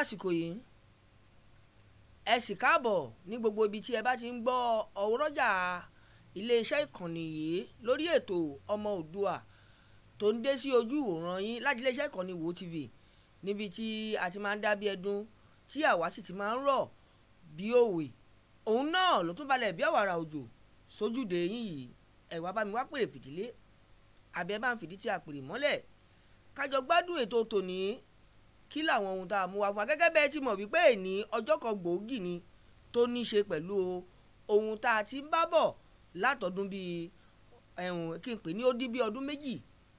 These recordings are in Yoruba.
àsìkò yìí ẹ sì káàbọ̀ ní gbogbo ibi tí ẹ bá ti ń gbọ́ ọ̀rọ̀jà iléeṣẹ́ ìkànnì yìí lórí ètò ọmọ òdua tó ń dé sí ojú òòràn yín láti iléeṣẹ́ ìkànnì wo tv níbi tí a ti máa ń dábí ẹdun tí àwa sì ti máa ń rọ̀ bí òwe òun náà ló tún balẹ̀ bí àwàrà òjò sójúde yín yìí ẹ̀wà bá mi wá pèrè fìdílé àbẹ̀ bá ń fìdí tí a pèrè mọ́lẹ̀ kájọ gbádùn ètò tòní kí làwọn ohun tá a mú wá fún wa gẹ́gẹ́ bẹ́ẹ̀ ti mọ̀ wípé èní ọjọ́ kan gbòógì ni tó ní í ṣe pẹ̀lú ohun tá a ti ń bá bọ̀ látọdún bíi ẹ̀hún kí n pè ní ó dín bíi ọdún méjì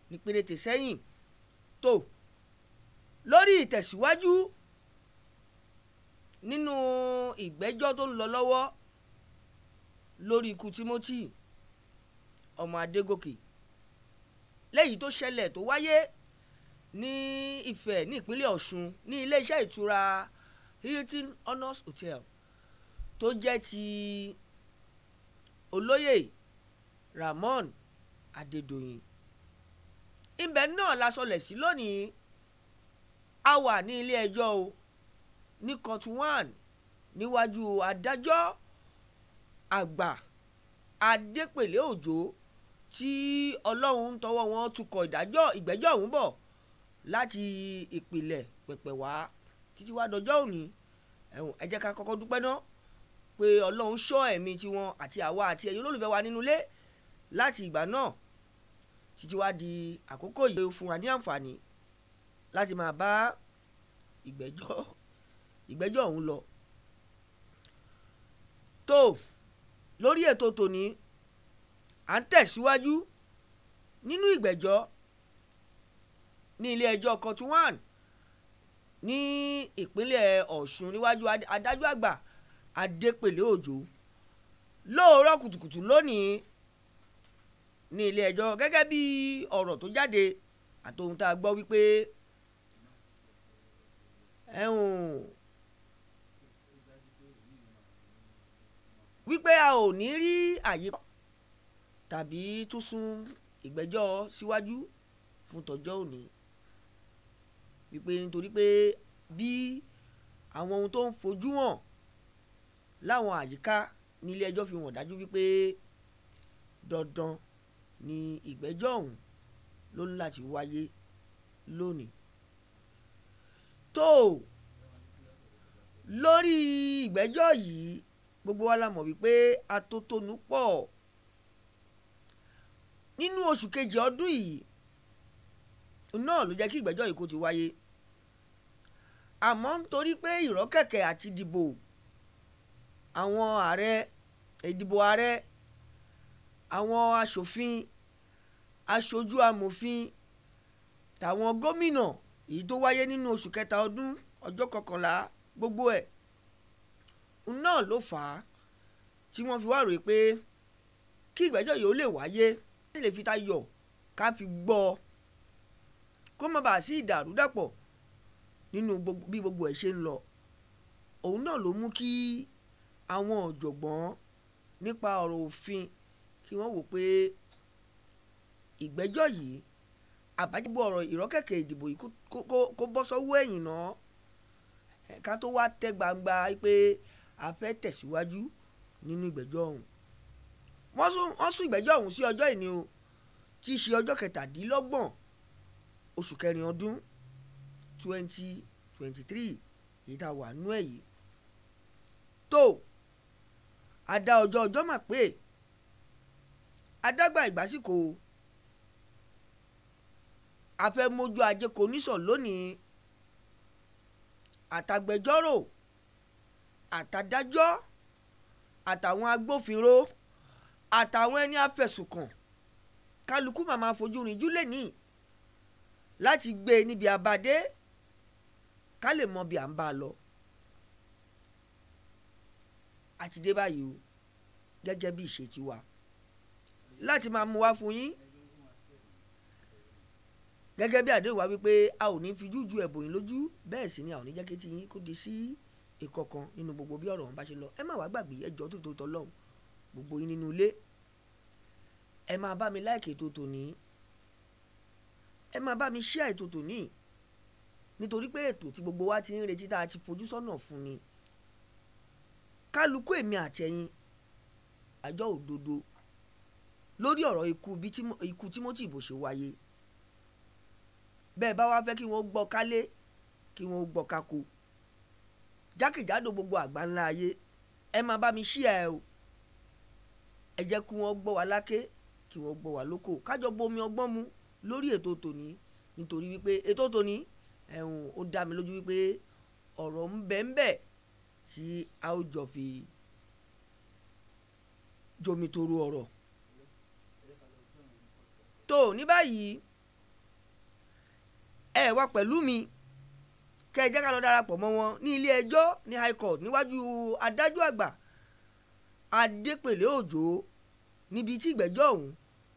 ní péréte sẹ́yìn tó lórí ìtẹ̀síwájú nínú ìgbẹ́jọ́ tó ń lọ lọ́wọ́ lórí ikú Timothy ọmọ Adégòkè lẹ́yìí tó ṣẹlẹ̀ tó wáyé ní Ifẹ̀ ní ìpínlẹ̀ Ọ̀ṣun ní iléeṣẹ́ ìtura Hilton Honors Hotel tó jẹ́ ti olóyè Ramon Adédoyin ibẹ̀ náà la sọlẹ̀ sí lónìí a wà ní ilé ẹjọ́ o ní court one níwájú adájọ́ àgbà Adépèlé Òjó tí ọlọ́run ń tọwọ́ wọn tukọ̀ ìdájọ́ ìgbẹ́jọ́ ọ̀hún bọ̀ láti ìpìlẹ̀ pẹ̀pẹ̀ wá títí wá dọjọ́ òní ẹ̀hún ẹ jẹ́ ká kọ́kọ́ dúpẹ́ ná pé ọlọ́run ṣọ́ ẹ̀mí tiwọn àti àwa àti ẹ̀yin olólùfẹ́ wa nínú ilé láti ìgbà náà títí wá di àkókò yìí fún wa ní àǹfààní láti máa bá ìgbẹ́jọ́ ìgbẹ́jọ́ ọ̀hún lọ. tó lórí ètò tòní à ń tẹ̀síwájú nínú ìgbẹ́jọ́ ní ilé ẹjọ́ kọ́tù one ní ìpínlẹ̀ ọ̀ṣun níwájú adájọ́ àgbà adépèlé òjò lóòrọ̀ kùtùkùtù lónìí ní ilé ẹjọ́ gẹ́gẹ́ bí ọ̀rọ̀ tó jáde àtòhun tá a gbọ́ wípé ẹ̀hún wípé a ò ní rí àyíká tàbí tún ìgbẹ́jọ́ síwájú fún tọjọ́ òní wípé nítorí pé bí àwọn ohun tó ń fojú hàn láwọn àyíká nílé ẹjọ́ fi hàn dájú wípé dandan ni ìgbẹ́jọ́ ọ̀hún ló ní láti wáyé lónìí. tó lórí ìgbẹ́jọ́ yìí gbogbo wa la mọ̀ wípé atótónu pọ̀ nínú oṣù kejì ọdún yìí náà ló jẹ́ kí ìgbẹ́jọ́ yìí kó ti wáyé àmọ́ nítorí pé ìrọ́kẹ̀kẹ̀ àti ìdìbò àwọn ààrẹ ìdìbò ààrẹ àwọn aṣòfin aṣojú amòfin tàwọn gómìnà èyí tó wáyé nínú oṣù kẹta ọdún ọjọ́ kọkànlá gbogbo ẹ̀ náà ló fà á tí wọ́n fi wá rò pé kí ìgbẹ́jọ́ yìí ó lè wáyé lè fi ta yọ̀ ká fi gbọ́ ọ kó má bàa sí ìdàrúdàpọ̀ nínú bí gbogbo ẹ̀ ṣe ń lọ òun náà ló mú kí àwọn ọ̀jọ̀gbọ́n nípa ọ̀rọ̀ òfin kí wọ́n wò pé ìgbẹ́jọ́ yìí àbájábọ̀ ọ̀rọ̀ ìrọ́kẹ̀kẹ̀ ìdìbò yìí kó bọ́ sọ́wọ́ ẹ̀yìn náà ká tó wá tẹ́ gbangba pé a fẹ́ tẹ̀síwájú nínú ìgbẹ́jọ́ ọ̀hún wọ́n sún ìgbẹ́jọ́ ọ̀hún sí ọjọ́ ìní o tí í ṣe ọjọ́ kẹtàdínlọ́gbọ̀n oṣù kẹrin ọdún 2023 twenty twenty three èyí tá a wà nú ẹ̀ yìí tó a dá ọjọ́ ọjọ́ mà pé adágbà ìgbásíkò afẹ́mójú ajé kò níṣọ̀ lónìí àtàgbẹjọ́rò àtàdájọ́ àtàwọn agbófinró àtàwọn ẹni afẹ̀sùnkàn kálukú màmá fojú rìnjú lẹ́nìí láti gbé e níbi abadé ká lè mọ bí à ń bá a lọ a ti dé báyìí o gẹ́gẹ́ bí ìṣe ti wa láti máa mú wá fún yín gẹ́gẹ́ bí àdéhùn wa wípé a ò ní fi jújú ẹ̀bùn yín lójú bẹ́ẹ̀ sì ni a ò ní jẹ́ kí tiyín kó di sí ìkọ̀kan nínú gbogbo bí ọ̀rọ̀ wọn bá ṣe lọ ẹ má wàá gbàgbé ẹjọ́ tó tó tọ́lọ́hún gbogbo yín nínú ilé ẹ máa bá mi láìkè tó tò ní ẹ máa bá mi ṣí àìtò tò ní nítorí pé ètò tí gbogbo wa ti ń retí tá a ti fojú sọ́nà fún ni kálukú èmi àtẹ̀yìn àjọ òdodo lórí ọ̀rọ̀ ikú Timothy bó ṣe wáyé bẹ́ẹ̀ bá wá fẹ́ kí wọ́n gbọ́ kálé kí wọ́n gbọ́ kákó jákèjádò gbogbo àgbáńlá ayé ẹ máa bá mi ṣí ẹ o ẹ jẹ́ kí wọ́n gbọ́ wa láké kí wọ́n gbọ́ wa lóko kájọ bomi ọgbọ́n mu lórí ètò tòní nítorí wípé ètò tòní ẹ̀hún ó dá mi lójú wípé ọ̀rọ̀ ń bẹ ń bẹ tí a ó jọ fi jomitoro ọ̀rọ̀ tó ní báyìí ẹ wá pẹ̀lú mi kẹ́ ẹ jẹ́ ká lọ darapọ̀ mọ́ wọn ní ilé ẹjọ́ ní high court níwájú adájọ́ àgbà adépèlé òjò níbi tí ìgbẹ́jọ́ ọ̀hún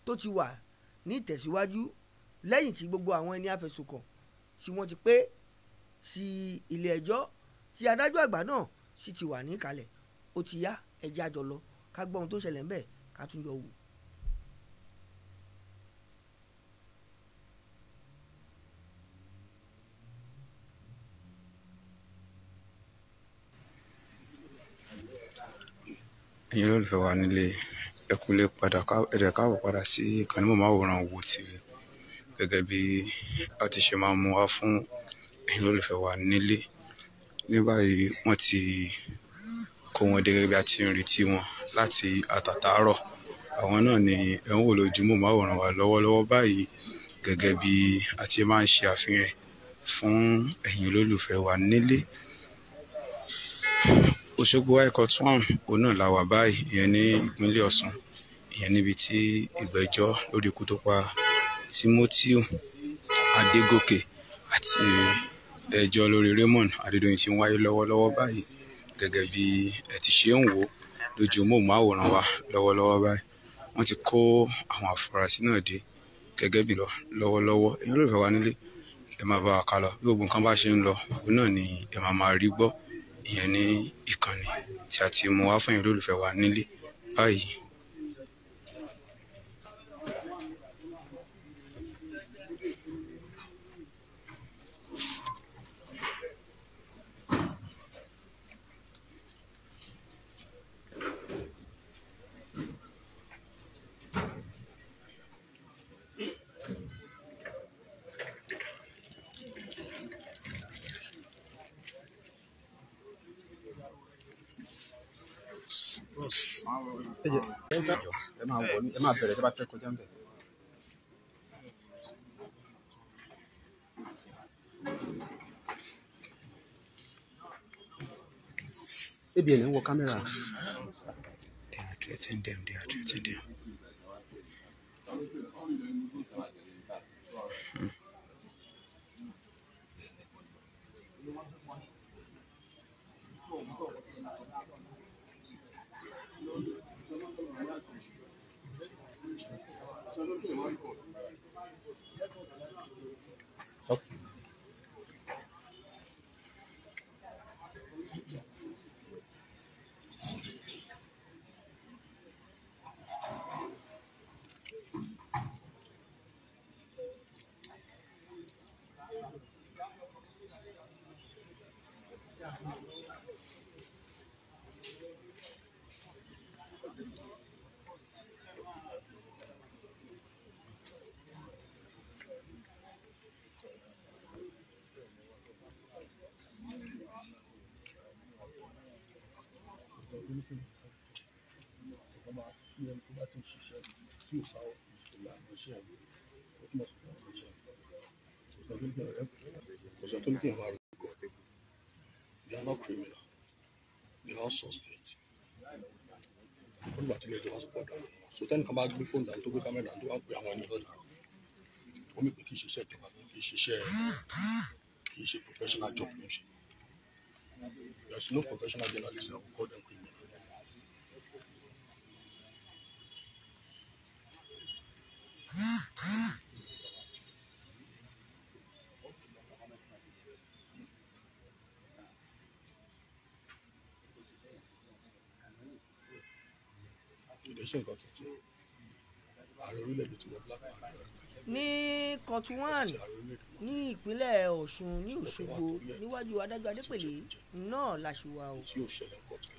tó ti wà ní ìtẹ̀síwájú lẹ́yìn tí gbogbo àwọn ẹni afẹ̀sùnkàn tí wọ́n ti pé sí ilé ẹjọ́ tí adájọ́ àgbà náà sì ti wà níkàlẹ̀ ó ti yá ẹjẹ́ àjọ lọ ká gbọ́ ohun tó ṣẹlẹ̀ ńbẹ̀ ká tún jọ wò. ẹ̀yin olólùfẹ́ wa nílé ẹ̀kúlé padà ẹ̀rẹ̀ káàbọ̀ padà sí ìkànnì mọ̀máwòrán wo tv gẹ́gẹ́ bí a ti ṣe máa mú wá fún ẹ̀yin olólùfẹ́ wa nílé ní báyìí wọ́n ti kó wọn dé gẹ́gẹ́ bí a ti ń retí wọn láti àtàtàárọ̀ àwọn náà ni ẹ ń wò lójúmọ́ máwòrán wa lọ́wọ́lọ́wọ́ báyìí gẹ́gẹ́ bí a ti máa ń ṣe àfihàn fún ẹ̀yin olólùfẹ́ wa nílé Òṣogbo High Court one òun náà la wà báyìí ìyẹn ní ìpínlẹ̀ Ọ̀ṣun ìyẹn níbi tí ìgbẹ́jọ́ lórí ikú tó pa timothy adégòkè àti ẹjọ́ lórí raymond adédọ̀yìn tí ń wáyé lọ́wọ́lọ́wọ́ báyìí gẹ́gẹ́ bí ẹ ti ṣe ń wò ó lójú móhùnmáwòrán wa lọ́wọ́lọ́wọ́ báyìí wọ́n ti kó àwọn afurasí náà dé gẹ́gẹ́ bí lọ lọ́wọ́lọ́wọ́ èèyàn ló fẹ́ wá nílé ẹ máa bá wa ká bí gbogbo nǹkan bá ṣe ń lọ òun náà ni ẹ máa máa rí gbọ́ ìyẹn ní ìkànnì tí a ti mú wá fún yín lólùfẹ́ wa nílé báyìí Ah. ẹ máa wọ ẹ They are treating them, they are treating them. tí ẹni tó bá ti ń ṣiṣẹ́ tí ò bá ìlànà iṣẹ́ àgbẹ̀ ó túmọ̀ sí they are not criminal they are suspect olùgbà tí ilé ìjọba sọ so tẹ́nìkan bá gbé fóònù dànù tó gbé kámẹ́rà dànù tó wá ń pè àwọn ẹni lọ́dà omi pé kì í ṣiṣẹ́ ìjọba kì í professional job ní ṣe there is no professional journalist that will call them criminal. ń ṣe nǹkan tuntun ààrẹ orílẹ̀-èdè tí wọ́n bí lápá ààrẹ ní kọtùwán ní ìpínlẹ̀ ọ̀ṣun ní òṣogbo níwájú adájọ́ adépèlé náà làṣìwà o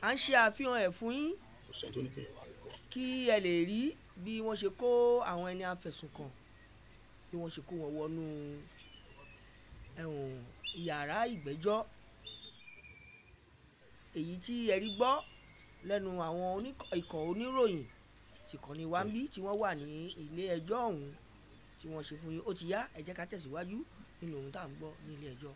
à ń ṣe àfihàn ẹ̀ fún yín kí ẹ lè rí bí wọ́n ṣe kó àwọn ẹni afẹ̀sùnkàn bí wọ́n ṣe kó wọn wọnú ẹ̀wọ̀n yàrá ìgbẹ́jọ́ èyí tí ẹ rí gbọ́ lẹ́nu àwọn ikọ̀ oníròyìn tìkànnì wa ń bí tí wọ́n wà ní ilé ẹjọ́ ọ̀hún tí wọ́n ṣe fún yín ó ti yá ẹ ká tẹ̀síwájú nínú ohun tá à ń gbọ́ ní ilé ẹjọ́.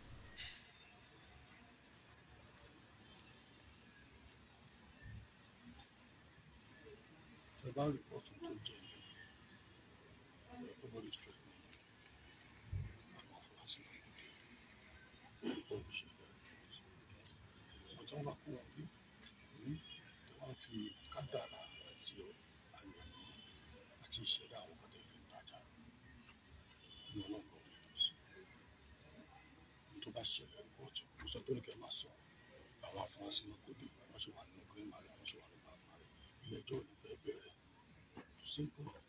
About it, what's it ní ọlọ́run tó bá ṣẹlẹ̀ ní kóòtù mo sọ tó ní kẹ́ máa sọ àwọn afurasí náà kò dé wọ́n ṣe wà nínú green mary wọ́n ṣe wà nínú black mary ilé ẹjọ́ ò ní fẹ́ bẹ̀rẹ̀ simple.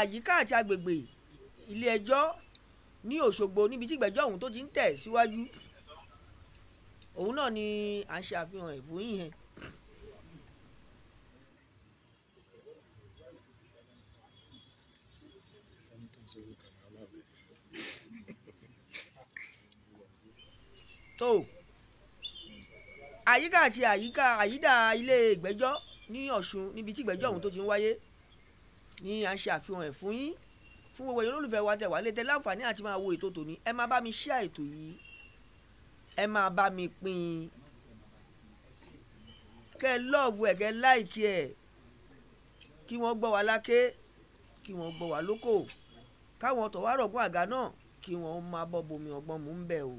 àyíká àti agbègbè ilé-ẹjọ́ ní Òṣogbo níbi tí ìgbẹ́jọ́ ọ̀hún tó ti ń tẹ̀ síwájú òun náà ni à ń ṣe àfihàn ẹ̀bùn yìí hàn. tó àyíká àti àyíká àyídà ilé ìgbẹ́jọ́ ní Ọ̀ṣun níbi tí ìgbẹ́jọ́ ọ̀hún tó ti ń wáyé ni à ń ṣe àfihàn ẹ̀ fún yín fún gbogbo ẹ̀yin olólùfẹ́ wa tẹ̀ wá létẹ́ láǹfààní àti máa wo ètò tòní ẹ máa bá mi share ètò yìí ẹ máa bá mi pín in kẹ́ ẹ lọ́ọ̀bù ẹ̀ kẹ́ ẹ láìkí ẹ̀ kí wọ́n gbọ́ wa láké kí wọ́n gbọ́ wa lóko káwọn tọ̀wárọ̀gùn àga náà kí wọ́n máa bọ́ bomi ọgbọ́n mú ń bẹ̀ o.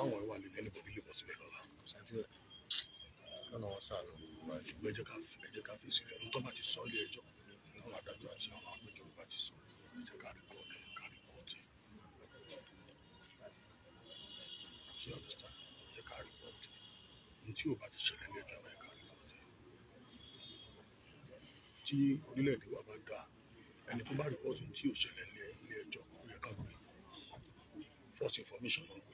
táwọn ẹ̀ wà lè lẹ́nu bọ̀bí lè bọ̀ síbẹ̀ lọ́la. ṣùgbọ́n ẹ jẹ́ ká fi sílẹ̀ ohun tó bá ti sọ ilé ẹjọ́ àwọn adájọ́ àti àwọn agbẹjọ́rò bá ti sọ ẹ jẹ́ ká rí kọ́ọ̀dù ká rí kọ́ọ̀tì. ṣé ọ̀dọ́sítà ẹ jẹ́ ká rí kọ́ọ̀tì ohun tí ò bá ti ṣẹlẹ̀ ní ẹjọ́ náà ẹ ká rí kọ́ọ̀tì. tí orílẹ̀-èdè wa bá dáa ẹni tó bá rìpọ́ọ̀tù tí ò ṣẹlẹ̀ ní ẹjọ́ ó yẹ ká gbé false information náà gbé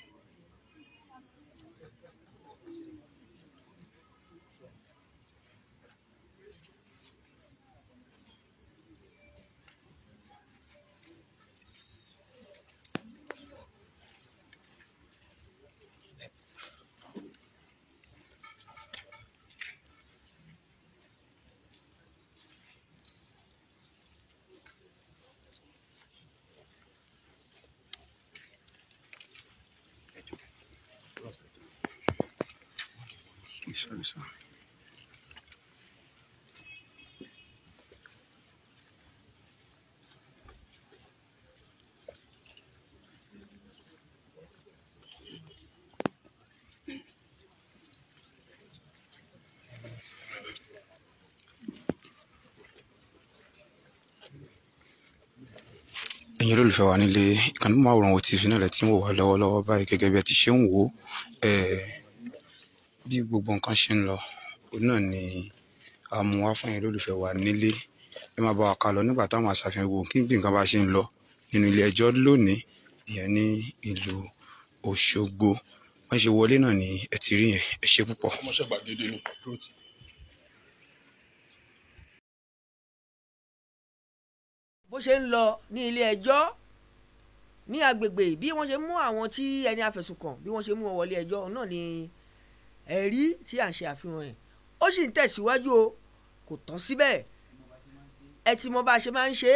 sorry, sorry. ẹ̀yin olólùfẹ́ wa nílé ìkànnì máwòrán wo tv náà lẹ ti ń wò wá lọ́wọ́lọ́wọ́ báyìí gẹ́gẹ́ bí ẹ ti ṣe ń wò ó bí gbogbo nǹkan ṣe ń lọ òun náà ni a mú wá fún yín lólùfẹ́ wa nílé ẹ máa bá wa kà lọ nígbà táwọn aṣàfihàn wo kí bí nǹkan bá ṣe ń lọ nínú ilé ẹjọ́ lónìí ìyẹn ní ìlú Òṣogbo wọ́n ṣe wọlé náà ni ẹ ti rí yẹn ẹ ṣe púpọ̀. ni bó ṣe ń lọ ní ilé ẹjọ́ ní agbègbè bí wọ́n ṣe mú àwọn tí ẹni afẹ̀sùnkàn bí wọ́n ṣe mú wọn wọlé ẹjọ́ náà ni ẹ̀rí tí à ń ṣe àfihàn ẹ̀ ó sì ń tẹ̀síwájú o kò tán síbẹ̀ ẹ ti mọ bá a ṣe máa ń ṣe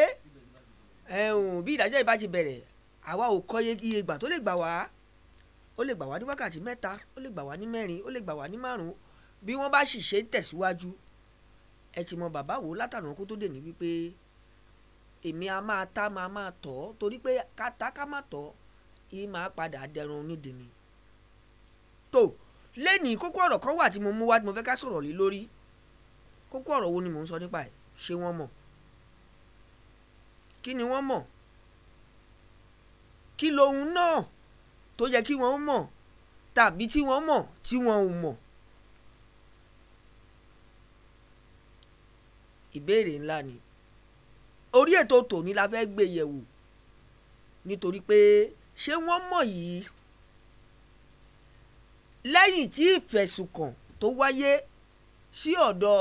é bí ìdájọ́ ìbá ti bẹ̀rẹ̀ àwa ò kọ iye ìgbà tó lè gbà wá ó lè gbà wá ní wákàtí mẹ́ta ó lè gbà wá ní mẹ́rin ó lè gbà wá ní márùn-ún bí wọ́n bá sì ṣe ń tẹ̀síwájú ẹ ti mọ bàbá wo látànà kó tó dè ní wípé èmi a máa tá máa máa tọ̀ ọ́ torí pé ká tá ká má tọ̀ ọ́ yìí máa padà dẹrun onídìní tó lẹ́nìí kókó ọ̀rọ̀ kan wà tí mo mú wá tí mo fẹ́ ká sọ̀rọ̀ lé lórí kókó ọ̀rọ̀ wo ni mò ń sọ nípa ẹ̀ ṣé wọ́n mọ̀ kí ni wọ́n mọ̀ kí lohun náà tó yẹ kí wọ́n mọ̀ tàbí tí wọ́n mọ̀ tí wọ́n ò mọ̀ ìbéèrè ńlá ni orí ètò tòní la fẹ́ gbé yẹ̀wò nítorí pé ṣé wọ́n mọ̀ yìí lẹ́yìn tí ìfẹ̀sùnkàn tó wáyé sí ọ̀dọ̀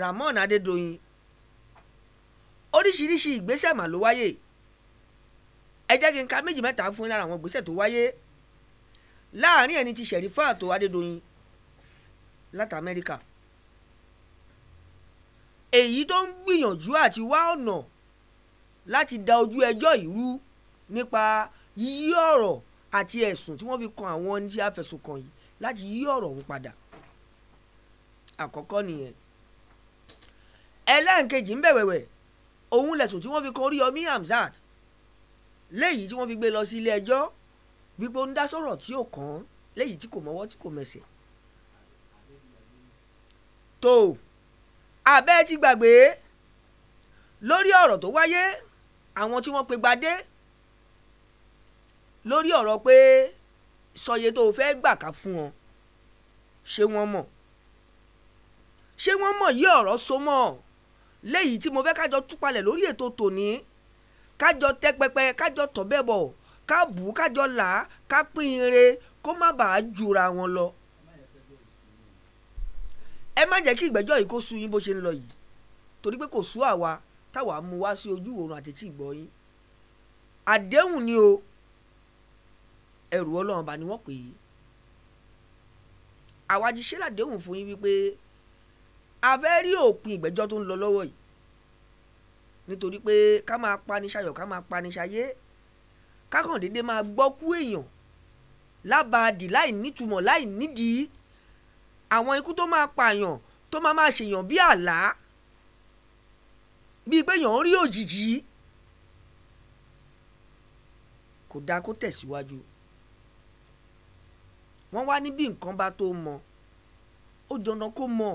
Rahmon Adédoyin oríṣiríṣi ìgbésẹ̀ mà ló wáyé ẹ jẹ́ kí n ka méjì mẹ́ta fún yín lára àwọn ìgbésẹ̀ tó wáyé láàrin ẹni tí Sẹ̀rífáàtò Adédoyin láti Amẹ́ríkà èyí tó ń gbìyànjú àti wá ọ̀nà láti da ojú ẹjọ́ yìí nípa yíyí ọ̀rọ̀ àti ẹ̀sùn tí wọ́n fi kan àwọn ẹni tí a fẹ̀sùn kàn yìí láti yí ọ̀rọ̀ ọ̀hún padà àkọ́kọ́ nìyẹn ẹlẹ́ǹkejì ń bẹ̀ wẹ̀wẹ̀ òun lẹ̀sùn tí wọ́n fi kan Oríyọmí Hamzat léyìí tí wọ́n fi gbé lọ sí ilé ẹjọ́ gbígbó ń dá sọ̀rọ̀ tí ò kàn án léyìí tí kò mọ́wọ́ tí kò mẹsẹ̀ tó abẹ́ ti gbàgbé lórí ọ̀rọ̀ tó wáyé àwọn tí wọ́n pe gbadé lórí ọ̀rọ̀ pé sọye tó o fẹ́ gbà ká fún ọ ṣé wọ́n mọ̀ ṣé wọ́n mọ̀ yí ọ̀rọ̀ so mọ́ léyìí tí mo fẹ́ kájọ túpalẹ̀ lórí ètò tòní kájọ tẹ́ pẹpẹ kájọ tọ̀ bẹ́ẹ̀ bọ̀ ká bù ú kájọ là á ká pín in re kó má bàa jura wọn lọ ẹ má jẹ́ kí ìgbẹ́jọ́ yìí kó sú yín bó ṣe ń lọ yìí torí pé kò sú àwa táwa mú wá sí ojú òòrùn àti tí ìgbọ́ yín àdéhùn ni o ẹrù ọlọ́run bá ni wọ́n pè é àwájú ṣe làdéhùn fún yín wípé a fẹ́ rí òpin ìgbẹ́jọ́ tó ń lọ lọ́wọ́ yìí nítorí pé ká máa paniṣayọ̀ ká máa paniṣayé kákàn déédéé máa gbọ́kú èèyàn lábàádì láì nítumọ̀ láì nídìí àwọn ikú tó máa pààyàn tó máa máa ṣèyàn bí àlá bíi pé èèyàn ń rí òjijì kò dáa kó tẹ̀síwájú wọ́n wá níbi nǹkan bá tó mọ ó dandan kó mọ̀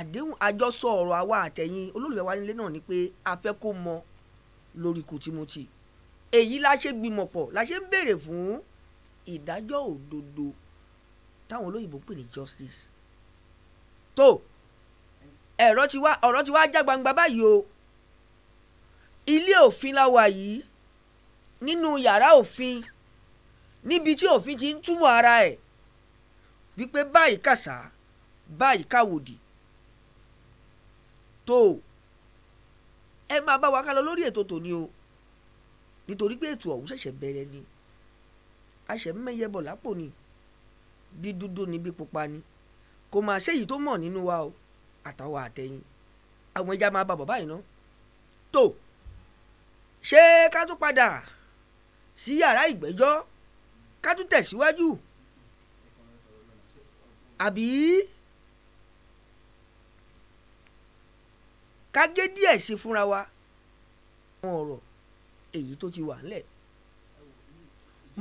àdéhùn àjọsọ ọ̀rọ̀ àwa àtẹ̀yìn olólùfẹ́ wa nílé náà ni pé a fẹ́ kó mọ lórí ikú èyí la ṣe gbìmọ̀ la ṣe ń béèrè fún ìdájọ́ òdodo táwọn olóyìnbó pè ní justice tó ẹ̀rọ ti wá ọ̀rọ̀ ti wá já gbangba báyìí o ilé òfin la wà yìí nínú yàrá òfin níbi tí òfin ti ń túmọ̀ ara ẹ̀ wípé báyìí kàṣà báyìí káwòdì tó ẹ máa bá wa ká lọ lórí ètò tòní o nítorí pé ètò ọ̀hún ṣẹ̀ṣẹ̀ bẹ̀rẹ̀ ni àṣẹ mẹ́yẹ bọ̀ lápò ni bí dúdú ni bí pupa ni kò máa ṣèyí tó mọ̀ nínú wa o àtàwọn àtẹ̀yìn àwọn ẹja máa bá bọ̀ báyìí ná tó ṣé ká tún padà sí yàrá ìgbẹ́jọ́ ká tún tẹ̀síwájú àbí ká gé díẹ̀ sí fúnra wa àwọn ọ̀rọ̀ èyí tó ti wà ńlẹ̀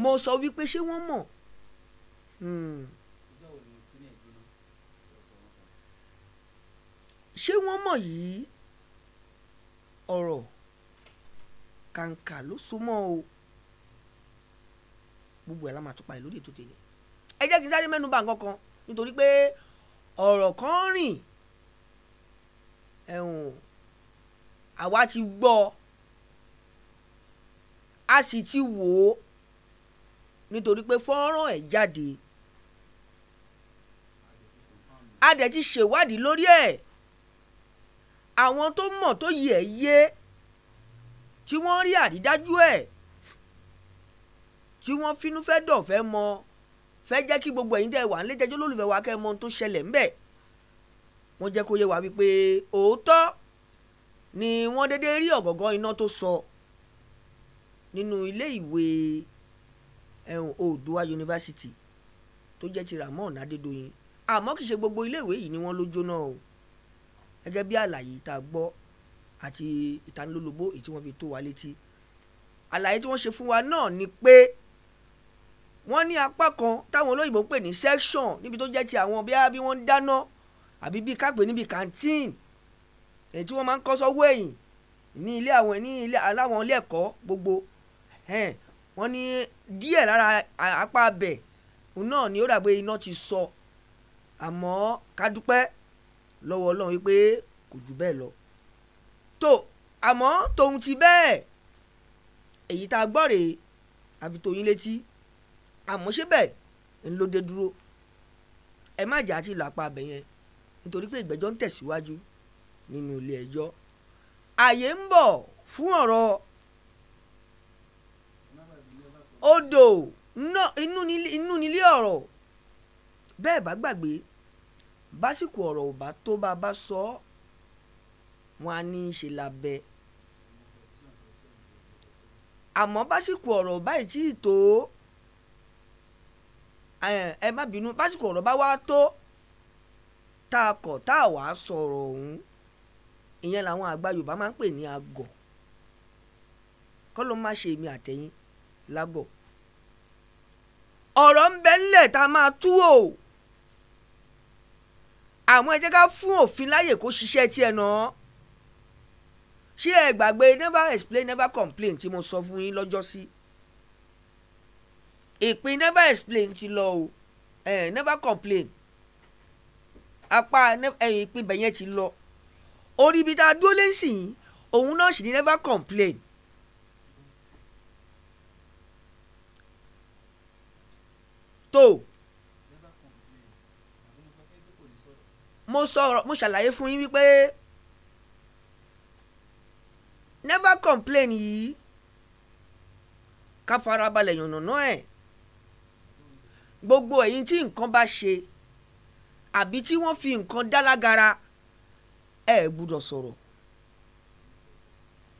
mo sọ wípé ṣé wọ́n mọ̀ hmm. ṣé wọ́n mọ̀ yìí ọ̀rọ̀ kàǹkà ló so mọ́ o gbogbo ẹ̀ la máa tún parí lórí ètò tèmi ẹ jẹ́ kí n sáré mẹ́nu bà nǹkan kan nítorí pé ọ̀rọ̀ kan rìn ẹ̀hún àwa ti gbọ́ a sì ti wò ó nítorí pé fọ́nrán ẹ̀ jáde a dẹ̀ ti ṣèwádìí lórí ẹ̀ àwọn tó mọ̀ tó yẹ yé tí wọ́n rí àrídájú ẹ̀ tí wọ́n finú fẹ́ dọ̀ fẹ́ mọ fẹ́ jẹ́ kí gbogbo ẹ̀yin tẹ́ wà ń létẹ́jọ́ lólùfẹ́ wa kẹ́ ẹ mọ ohun tó ṣẹlẹ̀ ńbẹ̀ wọ́n jẹ́ kó yé wa wípé òótọ́ ni wọ́n dédé rí ọ̀gọ̀gọ́ iná tó sọ nínú ilé ìwé Oòduà yunifásitì tó jẹ́ ti Ramon Adédoyin àmọ́ kì í ṣe gbogbo ilé ìwé yìí ni wọ́n ló jóná o gẹ́gẹ́ bí àlàyé tá a gbọ́ àti ìtanilólobó èyí tí wọ́n fi tó wa létí àlàyé tí wọ́n ṣe fún wa náà ni pé wọ́n ní apá kan táwọn olóyìnbó pè ní section níbi tó jẹ́ ti àwọn bí bí wọ́n ń dáná àbí bíi kápẹ́ níbi canteen èyí tí wọ́n máa ń kọ́ sọ́wọ́ ẹ̀yìn ní ilé àwọn ní ilé aláwọn ilé ẹ̀kọ́ gbogbo wọ́n ní díẹ̀ lára apá abẹ̀ náà ni ó dàgbé iná ti sọ àmọ́ ká dúpẹ́ lọ́wọ́ ọlọ́run wípé kò jù bẹ́ẹ̀ lọ tó àmọ́ tòun ti bẹ́ẹ̀ èyí tá a gbọ́ rèé àfi tòyín létí àmọ́ ṣé bẹ́ẹ̀ ń ló dé dúró ẹ má jà àti ìlàpá abẹ yẹn nítorí pé ìgbẹ́jọ́ ń tẹ̀síwájú nínú ilé ẹjọ́ ààyè ń bọ̀ fún ọ̀rọ̀ odò inú nílé ọ̀rọ̀ bẹ́ẹ̀ bá gbàgbé básìkò ọ̀rọ̀ ò bá tó bá bá sọ ọ́ wọn á ní í ṣe lábẹ́ àmọ́ básìkò ọ̀rọ̀ báyìí tí ì tó ẹ má bínú básìkò ọ̀rọ̀ bá wá tó tá a kọ̀ tá a wàá sọ̀rọ̀ ọ̀hún ìyẹn làwọn àgbà Yorùbá máa ń pè ní agọ̀ kọ́ ló má ṣe èmi àtẹ̀yìn lágọ̀ ọ̀rọ̀ ń bẹ ńlẹ̀ tá a máa tú o àmọ́ ẹ jẹ́ ká fún òfin láyè kó ṣiṣẹ́ tiẹ̀ náà ṣé ẹ gbàgbé never explain never complain tí mo sọ fún yín lọ́jọ́ sí. Si ìpín never explain ti lọ o eh, never complain apá eh, ìpín bẹ̀yẹn ti lọ orí ibi tá a dúró lẹ́sìn yìí òun náà sì ní never complain tó mo sọ̀rọ̀ mo ṣàlàyé fún yín wípé never complain yìí ká farabalẹ̀ yànnàná ẹ̀. E gbogbo ẹ̀yin tí nǹkan bá ṣe àbí tí wọ́n fi nǹkan dá lágara ẹ gbúdọ̀ sọ̀rọ̀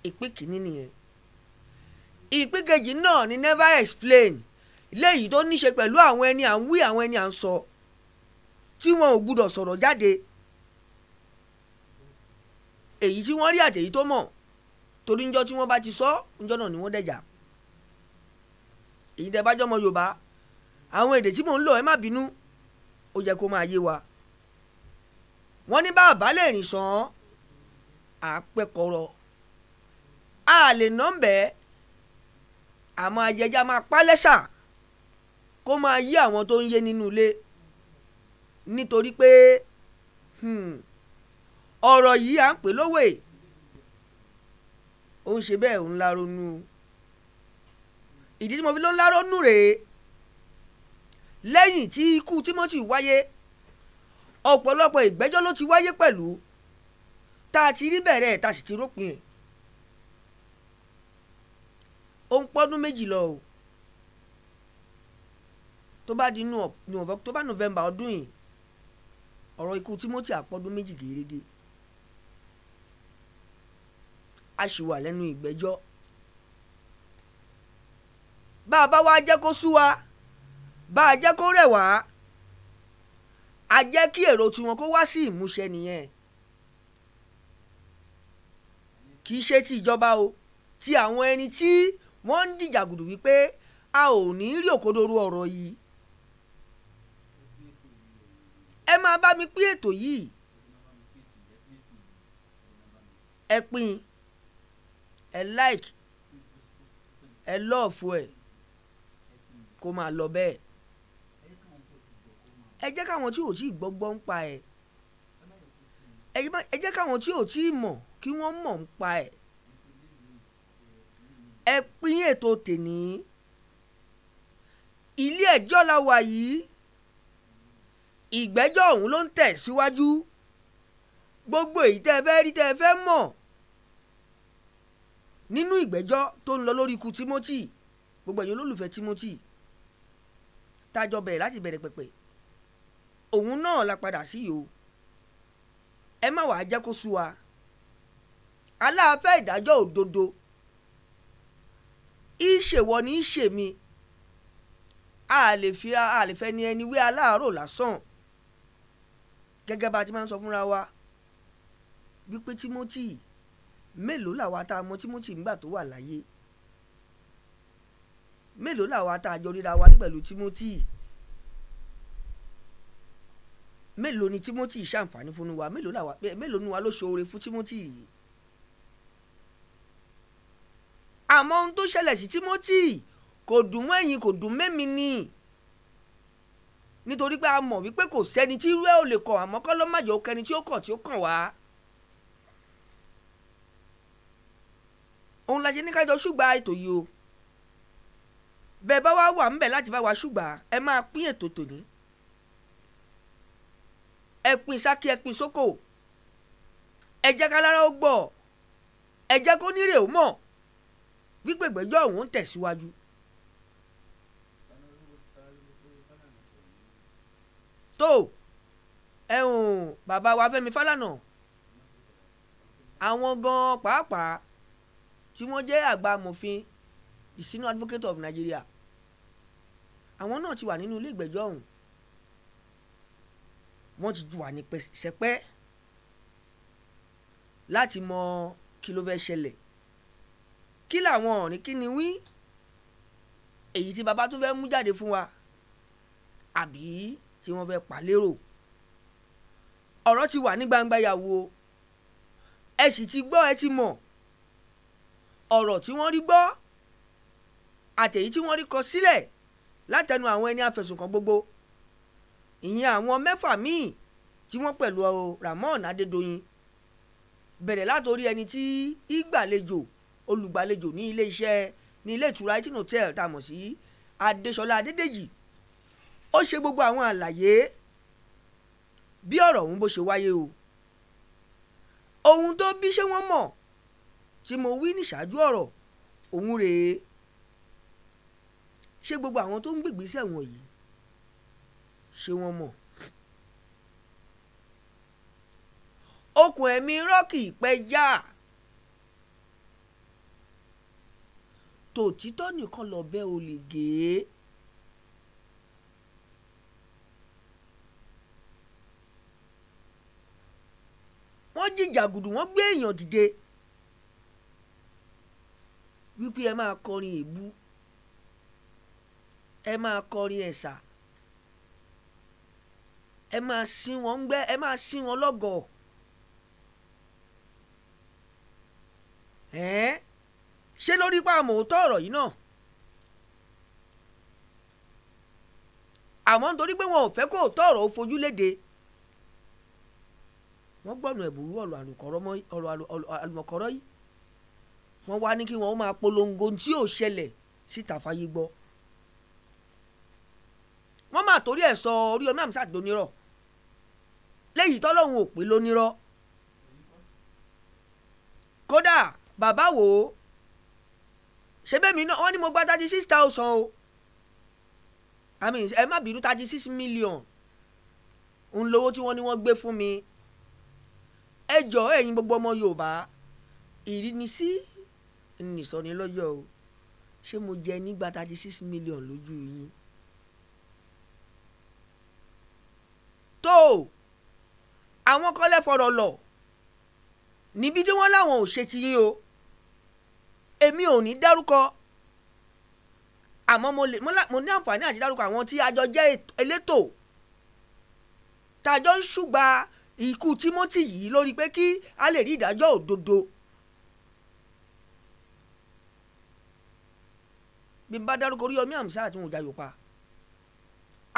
ìpín kìíní nìyẹn ìpín kejì náà ni never explain léyìí tó níṣe pẹ̀lú àwọn ẹni à ń wí àwọn ẹni à ń sọ tí wọn ò gbúdọ̀ sọ̀rọ̀ jáde èyí tí wọ́n rí àtẹ̀yí tó mọ̀ torí ńjọ́ tí wọ́n bá ti sọ ńjọ́ náà ni wọ́n dẹ̀jà èyí tẹ́ bá jọmọ Yorùbá àwọn èdè tí mò ń lò ẹ má bínú ó yẹ kó máa yé wa wọ́n ní bàbá lè rìn sàn án àpẹkọ̀rọ̀ a lè nọ́m̀bẹ́ àmọ́ ayẹyẹ máa pa lẹ́sà kó máa yí àwọn tó ń yé nínú ilé nítorí pé hmm, ọ̀rọ̀ yìí à ń pè lówè ó ń ṣe bẹ́ẹ̀ ó ń la ronú ìdí tí mo fi ló ń la ronú rèé lẹ́yìn tí ikú Timothy wáyé ọ̀pọ̀lọpọ̀ ìgbẹ́jọ́ ló ti wáyé pẹ̀lú tá a ti rí bẹ̀rẹ̀ ẹ̀ tá a sì ti rópin ẹ̀ ó ń pọ́dún méjì lọ o tó bá di November ọdún yìí ọ̀rọ̀ ikú Timothy àpọ́dún méjì gèrègè a sì wà lẹ́nu ìgbẹ́jọ́ bá a bá wá jẹ́ kó sú wa bá a jẹ́ kó rẹ̀ wá a jẹ́ kí èrò tiwọn kó wá sí ìmúṣẹ nìyẹn kì í ṣe ti ìjọba o ti àwọn ẹni tí wọ́n ń dìjàgùdù wípé a ò ní rí òkodoro ọ̀rọ̀ yìí ẹ máa bá mi pín ètò yìí ẹ pín ẹ like ẹ lọ́ọ̀fù ẹ kó máa lọ bẹ́ẹ̀ ẹ jẹ́ káwọn tí ò tí ì gbọ́gbọ́ ń pa ẹ̀ ẹ jẹ́ káwọn tí ò tí ì mọ̀ kí wọ́n mọ̀ ń pa ẹ̀ ẹ pín ètò tèní ilé ẹjọ́ la wà yìí ìgbẹ́jọ́ ọ̀hún ló ń tẹ̀síwájú gbogbo èyí tẹ́ ẹ fẹ́ rí tẹ́ ẹ fẹ́ mọ̀ nínú ìgbẹ́jọ́ tó ń lọ lórí ikú Timothy gbogbo ẹ̀yin olólùfẹ́ Timothy tájọ bẹ̀rẹ̀ láti bẹ̀rẹ̀ pẹ̀pẹ̀ òun náà la padà sí yìí o ẹ má wàá jẹ́ kó sú wa aláàfẹ́ ìdájọ́ òdodo ìṣèwọ ní ìṣèmi a lè fi a lè fẹ́ ni ẹni wé aláàárọ̀ lásán gẹ́gẹ́ bá a ti máa ń sọ fúnra wa wípé Timothy mélòó làwa tá a mọ Timothy ńgbà tó wà láyé mélòó làwa tá a jọ ríra wa ní pẹ̀lú Timothy mélòó ni Timothy ṣàǹfààní fún wa mélòó ni wa ló ṣoore fún Timothy yìí àmọ́ ohun tó ṣẹlẹ̀ sí Timothy kò dùn mọ́ ẹ̀yin kò dùn mẹ́mi ni nítorí pé a mọ̀ wípé kò sẹ́ni tí irú ẹ̀ ò lè kọ̀ àmọ́ kọ́ ló má jọ kẹni tí ó kọ̀ tí ó kàn wá. òun la ṣe ní kájọ ṣùgbà ètò yìí o bẹ́ẹ̀ bá wá wà ńbẹ̀ láti bá wa ṣùgbà ẹ máa pín ètò tòní 0244 ẹ pin sákì ẹ pin sóko ẹ jẹ́ kálára ó gbọ́ ẹ jẹ́ kó nírè ó mọ̀ bí gbègbèjọ́ òun ń tẹ̀síwájú. tó ẹ̀hún bàbá wa Fẹ́mi Fálànà àwọn gan-an pàápàá tí wọ́n jẹ́ àgbà amòfin the senior advocate of Nigeria àwọn náà ti wà nínú ilé ìgbẹ́jọ́ ọ̀hún wọ́n ti wà ní sẹpẹ́ láti mọ kí ló fẹ́ ṣẹlẹ̀ kí làwọn ọ̀rìn kí ni wí èyí tí baba tún fẹ́ mú jáde fún wa àbí tí wọ́n fẹ́ pa lérò ọ̀rọ̀ ti wà ní gbangba yàwó ẹ sì ti gbọ́ ẹ ti mọ̀ ọ̀rọ̀ tí wọ́n rí gbọ́ àtẹ̀yí tí wọ́n rí kọ sílẹ̀ látẹnu àwọn ẹni afẹ̀sùnkàn gbogbo ìyẹn àwọn mẹ́fà míì tí wọ́n pẹ̀lú Ramon Adédoyin bẹ̀rẹ̀ látòrí ẹni tí ìgbàlejò olùgbàlejò ní ilé iṣẹ́ ní ilé ìtura Hilton hotel tá a mọ̀ sí Adéṣọlá Adédèjì ó ṣe gbogbo àwọn àlàyé bí ọ̀rọ̀ ọ̀hún bó ṣe wáyé o ohun tó bí ṣé wọ́n mọ̀ tí mo wí níṣáájú ọ̀rọ̀ ọ̀hún rèé ṣé gbogbo àwọn tó ń gbègbè sẹ́wọ̀n yìí ṣé wọ́n mọ̀. okùn ẹ̀mí rọ́ọ̀kì pẹ́ já tòtítọ́ nìkan lọ́bẹ̀ ò lè gé e. wọ́n jìjàgùdù wọ́n gbé èèyàn dìde wípé ẹ máa kọrin èébú ẹ máa kọrin ẹ̀sà. E ẹ máa sin wọn gbẹ́ ẹ máa sin wọn lọ́gọ̀ọ́. ẹ̀ẹ́n ṣé lórí pa àmọ̀tọ́ ọ̀rọ̀ yìí náà àmọ́ nítorí pé wọn ò fẹ́ kó tọ̀rọ̀ ó fojú léde wọ́n gbọ́nà ẹ̀bùrú ọ̀rọ̀ àlùmọ̀kọ́rọ́ yìí wọ́n wá ní kí wọ́n máa polongo tí ò ṣẹlẹ̀ síta fáyé gbọ́ wọ́n máa torí ẹ̀ sọ orí ọmọ àmì sáà tó nírọ̀ léyìí tọ́lọ́hún ò pé lónírọ́ kódà bàbá wò ó ṣebémi náà wọ́n ní mo gba thirty six thousand o i mean ẹ má bínú thirty six million ń lówó tí wọ́n ní wọ́n gbé fún mi ẹ jọ̀ọ́ ẹ̀yin gbogbo ọmọ Yorùbá ìrínisí nìsọ̀nilọ́jọ́ o ṣé mo jẹ nígbà thirty six million lójú yín tó o àwọn kọ́ lẹ́ fọ̀rọ̀ lọ níbi tí wọ́n láwọn ò ṣe ti yín o èmi ò ní dárúkọ àmọ́ mo ní àǹfààní àti dárúkọ àwọn tí a jọ jẹ́ elétò tàjọ ń ṣùgbà ikú Timothy yìí lórí pé kí a lè rí ìdájọ́ òdodo. bí n bá dárúkọ Oríyọmí Hamzat àti wọn ò jayò pa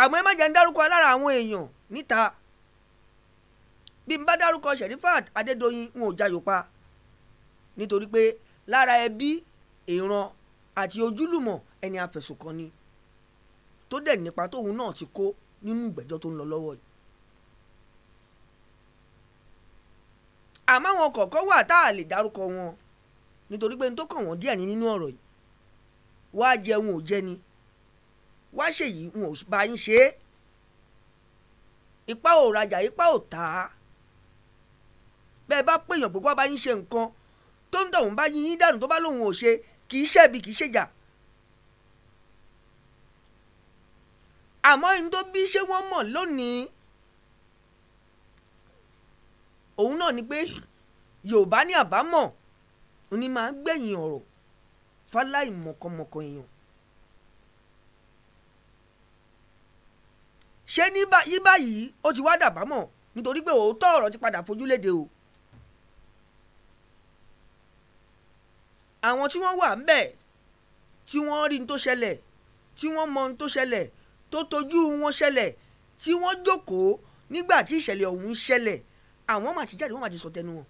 àmọ́ ẹ má jẹ́ ń dárúkọ lára àwọn èèyàn níta bí n bá dárúkọ Sherifat Adédoyin n ò jayò pa nítorí pé lára ẹbí ìran àti ojúlùmọ̀ ẹni afẹ̀sùn kàn ni tó dẹ̀ nípa tóun náà ti kó nínú ìgbẹ́jọ́ tó ń lọ lọ́wọ́ yìí. àmọ́ àwọn kọ̀ọ̀kan wà tá a lè dárúkọ wọn nítorí pé n tó kàn wọ́n díẹ̀ ní nínú ọ̀rọ̀ yìí wá jẹun ò jẹni wá ṣèyí n ò bá yín ṣe é ipá ò rajà ipá ò tà bẹ́ẹ̀ bá péyàn pé kó yín ṣe nǹkan tó ń dọ̀hún bá yín yín dànù tó bá lòun ò ṣe kì í ṣẹ̀bi kì í ṣèjà. àmọ́ ní tó bí ṣé wọ́n mọ̀ lónìí òun náà ni pé Yorùbá ní àbámọ̀ òní máa gbẹ̀yìn ọ̀rọ̀ fáláì mọ̀kànmọ̀kàn èèyàn. ṣé ní báyìí ó ti wá dàbámọ̀ nítorí pé òótọ́ ọ̀rọ̀ ti padà fojú léde o. àwọn tí wọ́n wà ń bẹ̀ tí wọ́n rí n tó ṣẹlẹ̀ tí wọ́n mọ n tó ṣẹlẹ̀ tó tojú wọn ṣẹlẹ̀ tí wọ́n jókòó nígbà tí ìṣẹ̀lẹ̀ ọ̀hún ṣẹlẹ̀ àwọn máa ti jáde wọ́n máa ti sọ tẹnu wọn.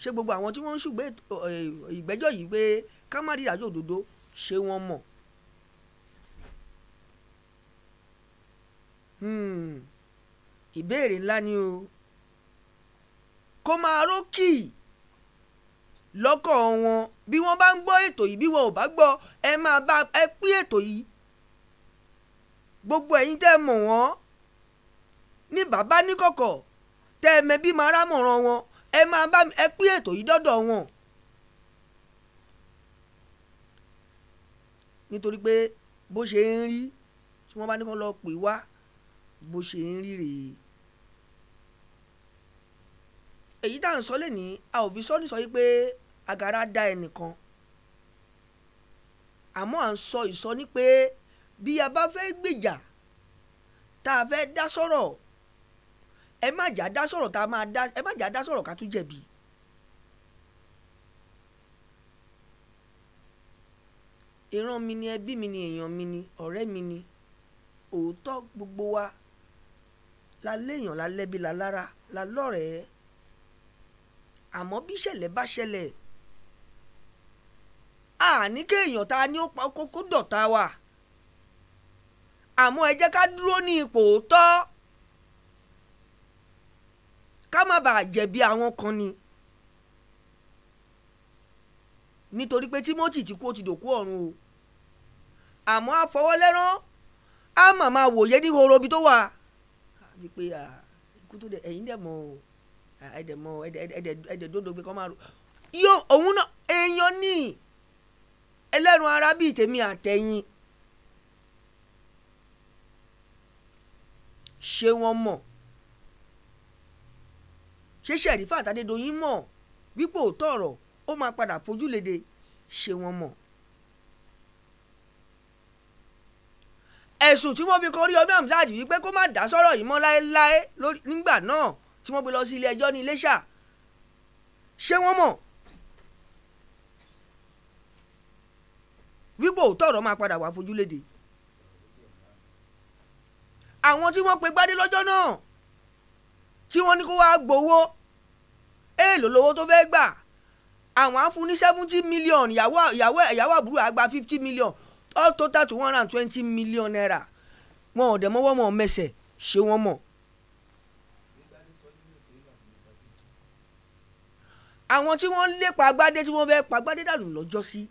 ṣé gbogbo àwọn tí wọ́n ń ṣùgbẹ́ eh, ìgbẹ́jọ́ yìí pé ká má rí ìdájọ́ òdodo ṣé wọ́n mọ̀. Hmm, ìbéèrè ńlá ni o kò máa rókì lọ́kàn wọn bí wọ́n bá ń gbọ́ ètò yìí bí wọn ò bá gbọ́ ẹ máa bá ẹ pín ètò yìí gbogbo ẹ̀yin tẹ́ mọ̀ wọ́n ní bàbá níkọ̀kọ̀ tẹ́ ẹ mẹ́bí máa rámọ̀ràn wọn ẹ máa bá ẹ pín ètò yìí dọ́dọ̀ wọn. nítorí pé bó ṣe ń rí tí wọ́n bá ní kó lọ pè wá bó ṣe ń rí rèé. èyí tá à ń sọ lẹ́ni a ò fi sọ́ni sọ wípé pé agara dá ẹnìkan àmọ́ à ń sọ ìsọní pé bí a bá fẹ́ gbèjà tá a fẹ́ dá sọ̀rọ̀ ẹ má jà dá sọ̀rọ̀ tá a máa dá ẹ má jà dá sọ̀rọ̀ ká tún jẹ̀bi. ìran mi ni ẹbí mi ni èèyàn mi ni ọ̀rẹ́ mi ni òótọ́ gbogbo wa la léèyàn la lẹ́bi la lára la lọ́rẹ̀ẹ́. àmọ́ bí ìṣẹ̀lẹ̀ bá ṣẹlẹ̀ àní kéèyàn ta ni ó pa kókó dọ̀tá wa àmọ́ ẹ jẹ́ ká dúró ní ipò òótọ́ ká má bàa jẹ̀bi àwọn kan ni nítorí pé Timothy ti kú ó ti dòkú ọ̀run o àmọ́ àfọwọ́lẹ́rán á màmá wòye ní horo ibi tó wà á fi pé ikú tó dé ẹ̀yìn dẹ̀ mọ́ o ẹ̀dẹ̀ mọ ẹ̀dẹ̀ dòdò gbé kọ́ máa rò yóò òun náà èèyàn ní ẹlẹ́run ara bíi tèmi àtẹ̀yìn ṣé wọ́n mọ̀ ṣé Ṣẹ̀rífà Àtàdédoyin mọ̀ wípé òótọ́ ọ̀rọ̀ ó máa padà fojú léde ṣé wọ́n mọ̀ ẹ̀sùn tí wọ́n fi kan Oríyọmí Hamzat wípé kó má dá sọ́rọ̀ yìí mọ́ láéláé nígbà náà tí wọ́n gbé lọ sí ilé ẹjọ́ ní Iléṣà ṣé wọ́n mọ̀ wípé òótọ́ ọ̀rọ̀ máa padà wá fojú léde àwọn tí wọ́n pe gbádé lọ́jọ́ náà tí wọ́n ní kó wáá gbowó èèlò lówó tó fẹ́ẹ́ gbà àwọn á fún ní seventy million ìyàwó ìyàwó àbúrò àgbà fifty million all total to one hundred and twenty million naira wọn ò dẹ̀ mọ́wọ́ mọ́ mẹsẹ̀ ṣé wọ́n mọ̀. àwọn tí wọ́n ń lépa agbádé tí wọ́n fẹ́ pa agbádé dànù lọ́jọ́ sí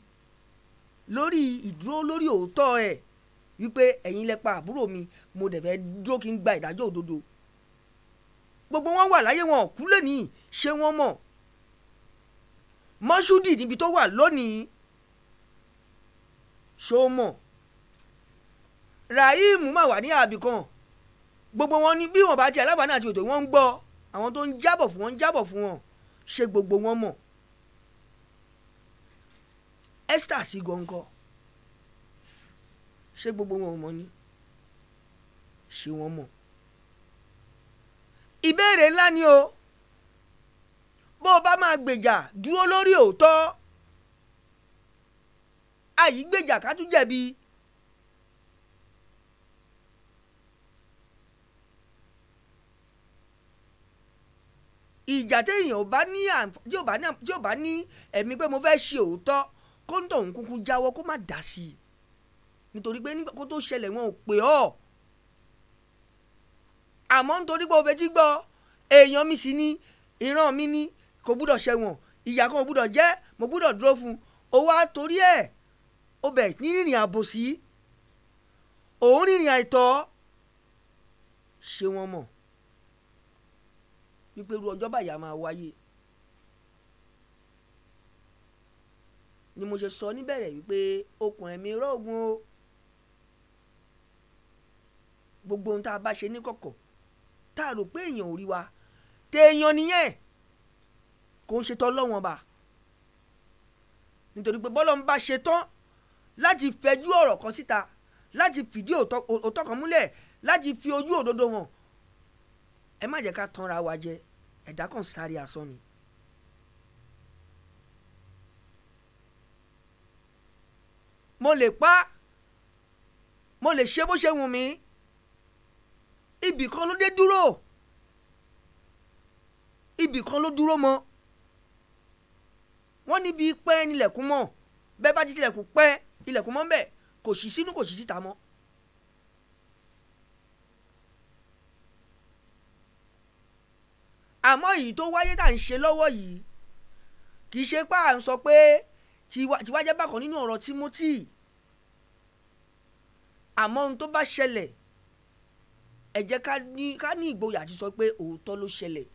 lórí ìdúró lórí òótọ́ ẹ̀ wípé ẹ̀yin lẹ pa àbúrò mi mo dẹ̀ fẹ́ dúró kí n gba ìdájọ́ òdodo gbogbo wọn wà láyé wọn kú lẹ́nìí ṣé wọ́n mọ̀ mọ́ṣúdì níbi tó wà lónìí ṣó mọ̀ Raheem mà wà ní àbí kan gbogbo wọn ni bí wọn bá ti alábàánà àti òtò wọn ń gbọ́ àwọn tó ń jábọ̀ fún wọn ń jábọ̀ fún wọn ṣé gbogbo wọn mọ̀ Esther sí gọ̀ǹgọ̀ ṣé gbogbo wọn mọ̀ ni ṣé wọ́n mọ̀ ìbéèrè ńlá ni o bó o bá máa gbèjà dúró lórí òótọ́ àyígbèjà ká tún jẹ̀bi ìjà téèyàn ò bá ní tí ò bá ní ẹ̀mí pé mo fẹ́ ṣe òótọ́ kó ń tọ̀hún kúkú jáwọ́ kó má dà sí i nítorí pé kó tó ṣẹlẹ̀ wọn ò pè ọ́ àmọ́ nítorí pé o fẹ́ jí gbọ́ èèyàn mi sì ni ìran mi ni kò gbúdọ̀ ṣẹ̀wọ̀n ìyà kan ò gbúdọ̀ jẹ́ mo gbúdọ̀ dúró fún un ó wá torí ẹ̀ ó bẹ̀ ní rìnrìn àbòsí òun rìnrìn àìtọ́ ṣé wọ́n mọ̀ wípé irú ọjọ́ báyà máa wáyé ni mo ṣe sọ níbẹ̀rẹ̀ wípé okùn ẹ̀mí rọ́ọ̀gùn o gbogbo ohun tá a bá ṣe níkọ̀kọ̀ tá a rò pé èèyàn ò rí wa téèyàn nìyẹn kò ń ṣetán lọ́wọ́n ba nítorí pé bọ́lọ́n bá ṣetán láti fẹjú ọ̀rọ̀ kan síta láti fìdí òótọ́ kan múlẹ̀ láti fi ojú òdodo hàn ẹ má jẹ́ ká tanra wa jẹ ẹ̀dá kan sáré asán ni. mo lè pa mo lè ṣe bó ṣe wù mí ibì kan ló dé dúró ibì kan ló dúró mọ́ wọ́n níbi pẹ́ nílẹ̀kùn mọ́ bẹ́ẹ̀ bá ti tilẹ̀kùn pẹ́ ilẹ̀kùn mọ́ ń bẹ̀ kò sí sínú kò sí síta mọ́. àmọ́ èyí tó wáyé tá à ń ṣe lọ́wọ́ yìí kì í ṣe pé à ń sọ pé tiwa jẹ́ bákan nínú ọ̀rọ̀ Timothy àmọ́ ohun tó bá ṣẹlẹ̀ ẹ jẹ́ ká ní ìgboyà àti sọ pé òótọ́ ló ṣẹlẹ̀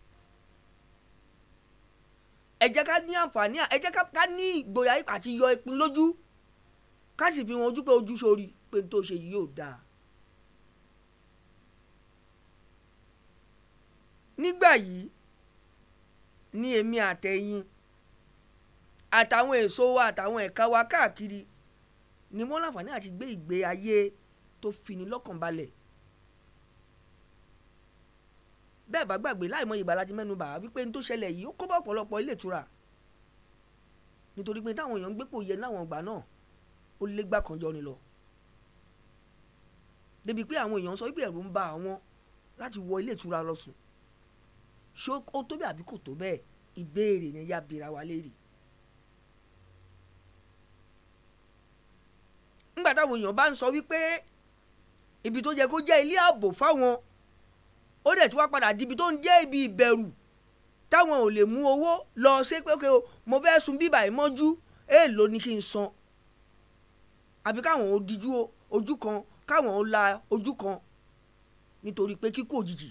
ẹ jẹ́ ká ní àǹfààní ẹ jẹ́ ká ní ìgboyà àti yọ ìpín lójú ká sì fi wọn ojú pé ojú sórí pé tó ṣe yìí ò dáa. nígbà yìí ní èmi àtẹ̀yìn àtàwọn èso wa àtàwọn ẹ̀ka wa káàkiri ni wọ́n láǹfààní àti gbé ìgbé ayé tó fini lọ́kàn balẹ̀ bẹ́ẹ̀ bá gbàgbé láìmọ̀ ìgbà láti mẹ́nu bà á wípé n tó ṣẹlẹ̀ yìí ó kó bá ọ̀pọ̀lọpọ̀ ilé ìtura nítorí pé táwọn èèyàn ń gbépò yẹ láwọn ìgbà náà ó lé gbà kan jọ ni lọ débi pé àwọn èèyàn sọ wípé ẹ̀rù ń ba àwọn láti wọ ilé ìtura lọ sùn ṣó ó tó bẹ́ẹ̀ àbí kò tó bẹ́ẹ̀ ìbéèrè ni yá bira wa léèrè. nígbà táwọn èèyàn bá ń sọ wípé ibi tó yẹ kó jẹ́ ilé ààbò fáwọn ó dẹ̀ tí wá padà di ibi tó ń jẹ́ ibi ìbẹ̀rù táwọn ò lè mú owó lọ ṣe pé okay o mo fẹ́ sun bíbà yìí mọ́jú èèlò ni kí n san àbí káwọn ò díjú ojú kan káwọn ò la ojú kan nítorí pé kíkú òjijì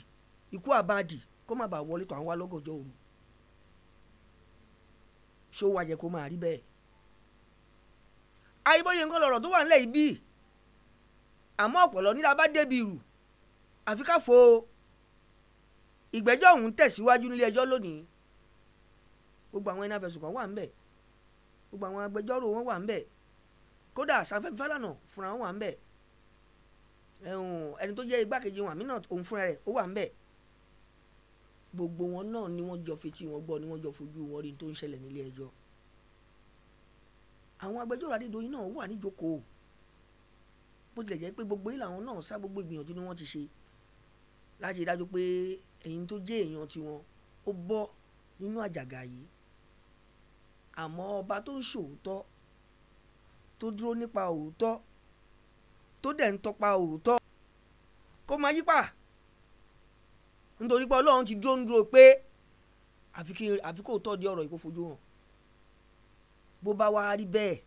ikú àbádì kó má bàa wọlé tó àwọn wá lọ́gànjọ́ òru ṣó wàá yẹ kó máa rí bẹ́ẹ̀ àyíbóyè nǹkan lọ̀rọ̀ tó wà nílẹ̀ yìí bí àmọ́ ọ̀pọ̀lọ́ níta bá débi ìrù àfi ká fo ìgbẹ́jọ́ ọ̀hún tẹ̀síwájú nílé ẹjọ́ lónìí gbogbo àwọn ẹni afẹ̀sùnkàn wà ńbẹ̀ gbogbo àwọn agbẹjọ́rò wọn wà ńbẹ̀ kódà Sanfẹ́mi Fálànà fúnra wọn wà ńbẹ̀ ẹni tó jẹ́ igbákejì wọn àmì náà òun fúnra rẹ̀ ó wà ńbẹ̀ gbogbo wọn náà ni wọ́n jọ fetí wọn gbọ́ ni wọ́n jọ fojú wọn rí tó ń ṣẹlẹ̀ nílé ẹjọ́ àwọn agbẹjọ́rò Adédoyin náà wà níjókòó bó tilẹ̀ jẹ́ pé gbogbo ìlànà náà sá gbogbo ìgbìyànjú ni wọ́n ti ṣe láti dájú pé ẹ̀yin tó jẹ́ èèyàn tiwọn ó bọ́ nínú àjàgà yìí àmọ́ ọba tó ń ṣòótọ́ tó dúró nípa òótọ́ tó dẹ̀ ń tọpa òótọ́ kó máa yípa nítorí pé ọlọ́run ti dúró ń dúró pé àfi kò tọ́ di ọ̀rọ̀ yìí kó fojú hàn bó bá wá rí bẹ́ẹ̀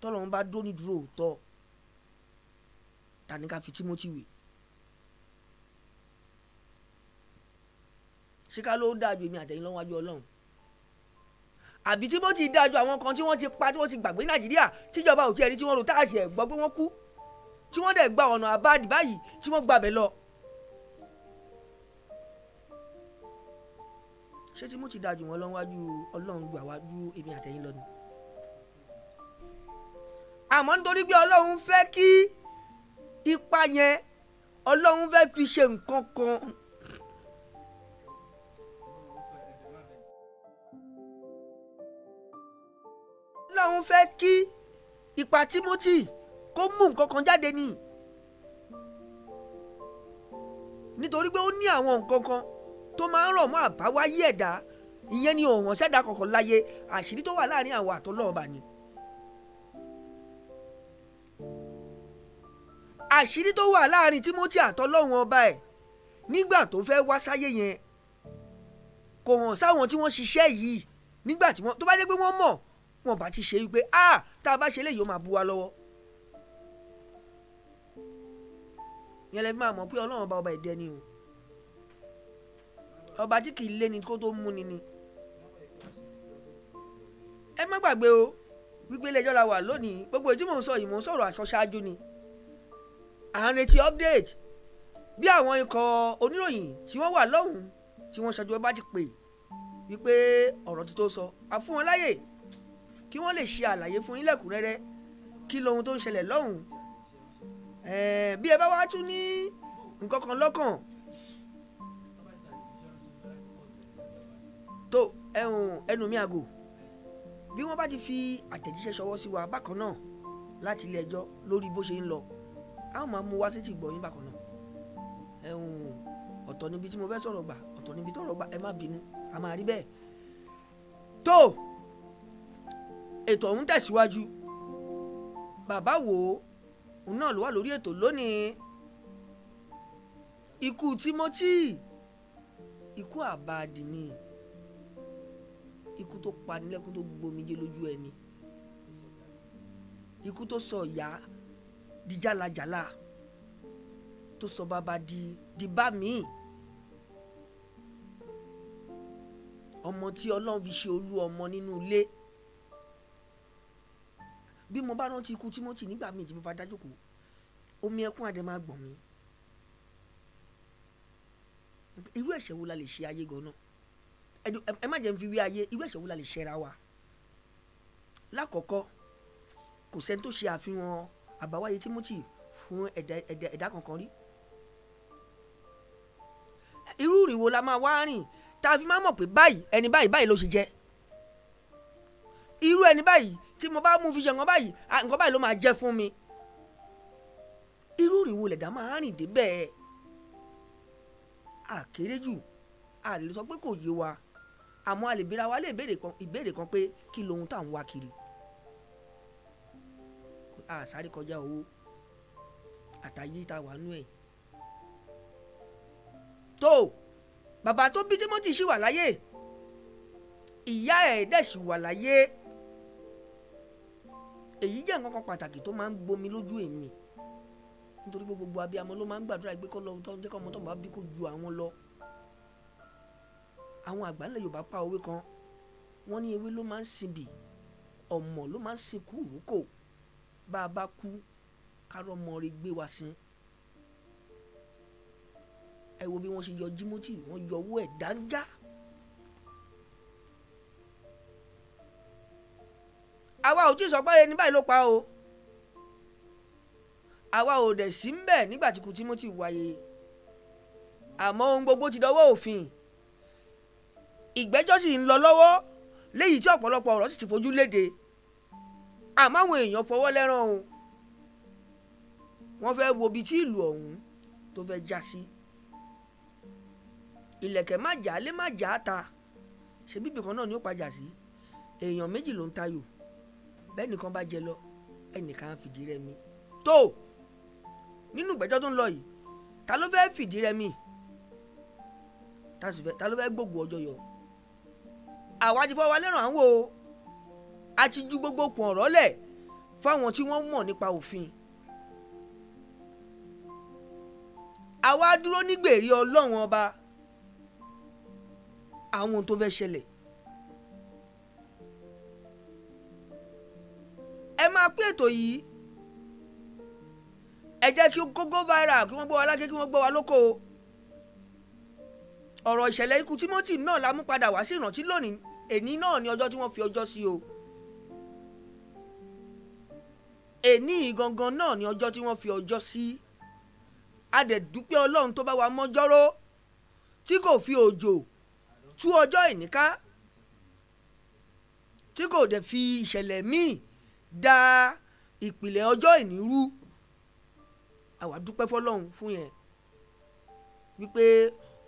tọ́lọ́run bá dúró ní dúró òótọ́ tani ká fi Timothy wé ṣé ká ló dáa ju èmi àtẹ̀yìn lọ́wọ́ wájú ọlọ́run àbí Timothy dáa ju àwọn kan tí wọ́n ti pa tí wọ́n ti gbàgbé Nàìjíríà tíjọba ò tí ẹni tí wọ́n rò táàsì ẹ̀ gbọ́ pé wọ́n kú tí wọ́n dẹ̀ gba ọ̀nà àbáàdì báyìí tí wọ́n gbàbẹ̀ lọ ṣé tí mo ti dájú wọn lọ́wájú ọlọ́run ju àwájú èmi àtẹ̀yìn lọ ni. àmọ́ nítorí pé ọlọ́run fẹ́ kí ipa yẹn ọlọ́run fẹ́ fi ṣe nǹkan kan ọlọ́run fẹ́ kí ipa Timothy kó mú nǹkan kan jáde ni nítorí pé ó ní àwọn nǹkan kan tó máa ń rọ̀ mọ́ àbáwáyé ẹ̀dá ìyẹn ni òhàn ṣẹ̀dá kọ̀ọ̀kan láyé àṣírí tó wà láàrin àwọn àtọ́lọ́ọ̀bà ni. àṣírí tó wà láàrin Timothy àtọ́lọ́hun ọba ẹ̀ nígbà tó fẹ́ wá sáyé yẹn kò hàn sáwọn tí wọ́n ṣiṣẹ́ yìí nígbà tí wọ́n tó bá jẹ́ pé wọ́n mọ̀ wọn bá ti ṣe wípé a tá a bá ṣe léyìí ó máa bu wa lọ́wọ́. yẹn lè fi máa mọ̀ pé Ọlọ́run ọba ọba ẹ̀dẹ́ ni o ọba tí kì í lé ni kó tó mú ni ni. ẹ má gbàgbé o wípé ilé-ẹjọ́ la wà lónìí gbogbo ètí mò ń sọ yìí mò ń sọ̀rọ̀ aṣọ ni. à ń retí update bí àwọn ikọ̀ oníròyìn tí wọ́n wà lọ́hùn-ún tí wọ́n ṣojú ọba ti pè wípé ọ̀rọ̀ ti tó sọ a fún wọn láyè kí wọ́n lè ṣe àlàyé fún yín lẹ́kùnrẹ́rẹ́ kí lohun tó ń ṣẹlẹ̀ lọ́hùn bí ẹ bá wá tún ní nǹkan kan lọ́kàn tó ẹnu mi àgò bí wọ́n bá ti fi àtẹ̀jíṣẹ́ ṣọwọ́ sí wa bákan náà láti ilé ẹjọ́ lórí bó ṣe ń lọ a ó máa mú wá sí ti gbọ́ yín bákan náà ẹ̀hún ọ̀tọ̀ níbi tí mo fẹ́ sọ̀rọ̀ gbà ọ̀tọ̀ níbi tọ̀rọ̀ gbà ẹ má bínú a máa rí bẹ́ẹ̀ tó ètò ọ̀hún tẹ̀síwájú bàbá wo òun náà ló wà lórí ètò lónìí ikú Timothy ikú àbáàdì ni ikú tó panilẹ́kún tó gbomijé lójú ẹni ikú tó sọ ìyá di jálajàla tó sọ bàbá di di bá mi ọmọ tí ọlọ́run fi ṣe olú ọmọ nínú ilé bí mo bá rántí ikú Timothy nígbà míì tí mo bá dájòkó omi ẹkún àdé máa gbọ̀n mi irú ẹ̀ṣẹ̀ wo la lè ṣe ayé gan náà ẹ má jẹ́ n fi wí ayé irú ẹ̀ṣẹ̀ wo la lè ṣẹra wa lákọ̀ọ́kọ́ kò sẹ́ni tó ṣe àfihàn àbáwáyé Timothy fún ẹ̀dá kankan rí irú ìrìn wo la máa wá rìn tá a fi máa mọ̀ pé báyìí ẹni báyìí báyìí ló ṣe jẹ́ irú ẹni báyìí tí mo bá mú fi ṣe nǹkan báyìí nǹkan báyìí ló máa jẹ́ fún mi irú ìrìn wo lẹ̀dá máa rìn dé bẹ́ẹ̀ àkéré jù àlè sọ pé kò yé wa àmọ́ a lè bira wa lè ìbéèrè kan pé kí lohun tá à ń wá kiri a sáré kọjá owó àtàyè tá a wà nú ẹ̀ tó bàbá tó bí Timothy ṣì wà láyé ìyá ẹ̀ dẹ̀ ṣì wà láyé èyí jẹ́ nǹkan kan pàtàkì tó máa ń gbomi lójú èmi nítorí pé gbogbo abiyamọ ló máa ń gbàdúrà pé kọ́ lọ́wọ́ tó ń jẹ́ ọmọ tó ń bá bí kó ju àwọn lọ àwọn àgbàlẹ̀ Yorùbá pa òwe kan wọ́n ní ewé ló máa ń sinbì ọmọ ló máa ń sìnkú ìrókò bá a bá kú kárọ́ ọmọ rẹ̀ gbé wa sin ẹ wo bí wọ́n ṣe yọ Timothy wọ́n yọ owó ẹ̀ dáńgá àwa ò tí sọ pé ẹni báyìí ló pa o àwa ò dẹ̀ sí ń bẹ̀ nígbà tí kú Timothy wáyé àmọ́ ohun gbogbo ti dọwọ́ òfin ìgbẹ́jọ́ sì ń lọ lọ́wọ́ léyìí tí ọ̀pọ̀lọpọ̀ ọ̀rọ̀ sì ti fojú léde àmọ́ àwọn èèyàn fọwọ́ lẹ́rán o wọ́n fẹ́ wo ibi tí ìlú ọ̀hún tó fẹ́ já sí ìlẹ̀kẹ̀ má jà lé má jà ta ṣe bíbí kan náà ni ó padà sí èèyàn méjì ló ń tayò bẹ́ẹ̀ nìkan bá jẹ lọ ẹnìkan á fìdí rẹmi tó nínú ìgbẹ́jọ́ tó ń lọ yìí ta ló fẹ́ fìdí rẹmi ta ló fẹ́ gbógun ọjọ́ yọ àwa ti fọwọ́ lẹ́ràn àwọn o a ti ju gbogbo okùn ọ̀rọ̀ lẹ̀ fáwọn tí wọ́n mọ̀ nípa òfin. àwa dúró nígbèrí ọlọ́run ọba àwọn ohun tó fẹ́ ṣẹlẹ̀. ẹ máa pín ètò yìí ẹ jẹ́ kí kókó viral kí wọ́n gbọ́ wa lákè kí wọ́n gbọ́ wa lóko ọ̀rọ̀ ìṣẹ̀lẹ̀ ikú Timothy náà la mú padà wá sí ìrántí lónìí èní náà ni ọjọ́ tí wọ́n fi ọjọ́ sí o èní gangan náà ni ọjọ́ tí wọ́n fi ọjọ́ sí a dẹ̀ dúpẹ́ ọlọ́run tó bá wa mọ́jọ́rọ́ tí kò fi òjò tú ọjọ́ èní ká tí kò dẹ̀ fi ìṣẹ̀lẹ̀ míì da ìpìlẹ̀ ọjọ́ èní rú àwa dúpẹ́ fọlọ́run fún yẹn wípé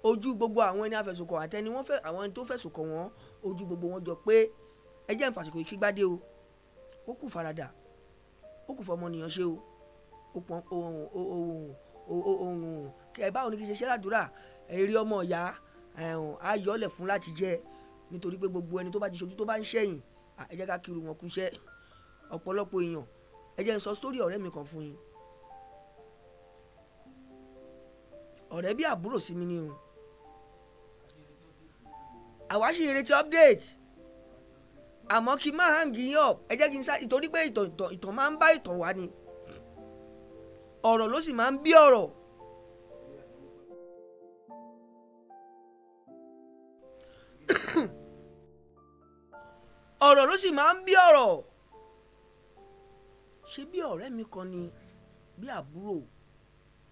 ojú gbogbo àwọn ẹni àfẹ̀sùnkàn àtẹni wọn fẹ́ àwọn ẹni tó fẹ̀sùnkàn wọn ojú gbogbo wọn jọ pé ẹ jẹ́ àǹfààní kò kí gbádé o ó kù faradà ó kù fọmọnìyàn ṣe o ó pọn ohun ohun ohun kẹ báwo ni kí n ṣe ṣe ládùúrà èrè ọmọ ìyá ayọ̀lẹ̀ fún láti jẹ nítorí pé gbogbo ẹni tó bá ti ṣojú tó bá ń ṣẹ̀yìn ẹ jẹ́ ká kiri wọn kú iṣẹ́ ọ̀pọ̀lọpọ̀ èèyàn ẹ jẹ́ n sọ sítórì ọ̀rẹ́ mi kan fún yín ọ̀rẹ́ bí àbúrò sí mi ni o àwa sì ń retí update àmọ́ kí n má hàn gíyàn ọ̀ ẹ jẹ́ kí n sá ìtorí pé ìtàn ìtàn ìtàn máa ń bá ìtàn wá ni ọ̀rọ̀ ló sì máa ń bí ọ̀rọ̀. ọ̀rọ̀ ló sì máa ń bí ọ̀rọ̀ ṣé bí ọ̀rẹ́ mi kan ni bí àbúrò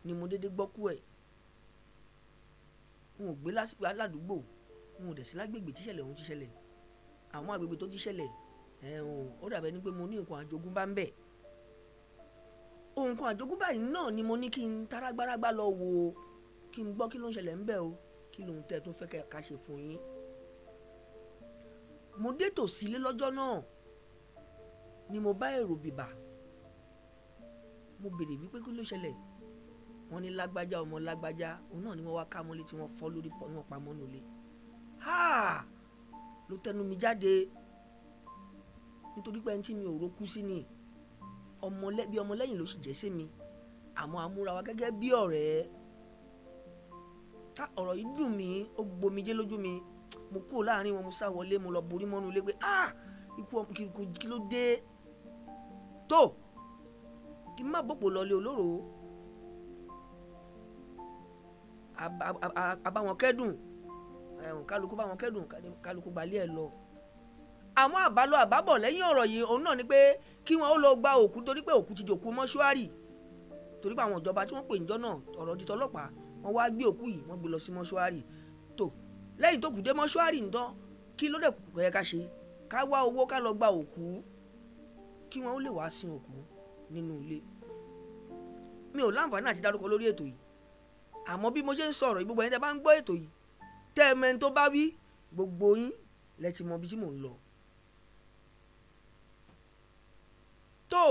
ni mo dédé gbọ́ kú ẹ̀ n ò gbé ládùúgbò wọn ò dẹ̀ sí lágbègbè tíṣẹ̀lẹ̀ ọ̀hún ti ṣẹlẹ̀ àwọn àgbègbè tó ti ṣẹlẹ̀ ẹ̀hún ó dàbẹ̀ ni pé mo ní nǹkan àjogúnbá ń bẹ nǹkan àjogúnbá yìí náà ni mo ní kí n tarágbárágbá lọ wò ó kí n gbọ́ kí ló ń ṣẹlẹ̀ ń bẹ o kí lóun tẹ́ tó fẹ́ ká ṣe fún yín mo dé tòsílé lọ́jọ́ náà ni mo bá èrò bìbà mo béèrè wípé kí ló ṣẹlẹ̀ wọ́n ní lágbájá ọmọ lágbájá òun náà ni wọ́n wá ká mọ́lé tí wọ́n fọ́ lórí pọ̀ ní pa mọ́nú ilé ha ló tẹnu mi jáde nítorí pé ẹni tí mi ò roku sí ni ọmọlẹ́bí ọmọlẹ́yìn ló sì jẹ́ sí mi àmọ́ amúra wa gẹ́gẹ́ bí ọ̀rẹ́ ọ̀rọ̀ yìí dùn mí ó gbomijé lójú mi mo kúrò láàrin wọn mo sá wọlé mo lọ borí mọ́nú ilé pé ah ikú ọmọ kí ló dé tó kí n má bòpò lọlé olóró àbáwọn kẹ́dùn kálukú bá wọn kẹ́dùn kálukú gbalẹ̀ ẹ̀ lọ àmọ́ àbálọ àbábọ̀ lẹ́yìn ọ̀rọ̀ yìí òun náà ni pé kí wọn ó lọ gba òkú torí pé òkú ti dòkú mọ́ṣúárì torí pé àwọn ìjọba tí wọ́n pè níjọ́ náà ọ̀rọ̀ di tọlọ́pàá wọ́n wá gbé òkú yìí wọ́n gbé lọ sí mọ́ṣúárì tó lẹ́yìn tó kù dé mọ́ṣúárì nìtàn kí ló dẹ̀ kò yẹ ká ṣe ká wá owó ká lọ gba òkú kí wọn ó lè wá sin òkú nínú ilé mi ò láǹfààní àti dárúkọ lórí ètò yìí àmọ́ bí mo ṣe ń sọ̀rọ̀ gbogbo ẹni tẹ́ bá ń gbọ́ ètò yìí tẹ́ ẹ mẹ́ni tó bá wí gbogbo yín lẹ ti mọ ibi tí mò ń lọ. tó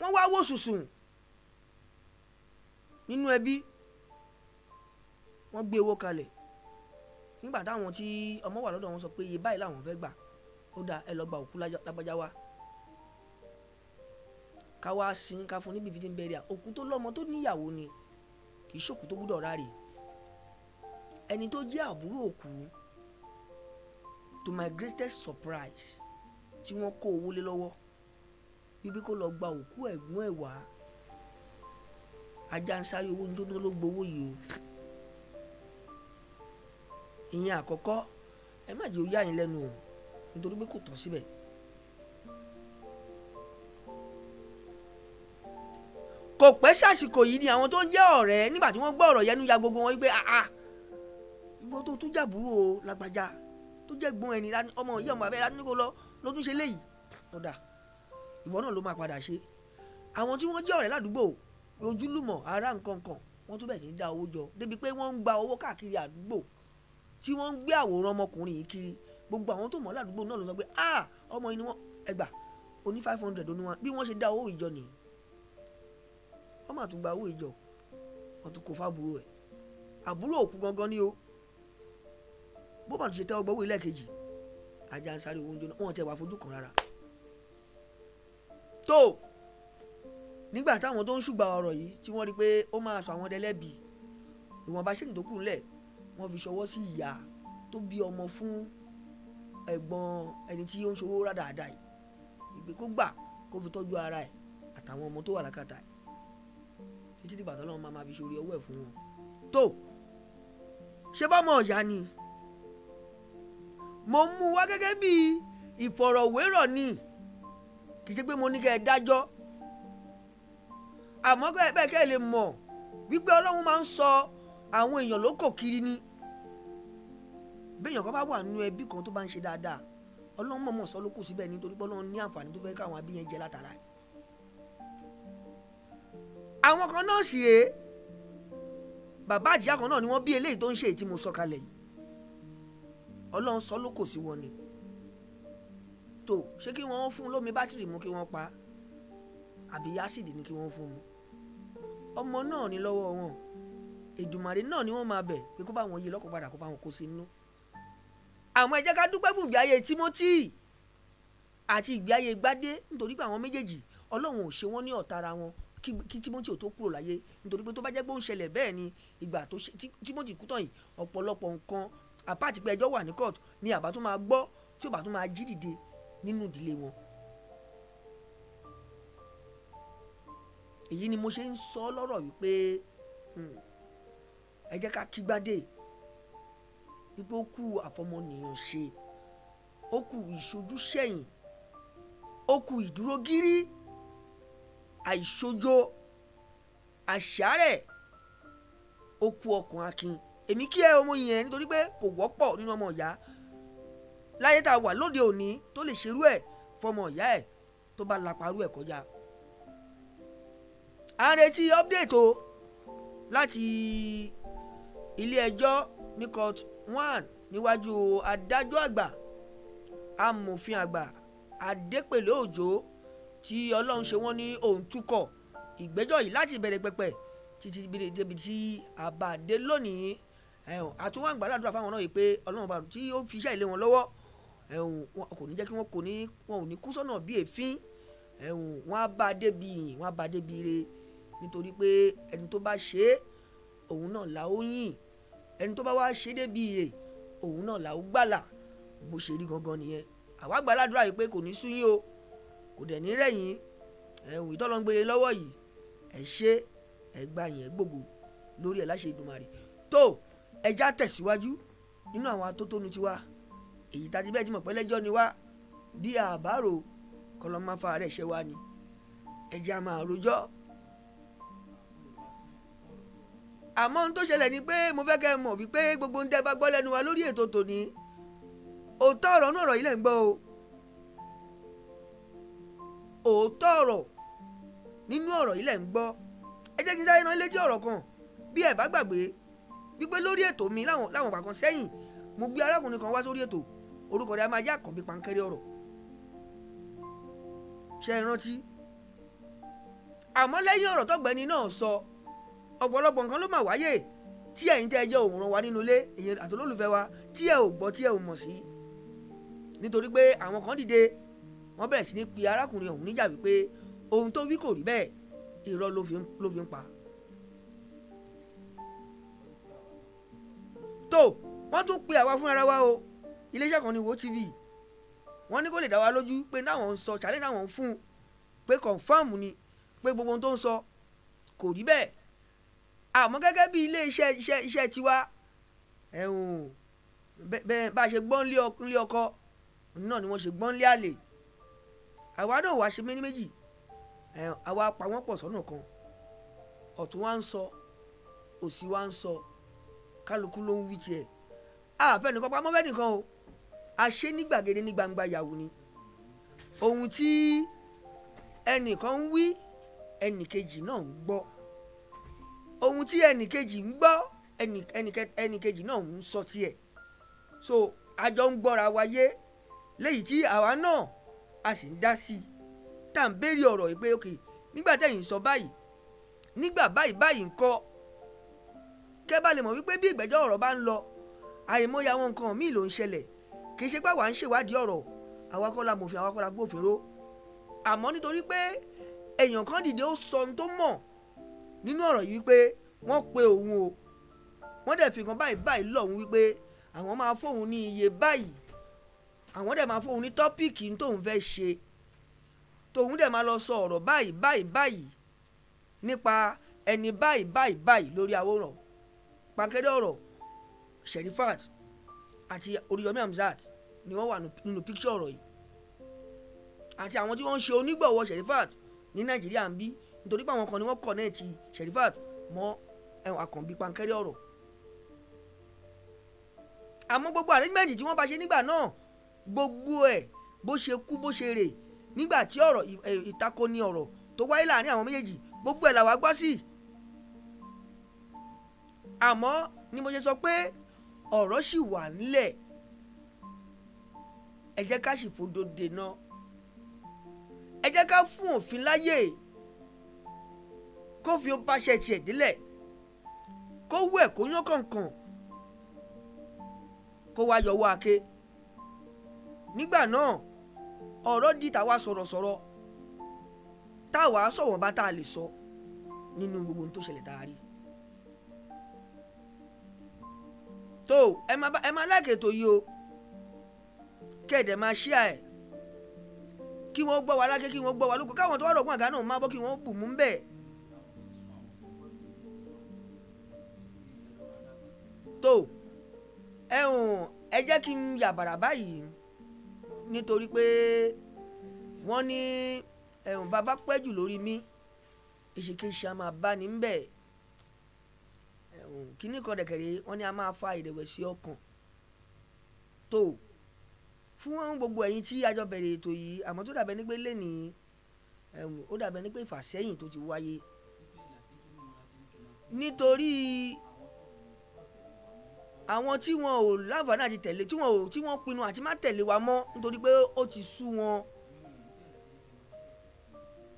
wọ́n wá wò sùsùn nínú ẹbí wọ́n gbé owó kalẹ̀ nígbà táwọn tí ọmọ wà lọ́dọ̀ wọn sọ pé iye báyìí làwọn fẹ́ gbà ó dáa ẹ lọ òkú lágbájá wa ká wá sin ká fún níbi fídíńbẹ̀rẹ̀ òkú tó lọ́mọ tó níyàwó ni. Bidin, kì í ṣòkú tó gbúdọ̀ ráre ẹni tó jẹ́ àbúrò òkú to my greatest surprise tí wọ́n kó owó lé lọ́wọ́ bíbí kó lọ gba òkú ẹ̀gbọ́n ẹ̀ wá ajá ń sáré owó jóná ló gbowó yìí o ìyẹn àkọ́kọ́ ẹ má jẹ́ ó yá lẹ́nu o nítorí pé kò tán síbẹ̀ kò pẹ́ sàsìkò yìí ni àwọn tó ń jẹ́ ọ̀rẹ́ nígbà tí wọ́n gbọ́ ọ̀rọ̀ yẹnu ya gbogbo wọn wípé àà ah, ah, ìwọ tó tún jàbúrò o làgbàjà tó jẹ́ gbọ́n ẹni ọmọ yìí ọmọ abẹ́rẹ́ láti ní kó lọ ló tún ṣe léyìí ọ̀dà ìwọ náà ló máa padà ṣe àwọn tí wọ́n jẹ́ ọ̀rẹ́ ládùúgbò ojúlùmọ̀ ará nkankan wọ́n tún bẹ̀ sí dá owó jọ débi pé wọ́n ń gba owó káàkiri àdúgbò tí wọ́n ń gbé àwòrán ọmọkùnrin yìí kiri gbogbo àwọn tó mọ̀ ládùúgbò náà ló sọ pé ah ọmọ yìí ni wọ́n ẹgbà oní five hundred oní wọn bí wọ́n ṣe dá owó ìjọ nìyí wọ́n mà tún gba owó ìjọ wọ́n tún kó fábúrò ẹ̀ àbúrò òkú gangan ni o bó bá tún ṣe tẹ́wọ́ gbọ́wọ́ ilé kejì ajá ń sáré owó oúnjẹ náà wọ́n tẹ̀ wá fojú kan rárá tó nígbà táwọn tó ń ṣùgbà ọ̀rọ̀ yìí tí wọ́n rí i pé ó máa sọ àwọn dẹlẹ́bi ìwọ̀nba ṣètò tó kù ńlẹ̀ wọ́n fi ṣọwọ́ sí ìyá tó bí ọmọ fún ẹ̀gbọ́n ẹni tí ó ń ṣòwò rádàáda yìí ìgbé kó gbà kó fi tọ́jú ara ẹ̀ àtàwọn ọmọ tó wà lákàtà ẹ̀ títí dìgbà tọ́lọ́run máa máa fi ṣorí ọwọ́ ẹ̀ fún wọn. tó ṣe bọ́mọ ọ̀yá ni mo mú wá gẹ́gẹ́ bí ìfọ̀rọ̀wérọ̀ ni kì í ṣe pé mo ní kẹ́ ẹ dájọ́ àmọ́ bẹ́ẹ̀ kẹ́ ẹ lè mọ̀ wípé ọlọ́run máa ń sọ àwọn èèyàn lókò kiri ni béèyàn kan bá wà nínú ẹbí kan tó bá ń ṣe dáadáa ọlọ́run mọ̀ọ́mọ̀ sọ ló kù síbẹ̀ nítorí pé ọlọ́run ní àǹfààní tó fẹ́ káwọn abíyẹn jẹ látara yìí àwọn kan náà sì rèé bàbá àtìyá kan náà ni wọ́n bí eléyìí tó ń ṣe èyí tí mo sọ kalẹ̀ yìí ọlọ́run sọ ló kò sí wọn ni tó ṣé kí wọ́n fún un lómi bátìrì mu kí wọ́n pa àbí yásìdì ni kí wọ́n fún un ọmọ náà ní lọ́wọ́ wọn Èdùmàrè náà ni wọ́n máa bẹ̀ pé kó bá wọn yí lọ́kàn padà kó bá wọn kó sí inú àmọ́ ká dúpẹ́ fún ìgbé ayé Timothy àti ìgbé ayé Gbádé nítorí pé àwọn méjèèjì ọlọ́run ò ṣe wọ́n ní ọ̀tá wọn kí Timothy ò tó kúrò láyé nítorí pé tó bá jẹ́ pé ó ń ṣẹlẹ̀ bẹ́ẹ̀ ni ìgbà tó Timothy kú tán yìí ọ̀pọ̀lọpọ̀ nǹkan àpáàtì pé ẹjọ́ wà ní court ni àbá tó máa gbọ́ tí ò bá tó máa jí dìde nínú ìdílé wọn. èyí ni mo ṣe ń sọ lọ́rọ̀ wípé hmm, ẹ jẹ́ ká kígbádé wípé ó kù àfọmọnìyàn ṣe ó kù ìṣojúṣẹ́yìn ó kù ìdúró gírí àìṣojo àṣàrẹ̀ okú ọkàn akin èmi kí ẹ ọmọ yẹn nítorí pé kò wọ́pọ̀ nínú ọmọ ìyá láyé tá a wà lóde òní tó lè ṣerú ẹ̀ fọmọ ìyá ẹ̀ tó bá laparú ẹ̀ kọjá. à ń retí ọ́pdẹ̀tì o láti ilé ẹjọ́ ní court one níwájú adájọ́ àgbà amòfin àgbà adépèlé òjó tí ọlọ́run ṣe wọ́n ní òun túkọ̀ ìgbẹ́jọ́ yìí láti bẹ̀rẹ̀ pẹ̀pẹ̀ títí débi tí àbàdé lónìí ẹ̀hún àtúwọ̀n àgbàládùra fáwọn náà yìí pé ọlọ́run bá tí ó fi iṣẹ́ ilé wọn lọ́wọ́ ẹ̀hún kò ní jẹ́ kí wọ́n kò ní wọn ò ní kú sọ́nà bí èéfín ẹ̀hún á bá débi yìn wọn á bá débi re nítorí pé ẹni tó bá ṣe é òun náà là ó yìn ẹni tó bá wá ṣe é débi ire òun náà là ó gbàlà bó ṣe rí gangan nìyẹn àwa àgbàládùra yìí pé kò ní sú yín o kò dẹ̀ ní rẹ̀yìn ẹ̀wù ìtọ́lọ́ngbélé lọ́wọ́ yìí ẹ̀ ṣe ẹ̀ gba yẹn gbogbo lórí ẹ̀ láṣẹ Èdùmàrè tó ẹja tẹ̀síwájú nínú àwọn atótónu tiwa èyí tàbí bẹ́ẹ̀ ti mọ̀ pé lẹ́jọ́ ni wá bí àbárò kọlọ́máfa rẹ̀ ṣe wá ni ẹja máa rojọ́ àmọ́ ohun tó ṣẹlẹ̀ ni pé mo fẹ́ kẹ́ ẹ mọ̀ wípé gbogbo ń tẹ́ bá gbọ́ lẹ́nu wa lórí ètò tòní òótọ́ ọ̀rọ̀ náà ọ̀rọ̀ yìí lẹ́ ń gbọ́ o òótọ́ ọ̀rọ̀ nínú ọ̀rọ̀ yìí lẹ̀ ń gbọ́ ẹ jẹ́ kí n sáré rán létí ọ̀rọ̀ kan bí ẹ bá gbàgbé wípé lórí ètò mi láwọn láwọn ìgbà kan sẹ́yìn mo gbé arákùnrin kan wá sórí ètò orúkọ rẹ̀ a máa yá àkànbí pankẹ́rẹ́ ọ̀rọ̀ ṣe é rántí àmọ́ lẹ́yìn ọ̀rọ̀ tọ́gbẹ́ni náà sọ ọ̀pọ̀lọpọ̀ nǹkan ló mà wáyé tí ẹ̀yin tẹ́ ẹ jẹ́ òǹràn wa nínú ilé èyàn àtolólùfẹ́ wa tí ẹ ò gbọ́ tí ẹ ò mọ̀ sí nítorí pé àwọn kan dìde wọ́n bẹ̀rẹ̀ sí ní pe arákùnrin ọ̀hún níjà wípé ohun tó wí kò rí bẹ́ẹ̀ irọ́ ló fi ń pa. tó wọ́n tún pe àwa fúnra wa o iléeṣẹ́ kan ní wo tv wọ́n ní kó lè dá wa lójú pé náwọn ń sọ challenge náwọn ń fún un pé confam ni pé gbogbo ohun tó ń sọ kò rí bẹ́ẹ̀ àmọ́ gẹ́gẹ́ bí iléeṣẹ́ iṣẹ́ iṣẹ́ tiwa ẹ̀hún bẹ́ẹ̀ bá a ṣe gbọ́n lé ọkọ náà ni wọ́n ṣe gbọ́n lé àlè àwa náà wàá ṣe méní méjì àwa pa wọ́n pọ̀ sọ́nà kan ọ̀tún wa ń sọ òsì wa ń sọ kálukú ló ń wí tiẹ̀ àbẹ̀ nìkan pamọ́ bẹ́ẹ̀ nìkan o a ṣe ní gbàgede ní gbangba yàwó ni ohun tí ẹnìkan ń wí ẹnìkejì náà ń gbọ́ ohun tí ẹnìkejì ń gbọ́ ẹnìkejì náà ń sọ tiẹ̀ so àjọ ń gbọ́ra wáyé léyìí tí àwa náà a sì ń dá sí i tá à ń béèrè ọ̀rọ̀ yìí pé ok nígbà tẹ̀yìn sọ báyìí nígbà báyìí báyìí ńkọ́ kẹ́ bá lè mọ̀ wípé bí ìgbẹ́jọ́ ọ̀rọ̀ bá ń lọ àìmọye àwọn nǹkan míì ló ń ṣẹlẹ̀ kì í ṣe pé àwa ń ṣèwádìí ọ̀rọ̀ àwa kọ́ la mọ̀fin àwa kọ́ la gbófinró àmọ́ nítorí pé èèyàn kan dìde ó sọ ohun tó mọ̀ nínú ọ̀rọ̀ yìí wípé wọ́n pe òun o wọ́n dẹ̀ fi kan báyìí báyìí lọ́hùn wípé àwọn máa fóun ní iye báyìí àwọn dẹ̀ máa fóun ní tọ́pìkì tóun fẹ́ ṣe tóun dẹ̀ máa lọ sọ ọ̀rọ̀ báyìí báyìí báyìí nípa ẹni báyìí báyìí báyìí lórí àwòrán pàkédé ọ̀rọ̀ Sherifat àti Oríyọmí Hamzat ni wọ́n wà nínú píkṣọ̀ ọ̀rọ̀ yìí àti àwọn tí wọ́n ń ṣe onígbọ̀wọ́ Sherifat ní Nàìjíríà ń bí nítorí pé àwọn kan ni wọ́n kọ̀nẹ́ẹ̀tì Sherifat mọ́ ẹ̀wọ̀n àkànbí pankẹ́rẹ́ ọ̀rọ̀ àmọ́ gbogbo arrangement tí wọ́n bá ṣe nígbà náà gbogbo ẹ̀ bó ṣe kú bó ṣe rè nígbà tí ọ̀rọ̀ ìtakoni ọ̀rọ̀ tó wáyé láàrin àwọn méjèèjì gbogbo ẹ̀ làwa gbọ́ sí. àmọ́ ni mo ṣe sọ pé ọ̀rọ̀ ṣì wà nílẹ̀ ẹ jẹ́ ká sì fòdo dènà ẹ jẹ́ ká fún òfin láyè kó fi ó báṣẹ tiẹ̀ délẹ̀ kó wẹ̀ kó yán kànkàn kó wá yọwọ́ ake nígbà náà ọ̀rọ̀ di tàwa sọ̀rọ̀sọ̀rọ̀ táwa sọ̀wọ́n bá tá a lè sọ nínú gbogbo ohun tó ṣẹlẹ̀ tá a rí. tó ẹ máa bá ẹ máa like ètò yìí o kẹ̀dẹ̀ máa share ẹ̀ kí wọ́n gbọ́ wa lágé kí wọ́n gbọ́ wa lóko káwọn tó wà lọ́gbọ́n àgá náà bọ́ kí wọ́n bù mú bẹ́ẹ̀. tó ẹ ẹ jẹ́ kí n yà bàrà báyìí nítorí pé wọ́n ní ẹ̀hún bàbá pẹ́jù lórí mi èsìkèsì a máa bá ní bẹ̀ ẹ̀hún kíní kan dẹ̀kẹ̀rẹ́ wọ́n ní a máa fa ìrẹ̀wẹ̀sì ọkàn tó fún gbogbo ẹ̀yin tí a jọ bẹ̀rẹ̀ ètò yìí àmọ́ tó dàbẹ́ ní pé lẹ́nìí ó dàbẹ́ ní pé ìfàsẹ́yìn tó ti wáyé nítorí àwọn tí wọn ò láǹfààní àti tẹ̀lé tí wọn ò tí wọn pinnu àti má tẹ̀lé wa mọ́ nítorí pé ó ti sú wọn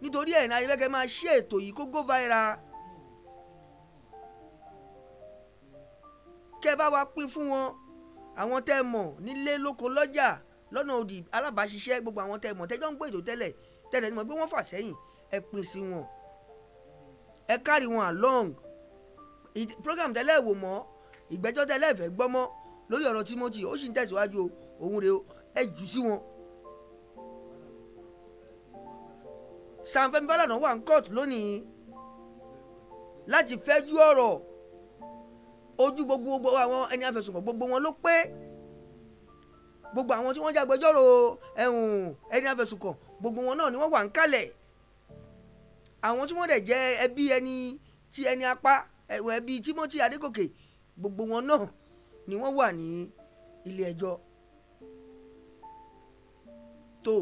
nítorí ẹ̀ náà ayẹ́fẹ́kẹ́ máa ṣí ètò yìí kó go viral kẹ́ ẹ bá wa pín fún wọn àwọn tẹ́ ẹ mọ̀ nílé lóko lọ́jà lọ́nà òdì alábàáṣiṣẹ́ gbogbo àwọn tẹ́ ẹ mọ̀ tẹ́jọ́ ń gbé ètò tẹ́lẹ̀ tẹ́lẹ̀ ni mo gbé wọ́n fà sẹ́yìn ẹ pín sí wọn ẹ carry wọn along program tẹ́lẹ̀ wò mọ́ ìgbẹ́jọ́ tẹ́ lẹ́ẹ̀fẹ́ gbọ́mọ́ lórí ọ̀rọ̀ Timothy ó sì ń tẹ̀síwájú o òun rèé ẹ jù sí wọn. Sam Fẹ́mi Fálànà wà ní court lónìí láti fẹ́jú ọ̀rọ̀ ojú gbogbo àwọn ẹni afẹ̀sùnkàn gbogbo wọn ló pé gbogbo àwọn tí wọ́n jẹ́ agbẹjọ́rò ẹ̀hún ẹni afẹ̀sùnkàn gbogbo wọn náà ni wọ́n wà ń kalẹ̀ àwọn tí wọ́n dẹ̀ jẹ́ ẹbí ẹni tí ẹni apá ẹ̀wọ̀n ẹbí Timothy Adégòkè gbogbo wọn náà ni wọ́n wà ní ilé ẹjọ́ tó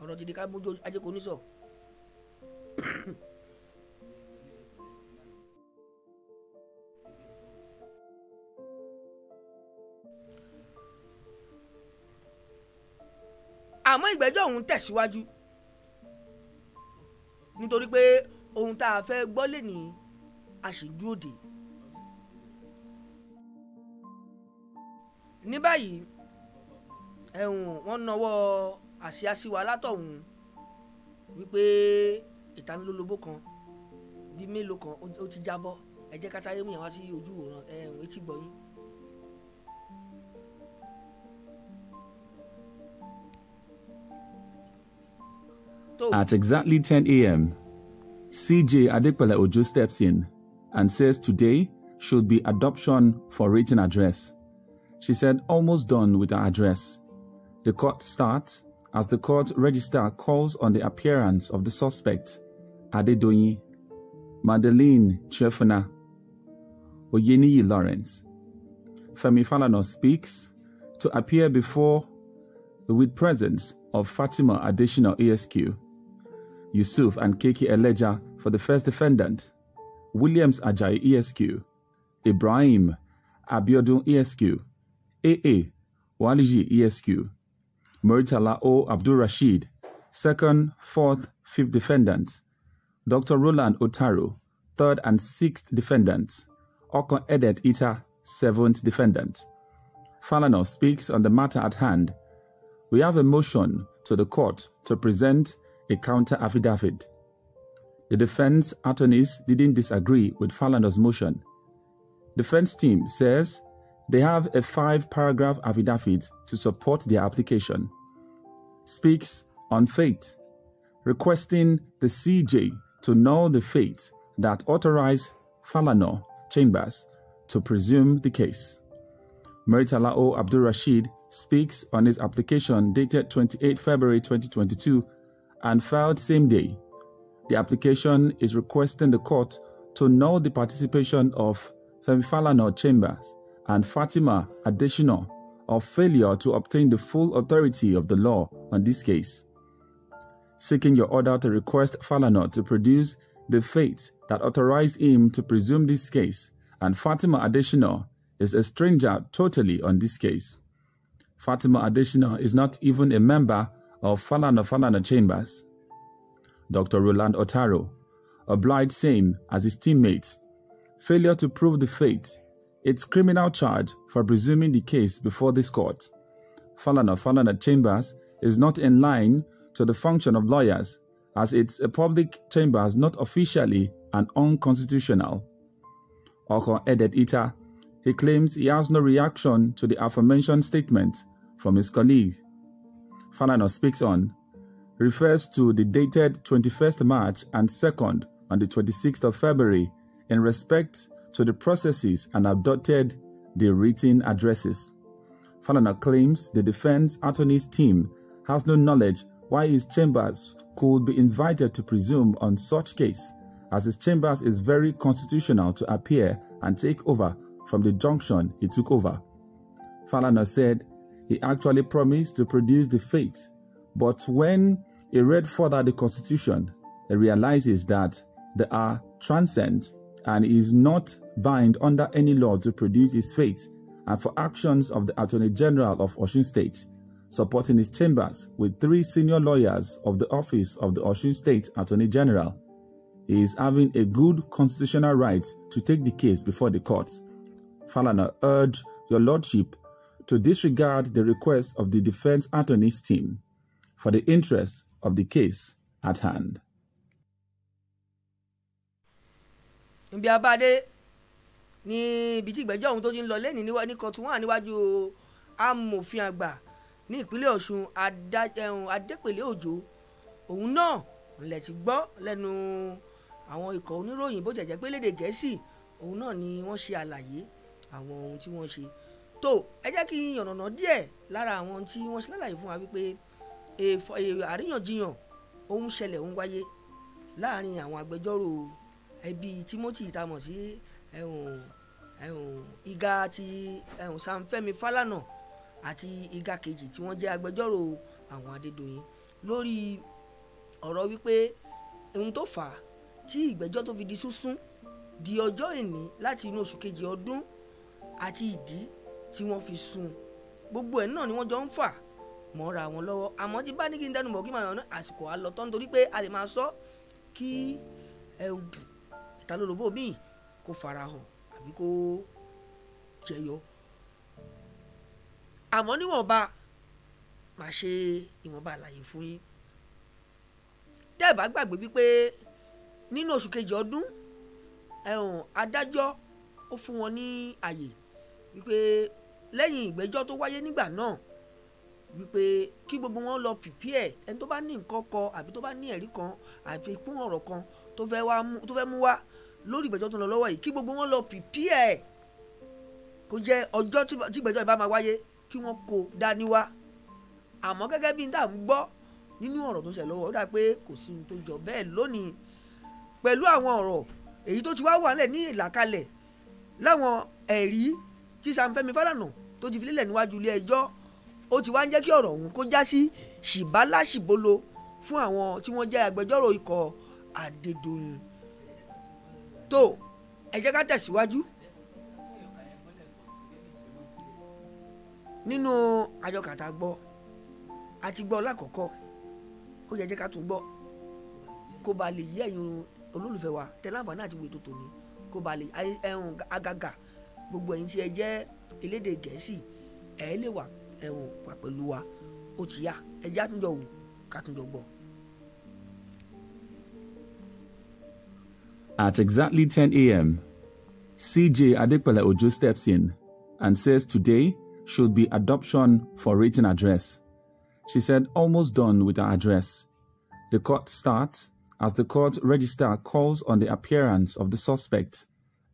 ọ̀rọ̀ gidi ká bójú ajé kò ní sọ. àmọ́ ìgbẹ́jọ́ ọ̀hún tẹ̀síwájú nítorí pé ohun tá a fẹ́ gbọ́ lé ní a sì ń dúró dè é. ní báyìí ẹ̀wọ̀n wọ́n nawọ́ àsíá látọ̀hún wípé ìtanilólobó kan bíi mélòó kan ó ti jábọ́ ẹ jẹ́ ká sáré múyàn wá sí ojú òran ẹ̀wọ̀n etí gbọ̀yìn. At exactly 10 a.m., CJ Adepele Ojo steps in and says today should be adoption for written address. She said almost done with her address. The court starts as the court register calls on the appearance of the suspect, Adedoyin, Madeleine Chefuna, Oyeniyi Lawrence. Femi Falana speaks to appear before with presence of Fatima Additional ASQ, Yusuf and Keke Eleja for the first defendant, Williams Ajayi ESQ, Ibrahim Abiodun ESQ, AA Waliji ESQ, Muritala O. Abdul Rashid, second, fourth, fifth defendants, Dr. Roland Otaro, third and sixth defendants, Okon Edet Ita, seventh defendant. Falano speaks on the matter at hand. We have a motion to the court to present a counter affidavit. The defense attorneys didn't disagree with Falano's motion. Defense team says they have a five paragraph affidavit to support their application. Speaks on faith, requesting the CJ to know the faith that authorized Falano Chambers to presume the case. Meritalao Abdul Rashid speaks on his application dated 28 February 2022 and filed same day. The application is requesting the court to know the participation of Femifalano Chambers and Fatima Additional of failure to obtain the full authority of the law on this case. Seeking your order to request Falana to produce the fate that authorized him to presume this case, and Fatima Additional is a stranger totally on this case. Fatima Additional is not even a member of Falana Falana Chambers. Dr. Roland Otaro, obliged same as his teammates. Failure to prove the fate its criminal charge for presuming the case before this court. Falana Falana Chambers is not in line to the function of lawyers, as its a public chambers not officially and unconstitutional. Okon added Ita, he claims he has no reaction to the aforementioned statement from his colleague. Falana speaks on, refers to the dated 21st March and 2nd on the 26th of February in respect to the processes and adopted the written addresses. Falana claims the defense attorney's team has no knowledge why his chambers could be invited to presume on such case, as his chambers is very constitutional to appear and take over from the junction he took over. Falana said he actually promised to produce the faith, but when he read further the constitution, he realizes that they are transcendent and is not bound under any law to produce his faith and for actions of the Attorney General of Osun State, supporting his chambers with three senior lawyers of the office of the Osun State Attorney General. He is having a good constitutional right to take the case before the courts. Falana urged your lordship to disregard the request of the defense attorney's team for the interest of the case at hand. níbi abáde ní ibi tí ìgbẹ́jọ́ ọ̀hún tó ti ń lọ lẹ́ni ní kóòtù wọn níwájú amòfin àgbà ní ìpínlẹ̀ ọ̀ṣun adépèlé òjò òun náà lẹ̀ ti gbọ́ lẹ́nu àwọn ikọ̀ oníròyìn bó jẹ̀jẹ̀ pé léde gẹ̀ẹ́sì òun náà ni wọ́n ṣe àlàyé àwọn ohun tí wọ́n ṣe tó ẹ jẹ́ kí n yànnàná díẹ̀ lára àwọn tí wọ́n ṣe lálàyé fún wa wípé àríyànjiyàn ohun ṣẹlẹ̀ ohun wáyé láàrin àwọn agbẹjọ́rò ẹbí Timothy tá mọ̀ sí ìgá ti Sam Fẹ́mi Fálànà àti ìgá kejì tí wọ́n jẹ́ agbẹjọ́rò àwọn Adédoyin lórí ọ̀rọ̀ wípé ohun tó fà á tí ìgbẹ́jọ́ tó fi di sísún di ọjọ́ ìní láti inú oṣù kejì ọdún àti ìdí tí wọ́n fi sún gbogbo ẹ̀ náà ni wọ́n jọ ń fà mọ́ra wọn lọ́wọ́ àmọ́ tí bá ní kí n dẹnu mọ́ kí màá yàn ní àsìkò àlọ́tọ́ nítorí pé a lè máa sọ kí ẹ ta ló lóbó míì kó farahàn àbí kó jẹyọ àmọ́ níwọ̀nba màá ṣe ìwọ̀nba àlàyé fún yín tẹ́ ẹ̀ bá gbàgbé wípé nínú oṣù kejì ọdún ẹ̀hún adájọ́ ó fún wọn ní àyè wípé lẹ́yìn ìgbẹ́jọ́ tó wáyé nígbà náà wípé kí gbogbo wọn lọ pìpìẹ́ ẹni tó bá ní nǹkan kọ àbí tó bá ní ẹ̀rí kan àbí ọ̀rọ̀ kan tó fẹ́ mú wá lórí ìgbẹ́jọ́ tó ń lọ lọ́wọ́ yìí kí gbogbo wọn lọ pìpìẹ́ kó jẹ́ ọjọ́ tí ìgbẹ́jọ́ ìbá máa wáyé kí wọ́n kó dání wá àmọ́ gẹ́gẹ́ bí n dà ń gbọ́ nínú ọ̀rọ̀ tó ń ṣẹlẹ̀ lọ́wọ́ ó dà pé kò sí ohun tó jọ bẹ́ẹ̀ lónìí pẹ̀lú àwọn ọ̀rọ̀ èyí tó ti wá wà nílẹ̀ ní ìlàkalẹ̀ láwọn ẹ̀rí tí Sam Fálànà tó ti fi níwájú ilé ẹjọ́ ó ti wá ń jẹ́ kí ọ̀rọ̀ ọ̀hún kó já sí ṣìbálà fún àwọn tí wọ́n jẹ́ agbẹjọ́rò ikọ̀ Adédoyin tó ẹ jẹ́ ká tẹ̀síwájú nínú àjọkàtà gbọ́ àti gbọ́ lákọ̀ọ́kọ́ ó yẹ jẹ́ ká tún gbọ́ kó ba lè yé ẹ̀yin olólùfẹ́ wa tẹ́láǹfà náà ti wò ètò tòní kó ba lè ẹ̀hún agaga gbogbo ẹ̀yin tí ẹ jẹ́ elédè gẹ̀ẹ́sì ẹ̀ lè wà ẹ̀hún wà pẹ̀lú wa ó ti yá ẹ jẹ́ àtúnjọ wò ká tún jọ gbọ́. At exactly 10 a.m., CJ Adekpele Ojo steps in and says today should be adoption for written address. She said almost done with her address. The court starts as the court register calls on the appearance of the suspect,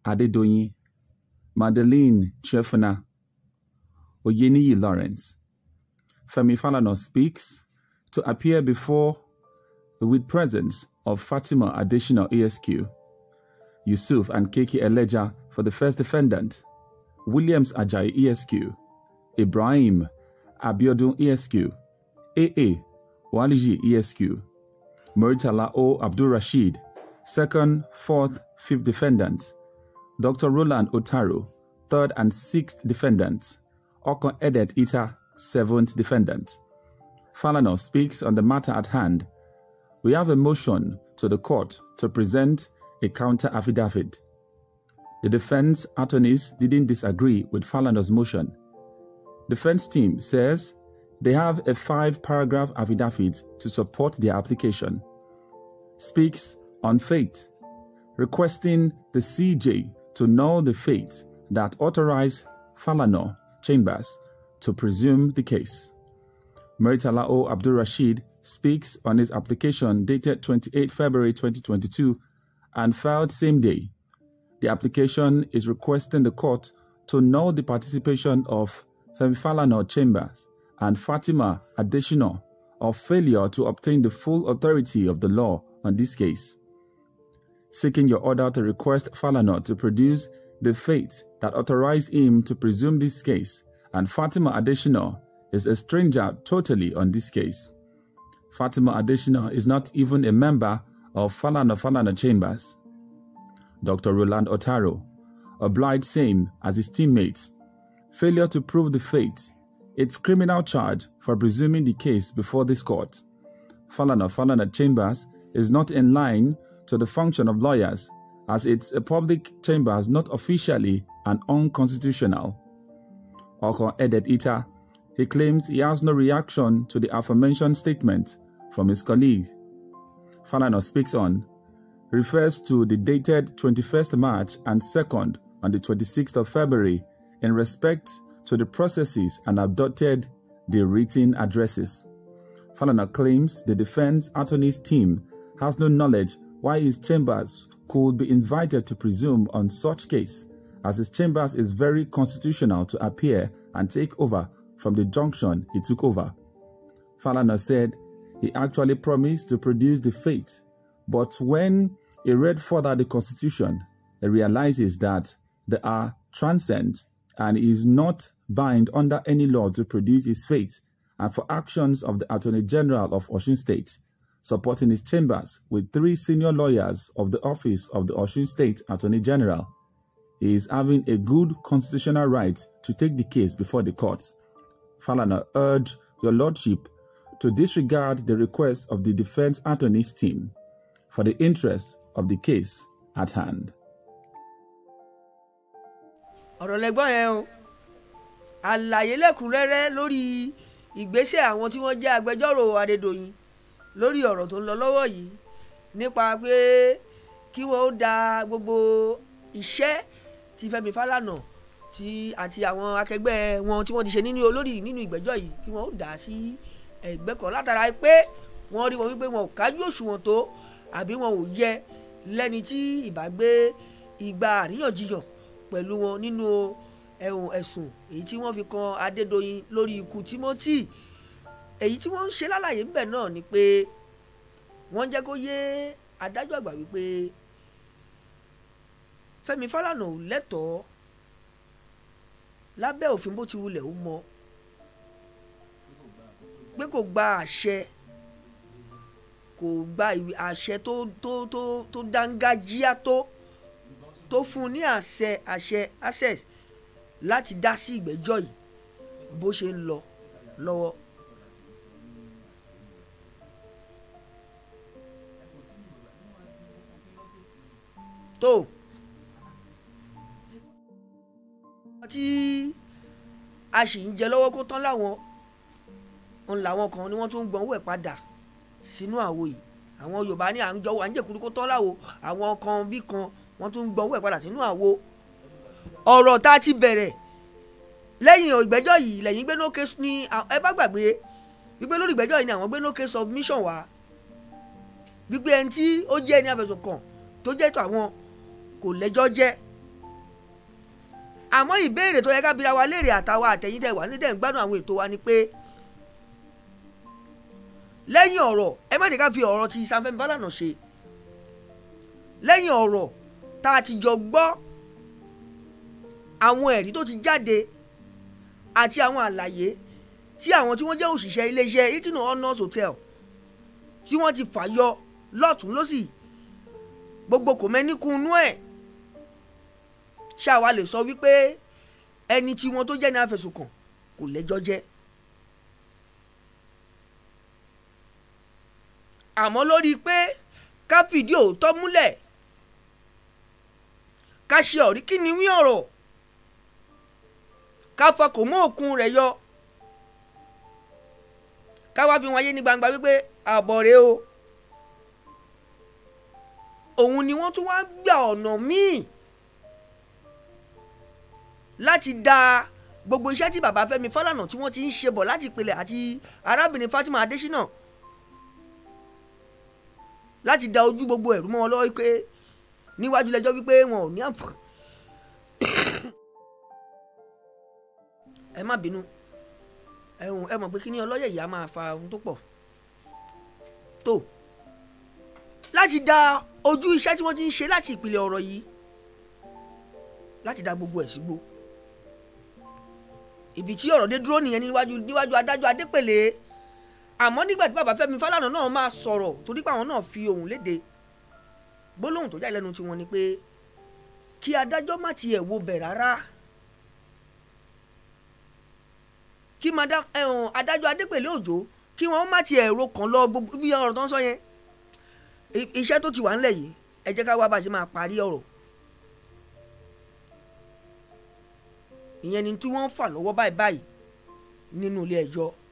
Adedoyin, Madeleine Chefuna, Oyeniyi Lawrence. Femi Falano speaks to appear before with presence of Fatima Additional ESQ. Yusuf and Kiki Eleja for the first defendant, Williams Ajayi ESQ, Ibrahim Abiodun ESQ, AA Waliji ESQ, Muritala O Abdul Rashid, second, fourth, fifth defendants, Dr. Roland Otaru, third and sixth defendants, Okon Edet Ita, seventh defendant. Falano speaks on the matter at hand. We have a motion to the court to present a counter affidavit. The defense attorneys didn't disagree with Falano's motion. Defense team says they have a five paragraph affidavit to support their application. Speaks on faith, requesting the CJ to know the faith that authorized Falano Chambers to presume the case. Meritalao Abdul Rashid speaks on his application dated 28 February 2022 and filed same day. The application is requesting the court to know the participation of Femifalana Chambers and Fatima Adesina of failure to obtain the full authority of the law on this case. Seeking your order to request Falana to produce the faith that authorized him to presume this case, and Fatima Adesina is a stranger totally on this case. Fatima Adesina is not even a member of Falana Falana Chambers. Dr. Roland Otaro obliged same as his teammates. Failure to prove the faith, its criminal charge for presuming the case before this court. Falana Falana Chambers is not in line to the function of lawyers as it's a public chamber is not officially and unconstitutional. Okon added Ita, he claims he has no reaction to the aforementioned statement from his colleague Fanano speaks on refers to the dated 21st March and 2nd on the 26th of February in respect to the processes and adopted the written addresses. Falana claims the defense attorney's team has no knowledge why his chambers could be invited to presume on such case, as his chambers is very constitutional to appear and take over from the junction he took over. Falana said he actually promised to produce the faith. But when he read further the Constitution, he realizes that they are transcendent and is not bound under any law to produce his faith and for actions of the Attorney General of Ocean State, supporting his chambers with three senior lawyers of the office of the Ocean State Attorney General. He is having a good constitutional right to take the case before the courts. Falana urged your lordship to disregard the request of the defense attorney's team for the interest of the case at hand. ọ̀rọ̀ lẹ́gbọ́n yẹn o àlàyé lẹ́kùnrẹ́rẹ́ lórí ìgbésẹ̀ àwọn tí wọ́n jẹ́ agbẹjọ́rò Adédoyin lórí ọ̀rọ̀ tó ń lọ lọ́wọ́ yìí nípa pé kí wọ́n da gbogbo iṣẹ́ tí Fẹ́mi Fálànà àti àwọn akẹgbẹ́ wọn tí wọ́n ti ṣe nínú olórí nínú ìgbẹ́jọ́ yìí kí wọ́n ó sí. Si ẹgbẹ́ kan látara pé wọ́n rí wọn wípé wọn ò kájú òṣùwọ̀n tó àbí wọn ò yẹ lẹ́ni tí ìbá gbé igba àríyànjiyàn pẹ̀lú wọn nínú ẹ̀hùn ẹ̀sùn èyí tí wọ́n fi kan Adédoyin lórí ikú Timothy èyí tí wọ́n ń ṣe lálàyé ńbẹ̀ náà ni pé wọ́n jẹ́ kó yé adájọ́ àgbà wípé Fẹ́mi Fálànà ò lẹ́tọ̀ọ́ lábẹ́ òfin bó ti wulẹ̀ ó mọ́ pé kò gba àṣẹ kò gba àṣẹ tó tó tó tó dángájíá tó tó fún un ní àṣẹ àṣẹ access láti dá sí ìgbẹ́jọ́ yìí bó ṣe ń lọ lọ́wọ́. tó tí a sì ń jẹ lọ́wọ́ kó tán láwọn ń làwọn kan ni wọ́n tún ń gbọ́n owó ẹ̀ padà sínú àwo yìí àwọn Yorùbá ní à ń jọwọ́ à ń jẹ̀kúrú kó tọ́ láwo àwọn kan bí kan wọ́n tún ń gbọ́n owó ẹ̀ padà sínú àwo ọ̀rọ̀ tá a ti bẹ̀rẹ̀ lẹ́yìn ìgbẹ́jọ́ yìí lẹ́yìn gbé ni ẹ bá gbàgbé wípé lórí ìgbẹ́jọ́ yìí ni àwọn gbé submission wa, wípé ẹni tí ó jẹ́ ẹni afẹ̀sùn kàn tó jẹ́ tó àwọn kò lẹ́jọ́ jẹ́ àmọ́ ìbéèrè tó yẹ ká bira wa léèrè àtàwa àtẹ̀yìntẹ̀ wà nídẹ̀ ń gbádùn àwọn ètò wa ni pé lẹ́yìn ọ̀rọ̀ ẹ má jẹ́ ká fi ọ̀rọ̀ ti Sam Fẹ́mi Falana ṣe lẹ́yìn ọ̀rọ̀ tá a ti jọ gbọ́ àwọn ẹ̀rí tó ti jáde àti àwọn àlàyé tí àwọn tí wọ́n jẹ́ òṣìṣẹ́ iléeṣẹ́ Hilton Honors Hotel tí wọ́n ti fàyọ lọ́tún lọ́sì gbogbo kò mẹ́nìkùnú ẹ̀ ṣáà wá lè sọ wípé ẹni tí wọn tó jẹ́ ní afẹ̀sùnkàn kò lẹ́jọ́ jẹ́. àmọ́ lórí pé ká fìdí òótọ́ múlẹ̀ ká ṣe ọ̀rí kí ni wí ọ̀rọ̀ ká fọkàn mọ́ òkun rẹ̀ yọ ká wá fi wọn ní gbangba wípé àbọ̀ rèé o òun ni wọ́n tún wá gbà ọ̀nà míì láti da gbogbo iṣẹ́ tí bàbá Fẹ́mi Fálànà tí wọ́n ti ń ṣe bọ̀ láti ìpìlẹ̀ àti arábìnrin Fatima Adésínà láti da ojú gbogbo ẹ̀rú mọ́ wọn lọ́wọ́ wípé níwájú lẹ́jọ́ wípé wọn ò ní àǹfààní. ẹ má bínú ẹ mọ̀ pé kí ni ọlọ́yẹ̀ yìí á máa fa ohun tó pọ̀ tó láti da ojú iṣẹ́ tí wọ́n ti ń ṣe láti ìpìlẹ̀ ọ̀rọ̀ yìí láti da gbogbo ẹ̀ sígbó ibi tí ọ̀rọ̀ dé dúró nìyẹn níwájú níwájú adájọ́ adépèlé àmọ́ nígbà tí bàbá Fẹ́mi Fálànà náà máa sọ̀rọ̀ torí pé àwọn náà fi ohùn léde gbólóhùn tó jáde lẹ́nu tiwọn ni pé kí adájọ́ má tiẹ̀ wo bẹ̀ rárá kí madam ẹ̀hún eh, oh, adájọ́ Adépèlé Òjó kí wọ́n má tiẹ̀ ro kàn lọ gbogbo bí ọ̀rọ̀ tó ń sọ yẹn iṣẹ́ tó ti wà ńlẹ̀ yìí ẹ jẹ́ ká wá bá a ṣe máa parí ọ̀rọ̀ ìyẹn ni tí wọ́n fà lọ́wọ́ báyìí báyìí nínú ilé ẹjọ́. E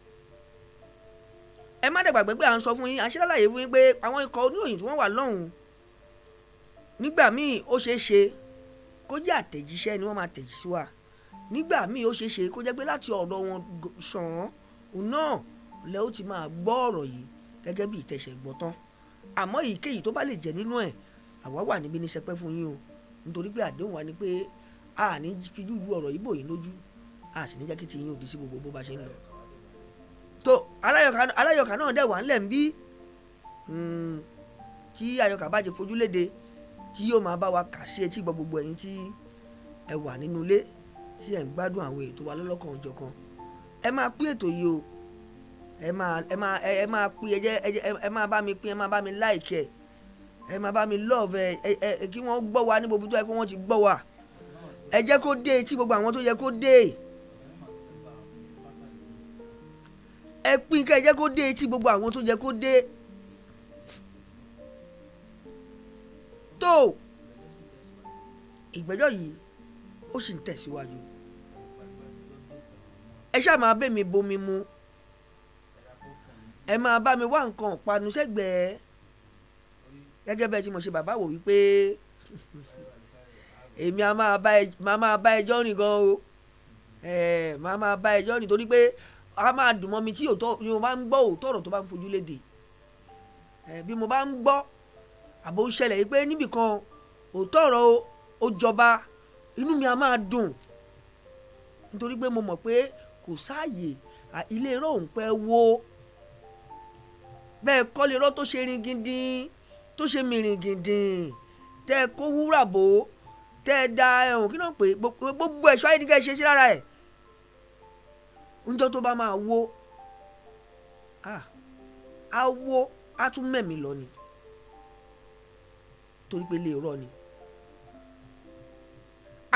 ẹ má dàgbàgbé pé à ń sọ fún yín à ń ṣe lálàyé fún yín pé àwọn ikọ̀ oníròyìn tí wọ́n wà lọ́hùn-ún nígbà míì ó ṣeé ṣe kó jẹ́ àtẹ̀jíṣẹ́ ni wọ́n máa tẹ̀jí sí wa nígbà míì ó ṣeé ṣe kó jẹ́ pé láti ọ̀dọ̀ wọn ṣàn-án òun náà lẹ ó ti máa gbọ́ ọ̀rọ̀ yìí gẹ́gẹ́ bí ìtẹ̀sẹ̀ gbọ́ tán àmọ́ èyíkéyìí tó bá lè jẹ́ nínú ẹ̀ àwa wà níbi ní sẹpẹ́ fún yín o nítorí pé àdéhùn wa ni pé a ní fi jújú ọ̀rọ̀ yìí bò yín lójú a sì ní jẹ́ kí ti yín òdì sí gbogbo bó ba ṣe ń lọ tó aláyọ̀ká náà dẹ̀ wà ńlẹ̀ ń bí hmm, tí ayọ̀ká bá jẹ́ fojú léde tí yóò máa bá wa kà sí etí gbọ́ gbogbo ẹ̀yin tí ẹ wà nínú ilé tí ẹ ń gbádùn àwọn ètò wa lọ́lọ́kan òjọ̀kan ẹ máa pín ètò yìí o ẹ máa ẹ máa ẹ máa pín ẹ jẹ́ ẹ máa bá mi pín ẹ máa bá mi like ẹ ẹ máa bá mi love ẹ ẹ kí wọ́n gbọ́ wa ní gbogbo tó yẹ kó wọ́n ti gbọ́ wa ẹ jẹ́ kó dé etí gbogbo àwọn tó yẹ kó dé. ẹ pín kẹ́ ẹ jẹ́ kó dé etí gbogbo àwọn tó yẹ kó dé. tó ìgbẹ́jọ́ yìí ó sì ń tẹ̀síwájú ẹ ṣáà máa bẹ́ mi bomi mu ẹ máa bá mi wá nǹkan ọ̀panu sẹ́gbẹ̀ẹ́ gẹ́gẹ́ bẹ́ẹ̀ tí mo ṣe bàbá wò wípé èmi a máa bá ẹjọ́ rìn gan o máa máa bá ẹjọ́ rìn torí pé a máa dùn mọ́ mi tí mo bá ń gbọ́ òótọ́ ọ̀rọ̀ tó bá ń fojú léde bí mo bá ń gbọ́ àbò ṣẹlẹ̀ yìí pé níbìkan òótọ́ ọ̀rọ̀ ó jọba inú mi a máa dùn nítorí pé mo mọ̀ pé kò sáàyè ilé irọ́ òun pẹ́ wo bẹ́ẹ̀ kọ́lé irọ́ tó ṣe ringindin tó ṣe mìrìngindin tẹ́ kó wúrà bò tẹ́ da ẹ̀hún kí náà pé gbogbo ẹ̀ṣọ́ ayé ni kẹ́ ṣe sí lára ẹ̀ njọ́ tó bá máa wo ah, á wo á tún mẹ̀mí lọ ni torí pé ilé irọ́ ni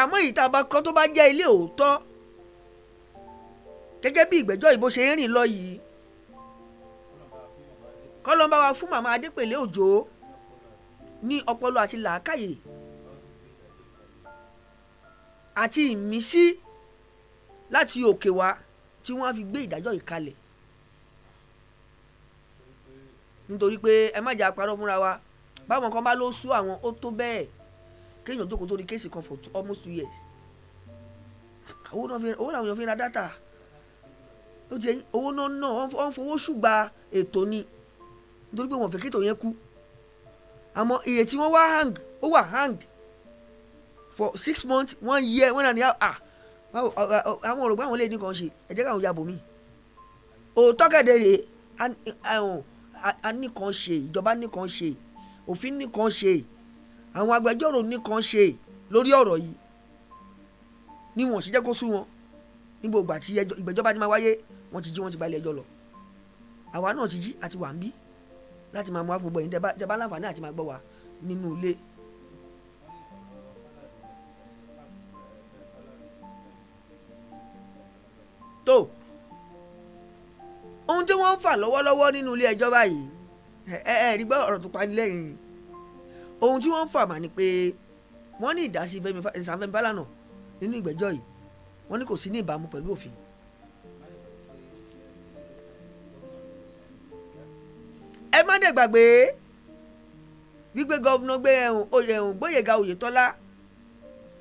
àmọ́ èyí bá kọ́ tó bá jẹ́ ilé òótọ́ gẹ́gẹ́ bí ìgbẹ́jọ́ ìbò ṣe ń rìn lọ yìí kọ́lọ́mbà wa fún màmá adépèlé òjò ní ọpọlọ àti làákàyè àti ìmísí láti òkè wá. tí wọ́n á fi gbé ìdájọ́ yìí kalẹ̀ nítorí pé ẹ má jà parọ́ fúnra wa báwọn kan bá ló sú àwọn ó tó bẹ́ẹ̀ kéèyàn jókòó sórí kéèsì kan for almost two years owó làwọn èèyàn fi ra dátà ó ti owó náà náà wọ́n fowó ṣùgbà ètò ni nítorí pé wọ́n fẹ́ kéètò yẹn kú àmọ́ ìrètí wọn wá hang ó wà hang for six months one year one and a half ah àwọn òrògbà àwọn lè ní kan ṣe ẹ jẹ́ káwọn yàbò mí òótọ́ kẹ̀dẹ̀ rèé a nìkan ṣe ìjọba nìkan ṣe òfin nìkan ṣe àwọn agbẹjọ́rò nìkan ṣe lórí ọ̀rọ̀ yìí ni wọ́n ṣe jẹ́ kó sú wọn ní gbogbo àti ìgbẹ́jọba ni máa wáyé wọ́n ti jí wọ́n ti gba ilé ẹjọ́ lọ àwa náà ti jí àti wà ń bí láti máa mú àfọ̀bọ̀ yìí tẹ́ bá láǹfààní àti máa gbọ́ wa nínú ilé tó ohun tí wọ́n ń fà lọ́wọ́lọ́wọ́ nínú ilé ẹjọ́ báyìí ẹ ẹ rí gbọ́ ọ̀rọ̀ tó pani lẹ́yìn ohun tí wọ́n ń fà mà ni pé wọ́n ní ìdásí Sam Fẹ́mi Fálànà nínú ìgbẹ́jọ́ yìí wọ́n ní kò sí ní ìbámu pẹ̀lú òfin ẹ má dẹ̀ gbàgbé gbígbé gọ́vùnà gbé ẹ̀hún Gbóyèga Oyètọ́lá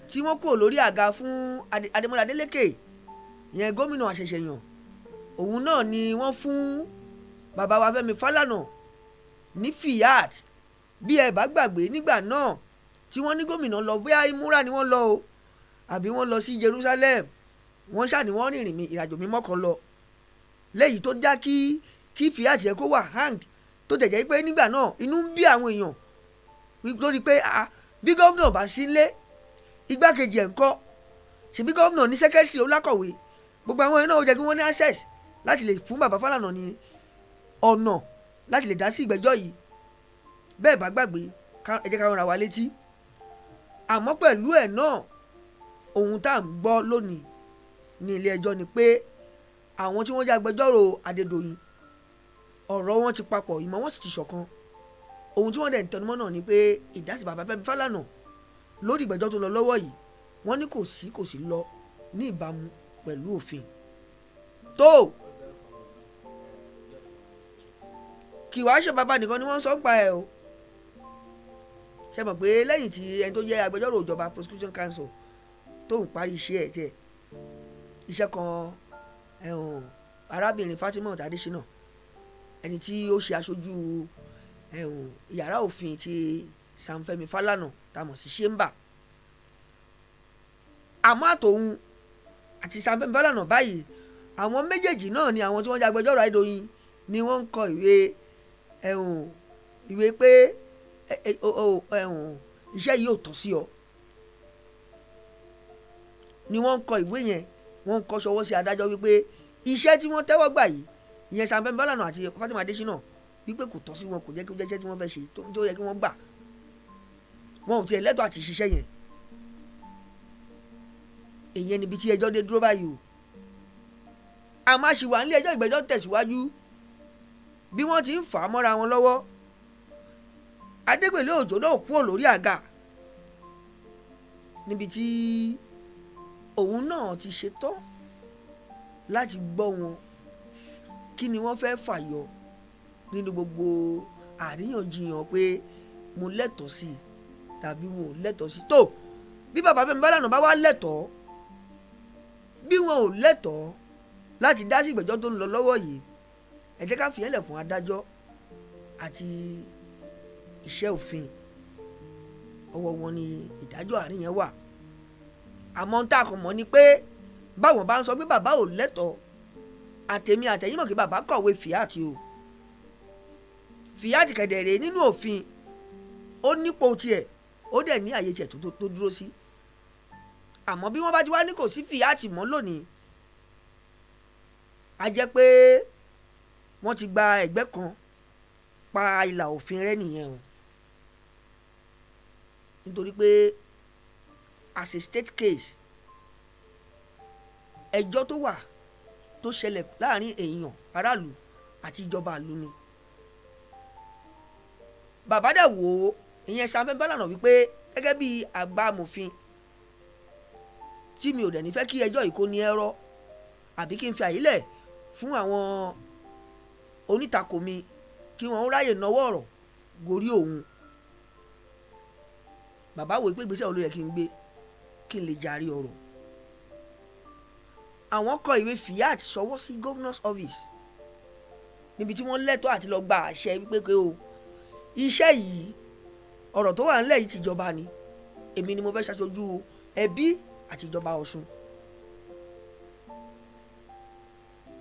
tí wọ́n kúrò lórí àga fún Adémọ́lá Adélékè. Ade, yẹn gómìnà àṣẹ̀ṣẹ̀ yàn òun náà ni wọ́n fún bàbá wa Fẹ́mi Fálànà ní fiat bí ẹ bá gbàgbé nígbà náà tí wọ́n ní gómìnà lọ bóyá ìmúra ni wọ́n lọ o àbí wọ́n lọ sí Jerusalem wọ́n ṣàní wọ́n rìnrìn ìrìnàjò mímọ́ kan lọ léyìí tó já kí kí fiat yẹ kó wà hanged tó tẹ̀ jẹ́ pé nígbà náà inú ń bí àwọn èèyàn lórí pé ah, bí gómìnà bá sí ilé igbákejì ẹ̀ ń kọ́ ṣebí gómìnà ní sẹ́kẹ́tìrì ó gbogbo àwọn yẹn náà ó jẹ́ kí wọ́n ní access láti lè fún bàbá Fálànà ní ọ̀nà láti lè dá sí ìgbẹ́jọ́ yìí bẹ́ẹ̀ bá gbàgbé ẹ jẹ́ ká rán ara wa létí àmọ́ pẹ̀lú ẹ̀ náà ohun tá à ń gbọ́ lónìí ní ilé ẹjọ́ ni pé àwọn tí wọ́n jẹ́ agbẹjọ́rò Adédoyin ọ̀rọ̀ wọn ti papọ̀ ìmọ̀ wọn sì ti ṣọ̀kan ohun tí wọ́n dẹ̀ ń tẹnumọ́ náà ni pé ìdásí bàbá Fẹ́mi Fálànà lórí ìgbẹ́jọ́ tó lọ lọ́wọ́ yìí wọ́n ní kò sí kò sí lọ ní ìbámu pẹ̀lú òfin tó kì wá ṣe bàbá nìkan ni wọ́n sọ ń pa ẹ̀ o ṣe mọ̀ pé lẹ́yìn tí ẹni tó jẹ́ agbẹjọ́rò ìjọba prosecution council tó ń parí iṣẹ́ ẹ̀ tiẹ̀ iṣẹ́ kan arábìnrin Fatima Adésínà ẹni tí ó ṣe aṣojú yàrá òfin ti Sanfẹ́mi Fálànà tá sí Ṣéńbà àmọ́ àtòun àti Sam Falana báyìí àwọn méjèèjì náà ni àwọn tí wọ́n jẹ́ agbẹjọ́rò Adédoyin ni wọ́n ń kọ ìwé ẹ̀hún ìwé pé ẹ̀hún iṣẹ́ yìí ò tọ́ sí ọ ni wọ́n ń kọ ìwé yẹn wọ́n ń kọ ṣọwọ́ sí adájọ́ wípé iṣẹ́ tí wọ́n tẹ́wọ́ gbà yìí ìyẹn Sam Falana àti Fatima Adésínà wípé kò tọ́ sí wọn kò jẹ́ kí ó jẹ́ iṣẹ́ tí wọ́n fẹ́ ṣe tó yẹ kí wọ́n gbà wọn ò tiẹ̀ lẹ́tọ̀ọ́ àti ṣiṣẹ́ yẹn ìyẹn níbi tí ẹjọ́ dé dúró báyìí o àmọ́ àṣìwà nílé ẹjọ́ ìgbẹ́jọ́ tẹ̀síwájú bí wọ́n ti ń fà á mọ́ra wọn lọ́wọ́ adégbèlé òjò náà kúrò lórí àga níbi tí òun náà ti ṣetán láti gbọ́ wọn kí ni wọ́n fẹ́ẹ́ fàyọ nínú gbogbo àríyànjiyàn pé mo lẹ́tọ̀ọ́ sí i tàbí mo lẹ́tọ̀ọ́ sí i tó bí bàbá mi bá lànà bá wá lẹ́tọ̀ọ́ bí wọn ò lẹ́tọ̀ọ́ láti dá sí ìgbẹ́jọ́ tó ń lọ lọ́wọ́ yìí ẹ jẹ́ ká fìyẹ́lẹ̀ fún adájọ́ àti iṣẹ́ òfin ọwọ́ wọn ni ìdájọ́ àárín yẹn wà àmọ́ ń tàkùn mọ́ ni pé báwọn bá ń sọ pé bàbá ò lẹ́tọ̀ọ́ àtẹ̀mí àtẹ̀yìnmọ̀ kí bàbá kọ̀wé fìyàtì o fìyàtì kẹ̀dẹ̀rẹ̀ nínú òfin ó nípò tiẹ̀ ó dẹ̀ ní àyè tiẹ̀ tó dúró sí. Si àmọ́ bí wọ́n bá ti wá ní kò sí fìyàtì mọ́ lónìí a jẹ́ pé wọ́n ti gba ẹ̀gbẹ́ kan pa ìlà òfin rẹ̀ nìyẹn o nítorí pé as a state case ẹjọ́ tó wà tó ṣẹlẹ̀ láàrin èèyàn aráàlú àti ìjọba ìlú ni bàbá dẹ̀ wò ó ìyẹn Sam Mbálànà wípé gẹ́gẹ́ bí àgbà tí mi ò dẹ̀ ní fẹ́ kí ẹjọ́ ìkóni ẹ̀rọ àbí kí n fi àyílẹ̀ fún àwọn onítàkò mi kí wọ́n ráyè náwó ọ̀rọ̀ gorí òun bàbá wòye pé ìgbésẹ̀ olóyè kí n gbé kí n lè jàre ọ̀rọ̀ àwọn kọ ìwé fiat ṣọwọ́ sí governor's office níbi tí wọ́n lẹ́tọ́ àti lọ gba àṣẹ wípé pé o iṣẹ́ yìí ọ̀rọ̀ tó wà ńlẹ̀ yìí tìjọba ni èmi ni mo fẹ́ ṣaṣojú ẹbí àti ìjọba Ọ̀ṣun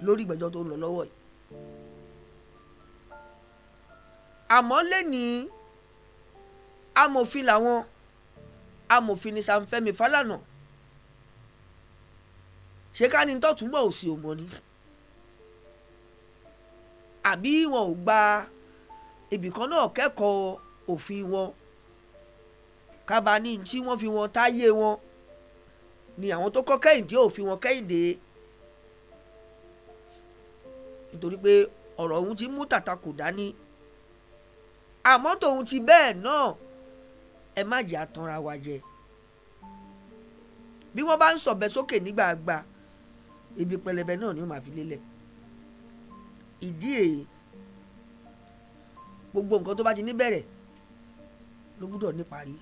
lórí ìgbẹ́jọ́ tó ń lọ lọ́wọ́ yìí àmọ́ lẹ́ni amòfin làwọn amòfin ni Sanfẹ́mi Fálànà ṣé ká ní tọ́túnbọ̀ òsì ò mọ̀ ni àbí wọn ò gba ibìkan náà kẹ́kọ̀ọ́ òfin wọn ká bá ní tí wọ́n fi wọn táyé wọn ni àwọn tó kọ́ kẹ́hìndé ò fi wọn kẹ́hìndé nítorí pé ọ̀rọ̀ ọ̀hún ti mú tàtàkù dání àmọ́ tòun ti bẹ́ẹ̀ náà ẹ má jẹ́ àtanra wa jẹ bí wọ́n bá ń sọ̀bẹ sókè nígbàgbà ibi pẹlẹbẹ náà ni ó máa fi lélẹ̀ ìdí rèé gbogbo nǹkan tó bá ti ní bẹ̀rẹ̀ ló gbúdọ̀ níparí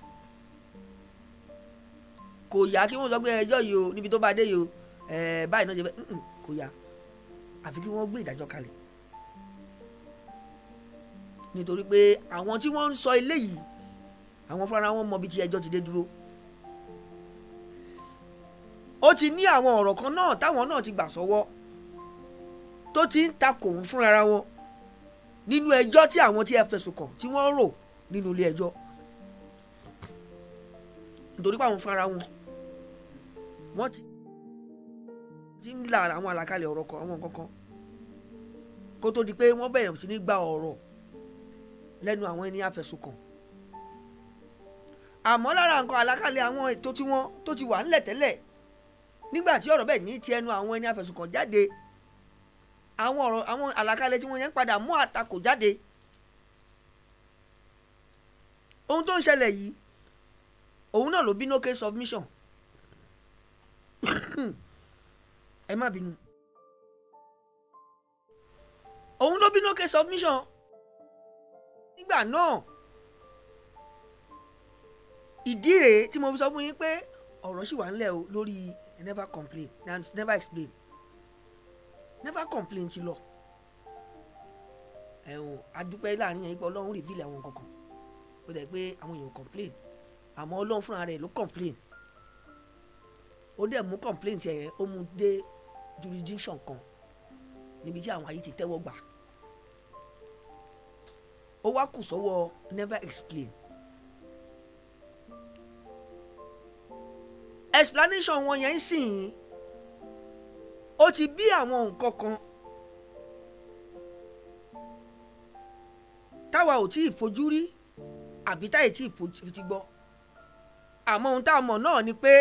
kò yá kí wọ́n sọ pé ẹjọ́ yìí o níbi tó bá dé yìí o báyìí náà ṣe fẹ́ kò yá àfi kí wọ́n gbé ìdájọ́ kalẹ̀ nítorí pé àwọn tí wọ́n ń sọ eléyìí àwọn fúnra wọn mọ ibi tí ẹjọ́ ti dé dúró ó ti ní àwọn ọ̀rọ̀ kan náà táwọn náà ti gbà sọ́wọ́ tó ti ń takò òun fúnra wọn nínú ẹjọ́ tí àwọn tí ẹ fẹ̀sùn kàn tí wọ́n rò nínú ilé ẹjọ́ nítorí pé àwọn fúnra wọn wọ́n ti ti ń la àwọn àlàkalẹ̀ ọ̀rọ̀ kan àwọn nǹkan kan kó tó di pé wọ́n bẹ̀rẹ̀ sí ní gba ọ̀rọ̀ lẹ́nu àwọn ẹni àfẹ̀sùnkàn àmọ́ lára nǹkan àlàkalẹ̀ àwọn ètò tí wọ́n tó ti wà ńlẹ̀ tẹ́lẹ̀ nígbà tí ọ̀rọ̀ bẹ́ẹ̀ ní ti ẹnu àwọn ẹni àfẹ̀sùnkàn jáde àwọn ọ̀rọ̀ àwọn àlàkalẹ̀ tí wọ́n yẹn ń padà mú àtakò jáde ohun tó ń ṣẹlẹ̀ yìí òun náà ló bí no submission ẹ má bínú òun ló bínú ké submission nígbà náà ìdí rèé tí mo fi sọ fún yín pé ọ̀rọ̀ ṣì wà ńlẹ̀ o lórí never complain and never explain never complain ti lọ ẹ o adúpẹ́ láàrin yẹn pé ọlọ́run rìbílẹ̀ àwọn kankan ó dẹ̀ pé àwọn èèyàn complain àmọ́ ọlọ́run fúnra rẹ̀ ló complain ó dẹ̀ mú complaint yẹn ó mú dé jurisdiction kan níbi tí àwọn ayé ti tẹ́wọ́ gbà ó wá kù sọ́wọ́ never explain explanation wọn yẹn ń sìn yín ó ti bí àwọn nǹkan kan táwa ò tí ì fojú rí àbí táyì tí ì fojú ti gbọ́ àmọ́ ohun tá a mọ̀ náà ni pé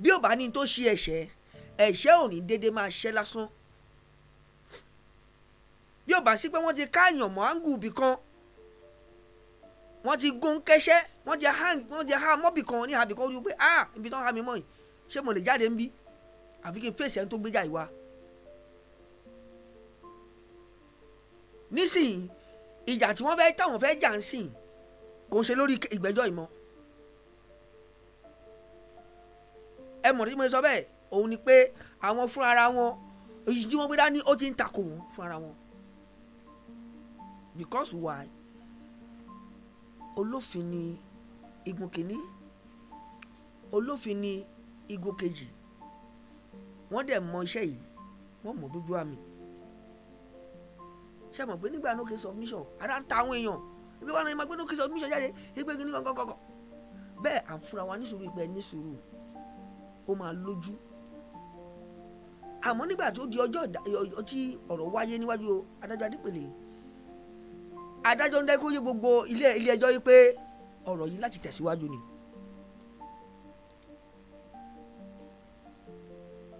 bí ò bá ní tó ṣe ẹ̀ṣẹ̀ ẹ̀ṣẹ̀ ò ní déédéé máa ṣẹ́ lásán bí ò bá sí pé wọ́n ti káàyàn mọ́ áńgù ibì kan wọ́n ti gún kẹ́ṣẹ́ wọ́n ti há wọ́n ti há mọ́bì kan ní àbí kan ó rí pé ah ibi tán há mi mọ́ yìí ṣé mo lè jáde ń bí àfi kí n fèsì ẹni tó gbéjà ìwà. nísìnyí ìjà tí wọ́n fẹ́ táwọn fẹ́ jà ń sìn kò ń ṣe lórí ìgbẹ́jọ́ ìmọ̀ ẹ mọ̀ tí mo sọ bẹ́ẹ̀ òun ni pé àwọn fúnra ara wọn èyí tí wọ́n gbé dání ó ti ń takò wọ́n fúnra ara wọn because why olófin ni igun kìíní olófin ni igun kejì wọ́n dẹ̀ mọ iṣẹ́ yìí wọ́n mọ̀ dójú àmì ṣe mọ̀ pé nígbà no case submission ara ń ta àwọn èèyàn ìgbé wọn ni ma gbé no case submission jáde ìgbé gíní kankan kankan bẹ́ẹ̀ à ń fúnra wa ní sùúrù ìgbẹ́ ní sùúrù ó máa lójú àmọ́ nígbà tó di ọjọ́ tí ọ̀rọ̀ wáyé níwájú adájọ́ adépèlé adájọ́ ń dẹ́kun yé gbogbo ilé ẹjọ́ yìí pé ọ̀rọ̀ yìí láti tẹ̀síwájú ni.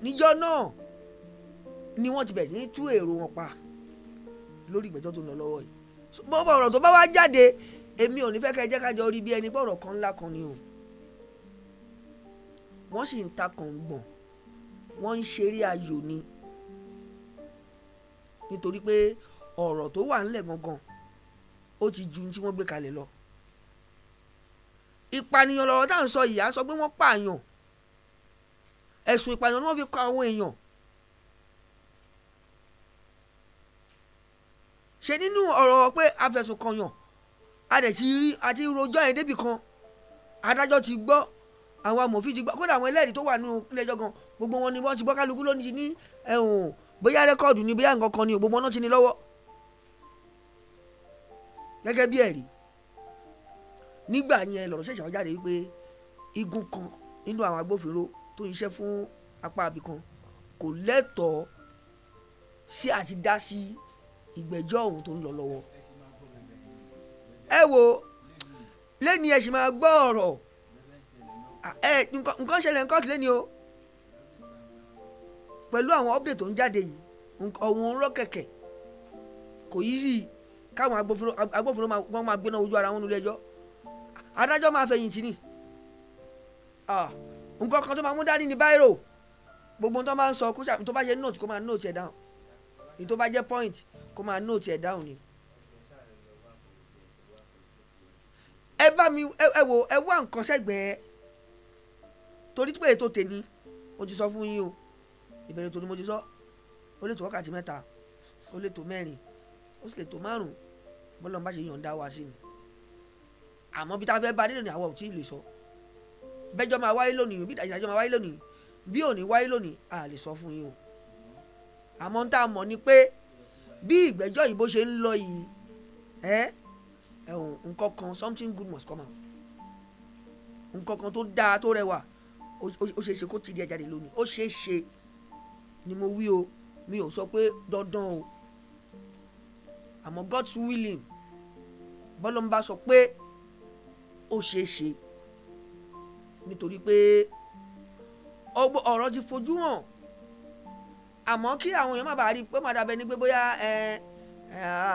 níjọ́ náà ni wọ́n ti bẹ̀rẹ̀ ní tú èrò wọn pa lórí ìgbẹ́jọ́ tó ń lọ lọ́wọ́ yìí bọ́ọ̀bọ̀ ọ̀rọ̀ tó bá wá jáde èmi ò ní fẹ́ kẹ́ ẹ jẹ́ ká jọ rí bí ẹni pé kan ńlá kan ni o wọ́n sì ń ta kàngbọ̀n wọ́n ń ṣeré ayò ni nítorí pé ọ̀rọ̀ tó wà ńlẹ̀ gangan ó ti ju tí wọ́n gbé kalẹ̀ lọ. ìpànìyàn lọ̀rọ̀ tá à ń sọ yìí á sọ pé wọ́n pààyàn ẹ̀sùn ìpànìyàn ni wọ́n fi kọ àwọn èèyàn. ṣe nínú ọ̀rọ̀ pé afẹ̀sùnkànyàn a dẹ̀ ti rí àti rojọ́ ẹ̀ débì kan adájọ́ ti gbọ́ àwọn amòfin ti gbọ́ kódà àwọn ẹlẹ́rìí tó wà nínú ilé-ẹjọ́ gan gbogbo wọn ni wọ́n ti gbọ́ kálukú ló ti ní ẹ̀hún bóyá rẹ́kọ̀dù ni bóyá nǹkan kan ni gbogbo wọn ti ní lọ́wọ́ gẹ́gẹ́ bí ẹ̀rí nígbà yẹn lọ̀rọ̀ ṣẹ̀ṣẹ̀ wọ́n jáde wípé igun kan nínú àwọn agbófinró tó ń ṣiṣẹ́ fún apá abìkan kò lẹ́tọ̀ọ́ sí àti dá sí ìgbẹ́jọ́ ọ̀hún tó ń lọ lọ́wọ́ ẹ wo lẹ́ni ẹ̀ sì máa gbọ́ ọ̀rọ̀ ẹ ah, eh, nǹkan ṣẹlẹ̀ nǹkan tìlẹ́ ni o pẹ̀lú àwọn update tó ń jáde yìí ọ̀hún rọ́ kẹ̀kẹ́ kò yí sí káwọn agbófinró wọn máa gbéná ojú ara wọn nílé ẹjọ́ adájọ́ máa ah, nǹkan kan tó máa mú dání ni gbogbo tó máa ń sọ tó bá jẹ́ note kó máa note ẹ̀ down èyí tó bá jẹ́ point kó máa note ẹ̀ down ni. ẹ bá ẹ wò ẹ wá nǹkan torí pé ètò tèmi mo ti sọ fún yín o ìbẹ̀rẹ̀ tòní mo ti sọ ó lè tó wákàtí mẹ́ta ó lè tó mẹ́rin ó sì lè tó márùn-ún bọ́lá ń bá ṣe yọ̀ǹda wá sí mi àmọ́ bí tá a fẹ́ bá nílò ní àwa ò tí ì lè sọ bẹ́jọ́ máa wáyé lónìí bí ìdájọ́ máa wáyé lónìí bí ò ní wáyé lónìí a lè sọ fún yín o àmọ́ ń tá mọ̀ ni pé bí ìgbẹ́jọ́ yìí bó ṣe ń lọ yìí ẹ ẹ̀hún nǹkan kan something good must come out nǹkan kan tó dáa tó rẹwà ó ṣeé ṣe kó ti di ẹ jáde lónìí ó ṣeé ṣe ni mo wí o mi ò sọ pé dandan o àmọ́ God's willing bọ́lọ́mbà sọ pé ó ṣeé ṣe nítorí pé ọ̀rọ̀ ti fojú hàn àmọ́ kí àwọn èèyàn má bàa rí i pé má dàbẹ́ ní pé bóyá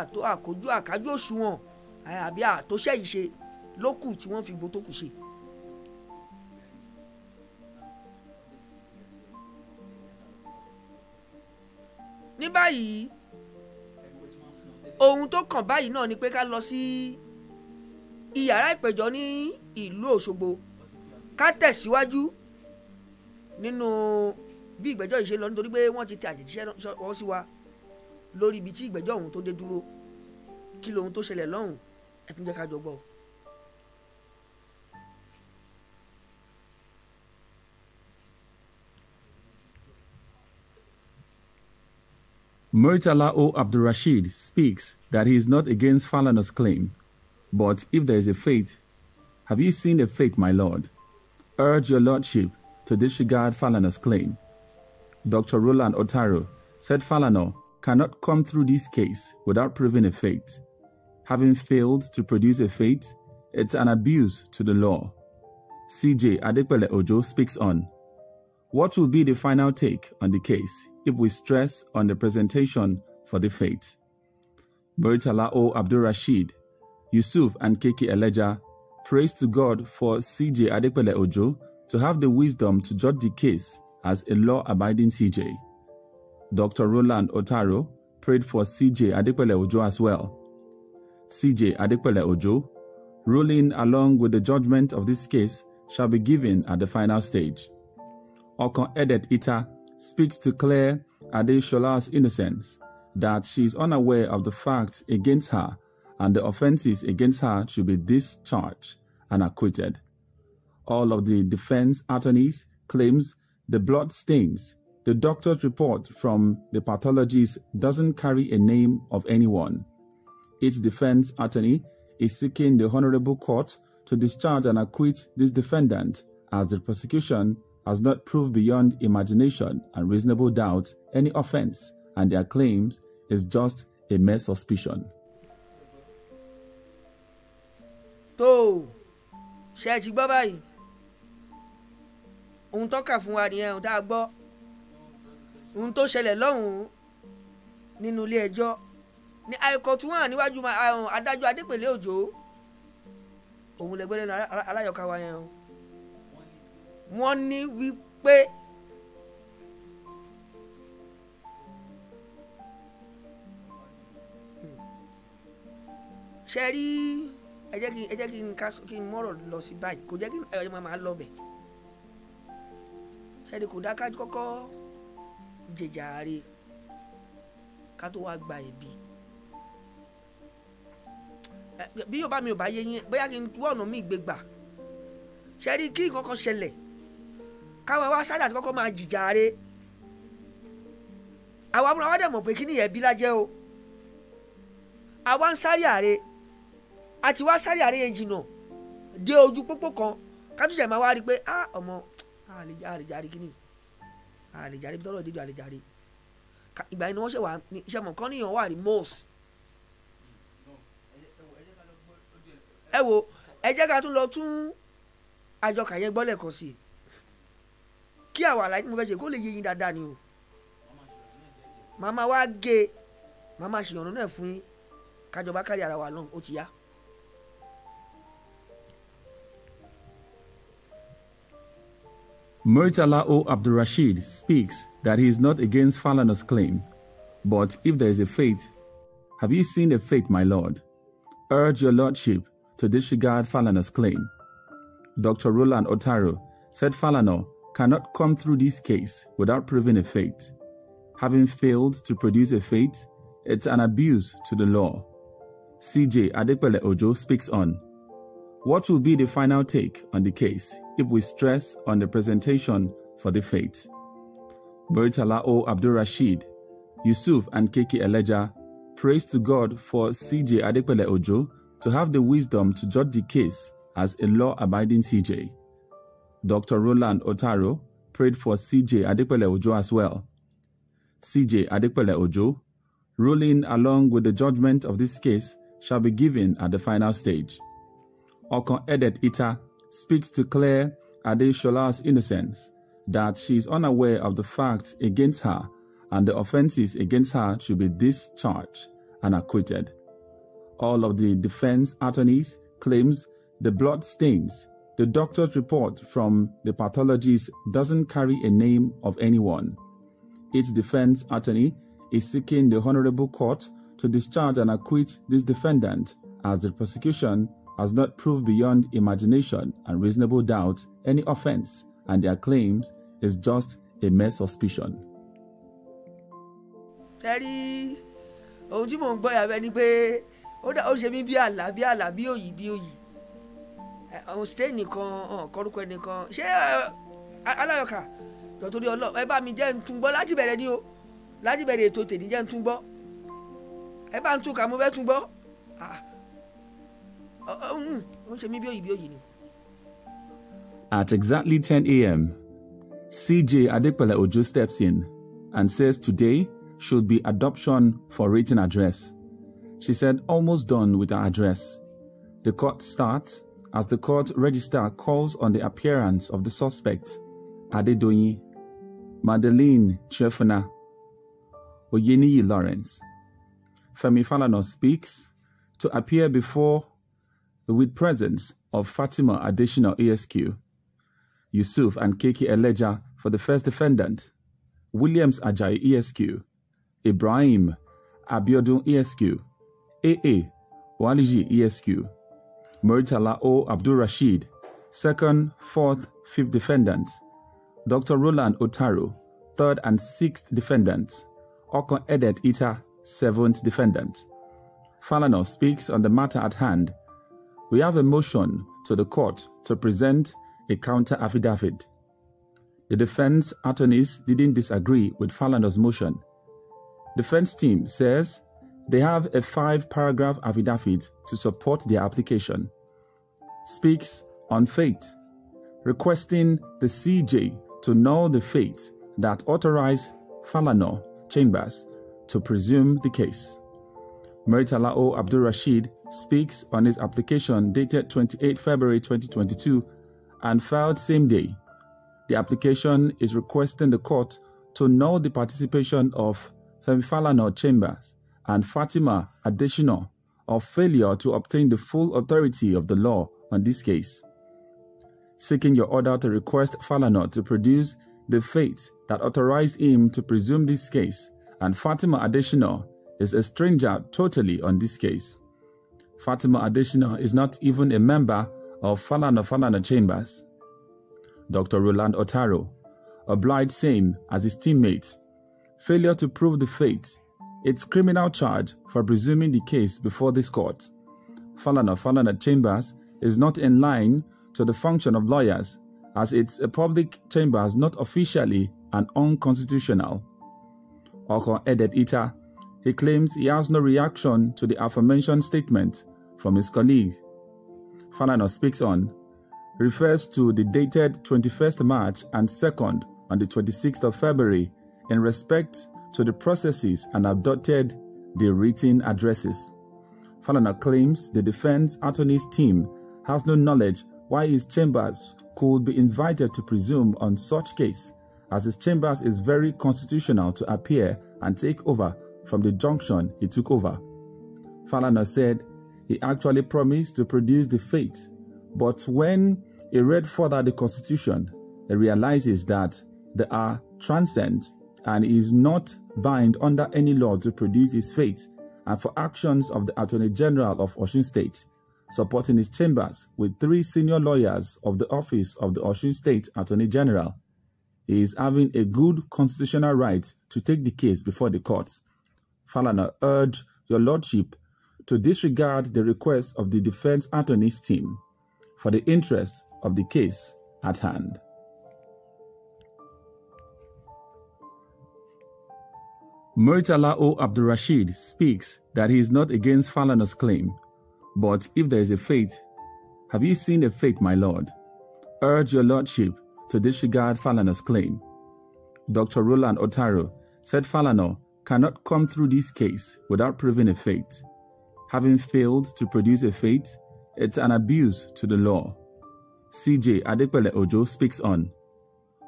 àtó àkójú àkájú òṣùwọ̀n àbí àtòṣẹ́ yìí ṣe lókù tí wọ́n fi gbó ṣe ní báyìí ohun tó kàn báyìí náà ni pé ká lọ sí iyàrá ìpẹ̀jọ́ ní ìlú Òṣogbo ká tẹ̀síwájú nínú bí ìgbẹ́jọ́ yìí ṣe lọ nítorí pé wọ́n ti tẹ àjẹjíṣẹ́ wọ́n sí wa lórí ibi tí ìgbẹ́jọ́ ọ̀hún tó dé dúró kí lohun tó ṣẹlẹ̀ lọ́hùn ẹ tún jẹ́ ká jọ gbọ́ Muritala O. Abdurrashid speaks that he is not against Falana's claim, but if there is a fate, have you seen a fate, my lord? Urge your lordship to disregard Falana's claim. Dr. Roland Otaro said Falana cannot come through this case without proving a fate. Having failed to produce a fate, it's an abuse to the law. CJ Adepele Ojo speaks on. What will be the final take on the case if we stress on the presentation for the faith. Beritala O. Abdul Rashid, Yusuf, and Keke Eleja praise to God for CJ Adepele Ojo to have the wisdom to judge the case as a law abiding CJ. Dr. Roland Otaro prayed for CJ Adepele Ojo as well. CJ Adepele Ojo, ruling along with the judgment of this case, shall be given at the final stage. Okon Edet Ita speaks to Claire Adeshola's innocence, that she is unaware of the facts against her and the offenses against her should be discharged and acquitted. All of the defense attorneys claims the blood stains. The doctor's report from the pathologist doesn't carry a name of anyone. Each defense attorney is seeking the Honorable Court to discharge and acquit this defendant as the prosecution has not proved beyond imagination and reasonable doubt any offense, and their claims is just a mere suspicion. tó ṣe ti gbọ́ báyìí ohun tó kà fún wa nìyẹn ohun tá a gbọ́ ohun tó ṣẹlẹ̀ lọ́hùn-ún nínú ilé ẹjọ́ ní àìkọ́ tí wọ́n hàn níwájú um, adájọ́ adépèlé òjò òun lẹ́gbẹ́lẹ́nu aláyọ̀ká wa yẹn o wọ́n ní wípé ṣe rí ẹ jẹ́ kí ẹ jẹ́ kí n ká kí n mọ̀rọ̀ lọ sí báyìí kò jẹ́ kí ẹ máa lọ bẹ̀ ṣe rí kò dá ká kọ́kọ́ jẹjà re ká tó wá gba ẹ̀bi bí yóò bá mi ò bá yé yín bóyá kí n tú ọ̀nà mi gbé gbà ṣe rí kí nǹkan kan ṣẹlẹ̀ káwọn wá sáré àti kọ́kọ́ máa jìjàre àwa fúnra wa dẹ̀ mọ̀ pé kí nìyẹn bí lájẹ́ o àwa ń sáré àre àti wá sáré àre yẹn jìnnà dé ojú pópó kan kátúnṣe máa wá rí i pé ah ọmọ àlejàre kí ni àlejàre bí tọ́lọ̀ dídò àlejàre ìgbà yẹn ni wọ́n ṣe wà ní iṣẹ́ mọ̀ kán níyàn wà rí mọ́ọ̀sì ẹ wo ẹ jẹ́ ká tún lọ tún àjọkà yẹn gbọ́ lẹ́ẹ̀kan sí i kí àwọn àlàyé tí mo fẹ́ ṣe kó lè yé yín dáadáa ni o màmá wa gé màmá ṣèyànnú náà fún yín kájọba kárí ara wa lọ́hùn ó ti yá. Murtala O. Abdurrashid speaks that he is not against Falana's claim, but if there is a fate, have you seen a fate, my lord? Urge your lordship to disregard Falana's claim. Dr. Roland Otaro said Falana cannot come through this case without proving a fate. Having failed to produce a fate, it's an abuse to the law. CJ Adepele Ojo speaks on What will be the final take on the case if we stress on the presentation for the fate. Beritala O. Abdul Rashid, Yusuf and Keke Eleja praise to God for CJ Adepele Ojo to have the wisdom to judge the case as a law abiding CJ. Dr. Roland Otaro prayed for CJ Adepele Ojo as well. CJ Adepele Ojo, ruling along with the judgment of this case, shall be given at the final stage. Okon Edet Ita speaks to Claire Adeshola's innocence, that she is unaware of the facts against her and the offenses against her should be discharged and acquitted. All of the defense attorneys claims the blood stains the doctor's report from the pathologist doesn't carry a name of anyone. Its defense attorney is seeking the Honorable Court to discharge and acquit this defendant as the prosecution has not proved beyond imagination and reasonable doubt any offense and their claims is just a mere suspicion. Daddy, ohun mò ń gbọ́ yàrá ẹni pé ó ṣe mí bí àlá bí àlá bí òyì bí òyì ọ̀hún nìkan kọ́rúkọ ẹnìkan ṣé aláyọ̀ká dọ̀tòrí ọlọ́ ẹ bá mi jẹ́ ń tún gbọ́ láti bẹ̀rẹ̀ ni o láti bẹ̀rẹ̀ ètò tèmi jẹ́ ń tún gbọ́ ẹ bá ń tún kà mo fẹ́ tún gbọ́ ó ṣe mí bí òyìnbí òyìn ni. At exactly 10 a.m., CJ Adepele Ojo steps in and says today should be adoption for written address. She said almost done with her address. The court starts as the court register calls on the appearance of the suspects Adedoyin, Madeleine Chefuna, Oyeniyi Lawrence. Femi Falano speaks to appear before with presence of Fatima Additional Esq, Yusuf and Keke Eleja for the first defendant, Williams Ajayi ESQ, Ibrahim Abiodun ESQ, AA Waliji ESQ. Muritala O. Abdul Rashid, second, fourth, fifth defendants, Dr. Roland Otaru, third and sixth defendants, Okon Edet Ita, seventh defendant. Falano speaks on the matter at hand. We have a motion to the court to present a counter affidavit. The defense attorneys didn't disagree with Falano's motion. Defense team says they have a five paragraph affidavit to support their application. Speaks on faith, requesting the CJ to know the faith that authorized Falano Chambers to presume the case. Meritalao Abdul Rashid speaks on his application dated 28 February 2022 and filed same day. The application is requesting the court to know the participation of Femifalano Chambers and Fatima Additional of failure to obtain the full authority of the law on this case. Seeking your order to request Falano to produce the faith that authorized him to presume this case, and Fatima Additional is a stranger totally on this case. Fatima Additional is not even a member of Falano Falano Chambers. Dr. Roland Otaro, obliged same as his teammates. Failure to prove the faith its criminal charge for presuming the case before this court. Falana Falana Chambers is not in line to the function of lawyers, as it's a public chamber not officially and unconstitutional. Okon added Ita, he claims he has no reaction to the aforementioned statement from his colleague. Falana speaks on, refers to the dated 21st March and 2nd on the 26th of February in respect to the processes and adopted the written addresses. Falana claims the defense attorney's team has no knowledge why his chambers could be invited to presume on such case, as his chambers is very constitutional to appear and take over from the junction he took over. Falana said he actually promised to produce the faith, but when he read further the constitution, he realizes that they are transcend and is not bound under any law to produce his faith and for actions of the Attorney General of Oshun State, supporting his chambers with three senior lawyers of the office of the Oshun State Attorney General. He is having a good constitutional right to take the case before the courts. Falana urged your lordship to disregard the request of the defense attorney's team for the interest of the case at hand. Muritala O. Abdurrashid speaks that he is not against Falana's claim, but if there is a fate, have you seen a fate, my lord? Urge your lordship to disregard Falana's claim. Dr. Roland Otaro said Falana cannot come through this case without proving a fate. Having failed to produce a fate, it's an abuse to the law. CJ Adepele Ojo speaks on.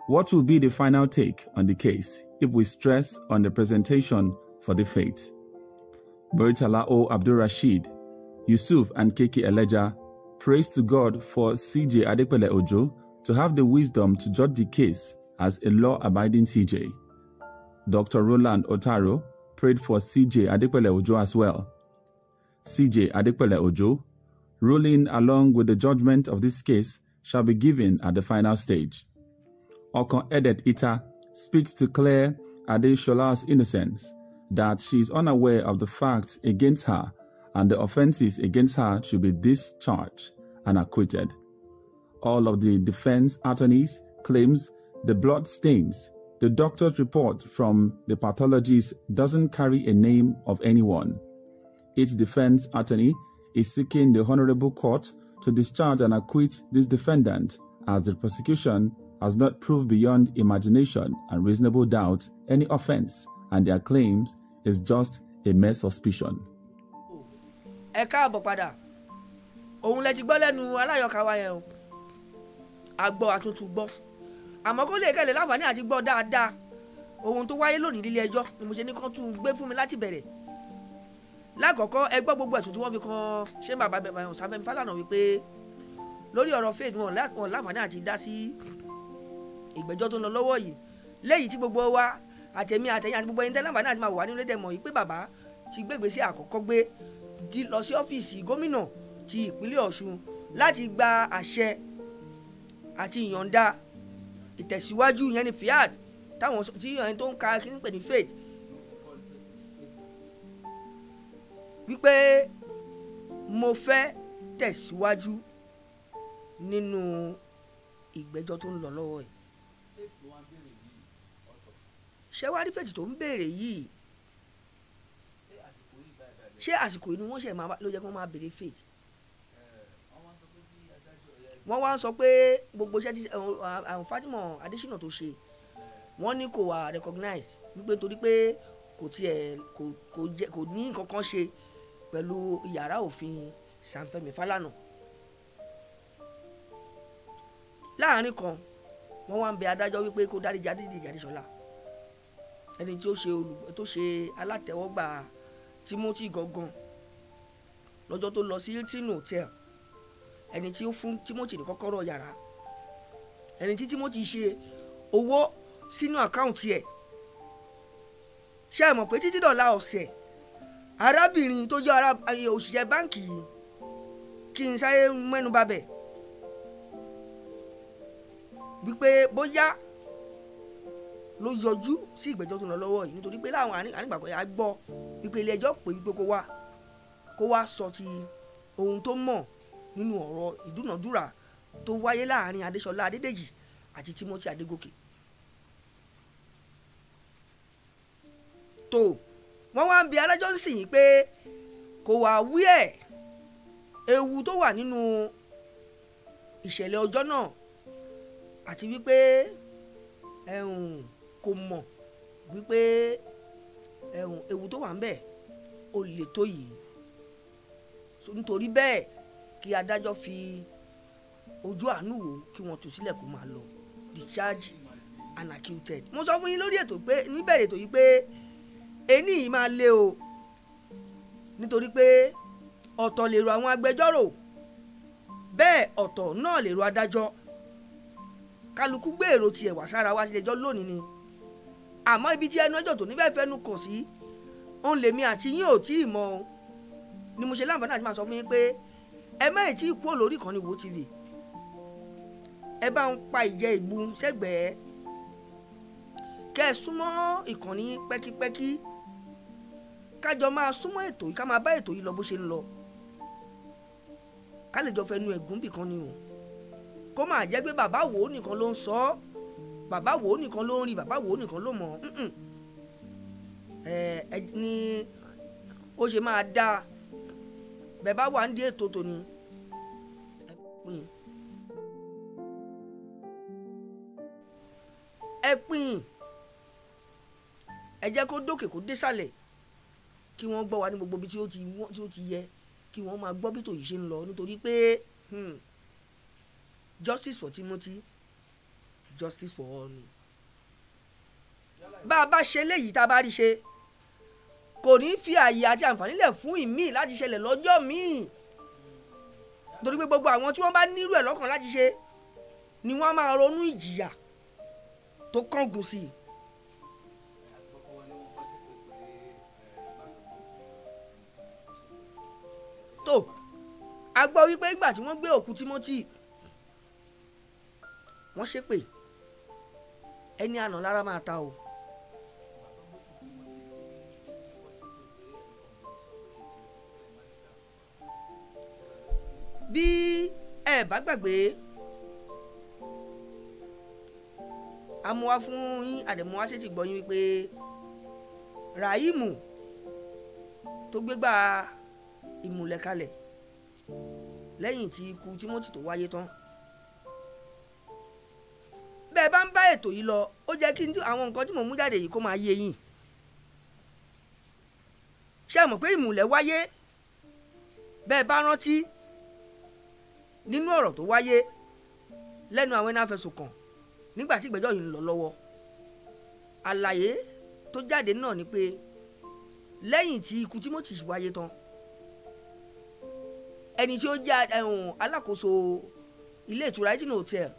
What will be the final take on the case? if we stress on the presentation for the faith. Baritala O. Abdul Rashid, Yusuf and Keke Eleja, praise to God for CJ Adepele Ojo to have the wisdom to judge the case as a law-abiding CJ. Dr. Roland Otaro prayed for CJ Adepele Ojo as well. CJ Adepele Ojo, ruling along with the judgment of this case shall be given at the final stage. Okon Edet Ita speaks to Claire Adeshola's innocence, that she is unaware of the facts against her and the offenses against her should be discharged and acquitted. All of the defense attorneys claims the blood stains. The doctor's report from the pathologist doesn't carry a name of anyone. Each defense attorney is seeking the honorable court to discharge and acquit this defendant as the prosecution has not proved beyond imagination and reasonable doubt any offense, and their claims is just a mere suspicion. ẹ káàbọ̀ padà òun lẹ ti gbọ́ lẹ́nu aláyọ̀ká yẹn o àgbọ̀ àtúntò gbọ́ àmọ́ kó lè kẹ́lẹ̀ láǹfààní àti gbọ́ dáadáa ohun tó wáyé lónìí nílé ẹjọ́ ni mo ṣe ní kán tún gbé fún mi láti bẹ̀rẹ̀ lákọ̀ọ́kọ́ ẹ gbọ́ gbogbo ẹ̀sùn tí wọ́n fi kan ṣé bàbá bẹ̀rẹ̀ Sàáfẹ́mi Fálànà wípé lórí ọ̀rọ̀ faith wọn àti dá sí ìgbẹ́jọ́ tó ń lọ lọ́wọ́ yìí léyìí tí gbogbo wa àtẹ̀mí àtẹ̀yìn àti gbogbo ẹni tẹ́lẹ̀ àǹfààní àti máa wà nínú lédè mọ̀ yìí pé bàbá ti gbégbé sí àkọ́kọ́ gbé lọ sí ọ́fíìsì gómìnà ti ìpínlẹ̀ Ọ̀ṣun láti gba àṣẹ àti ìyọ̀ǹda ìtẹ̀síwájú yẹn ni fiat táwọn tí ẹni tó ń ka kí ní pè ní faith wípé mo fẹ́ tẹ̀síwájú nínú ìgbẹ́jọ́ tó ń lọ lọ́wọ́ yìí ṣé wàá rí péjì tó ń béèrè yìí ṣé àsìkò yìí ni wọ́n ṣe ló jẹ́ kí wọ́n máa béèrè faith wọ́n wá ń sọ pé gbogbo iṣẹ́ tí àwọn eh, eh, Fatima Adésínà tó ṣe wọ́n ní kò wà recognized wípé torí pé kò tiẹ̀ kò ní nǹkan kan ṣe pẹ̀lú yàrá òfin Sanfẹ́mi Fálànà láàrin kan wọ́n wá ń bẹ adájọ́ wípé kó dáríji Adédèjì Adéṣọlá ẹni tí ó ṣe olùgbọ́ tó ṣe alátẹ̀wọ́gbà Timothy gangan lọ́jọ́ tó lọ sí Hilton hotel ẹni tí ó fún Timothy ní kọ́kọ́rọ́ yàrá ẹni tí Timothy ṣe owó sínú àkáǹtì ẹ̀ ṣe é mọ̀ pé títí dọ̀la ọ̀sẹ̀ arábìnrin tó jẹ́ òṣìṣẹ́ báǹkì yìí kí n sáré mẹ́nu bà wípé bóyá ló yọjú sí ìgbẹ́jọ́ tó ń lọ lọ́wọ́ yìí nítorí pé láwọn ànígbàgbọ́ yà á gbọ́ wípé ilé ẹjọ́ pè wípé kó wá kó wá sọ ti ohun tó mọ̀ nínú ọ̀rọ̀ ìdúnàdúrà tó wáyé láàrin Adéṣọlá Adédèjì àti Timothy Adégòkè. tó wọ́n wá ń bi adájọ́ ń sìn yín pé kò wá wí ẹ̀ ewu tó wà nínú ìṣẹ̀lẹ̀ ọjọ́ náà àti wípé ẹ̀hún. Eh, kò mọ̀ wípé ẹ̀hún ewu tó wà ń bẹ̀ ó lè tó yìí nítorí bẹ́ẹ̀ kí adájọ́ fi ojú àánú wò kí wọ́n tú sílẹ̀ kó máa lọ discharge and acquitted. mo sọ fún yín lórí ètò pé níbẹ̀rẹ̀ ètò yìí pé ẹni yìí máa lé o nítorí pé ọ̀tọ̀ lèrò àwọn agbẹjọ́rò bẹ́ẹ̀ ọ̀tọ̀ náà lèrò adájọ́ kálukú gbé èrò tiẹ̀ wá sára wá sílẹ̀jọ́ lónìí ni àmọ́ ibi tí ẹnu ọjọ́ tó ní fẹ́ẹ́ fẹ́nu kàn sí òun lèmi àti yín ò tí ì mọ̀ ọ́n ni mo ṣe láǹfààní àti máa sọ fún yín pé ẹ má ì tí ì kúrò lórí ìkànnì wo tv ẹ bá ń pa ìjẹ́ ìgbù sẹ́gbẹ̀ẹ́ kẹ́ ẹ súnmọ́ ìkànnì pẹ́kípẹ́kí kájọ máa súnmọ́ ètò yìí ká máa bá ètò yìí lọ bó ṣe ń lọ ká lè jọ fẹnu ẹ̀gún bìkan ni o kó máa jẹ́ pé bàbá wo nìkan ló ń sọ ọ́ bàbá wo nìkan ló ń rí bàbá wo nìkan ló mọ̀ ẹ ní ó ṣe máa dáa bẹ́ẹ̀ bá wà ń dé ètò tòní ẹ pín ẹ pín ẹ jẹ́ kó dókè kó désàlẹ̀ kí wọ́n gbọ́ wa ní gbogbo ibi tí ó ti tí ó ti yẹ kí wọ́n máa gbọ́ bí tòyí ṣe ń lọ nítorí pé hmm, justice for Timothy justice for all ni bá a bá ṣe léyìí tá a bá rí ṣe kò ní fi àyè àti àǹfààní lẹ̀ fún ìmíì láti ṣẹlẹ̀ lọ́jọ́ míì torí pé gbogbo àwọn tí wọ́n bá nírú ẹ̀ lọ́kàn láti ṣe ni wọ́n máa ronú ìjìyà tó kángun sí i. tó a gbọ́ wípé ìgbà tí wọ́n gbé òkú Timothy wọ́n ṣépè ẹni àná lára máa ta o. bí ẹ bá gbàgbé amúwa fún yín àdèmúwa ṣètì gbọ́ yín wípé Ràhíìmù tó gbégbá ìmùlẹ̀ lẹ́yìn tí ikú Timothy tó wáyé tán bẹ́ẹ̀ bá ń bá ètò yìí lọ ó jẹ́ kí àwọn nǹkan tí mò ń mú jáde yìí kó máa yé yín ṣé mọ̀ pé ìmùlẹ̀ wáyé bẹ́ẹ̀ bá rántí nínú ọ̀rọ̀ tó wáyé lẹ́nu àwọn ẹni afẹ̀sùnkàn nígbà tí ìgbẹ́jọ́ yìí ń lọ lọ́wọ́ àlàyé tó jáde náà ni pé lẹ́yìn tí ikú Timothy wáyé tán ẹni tí ó jẹ́ alákòóso ilé ìtura Hilton hotel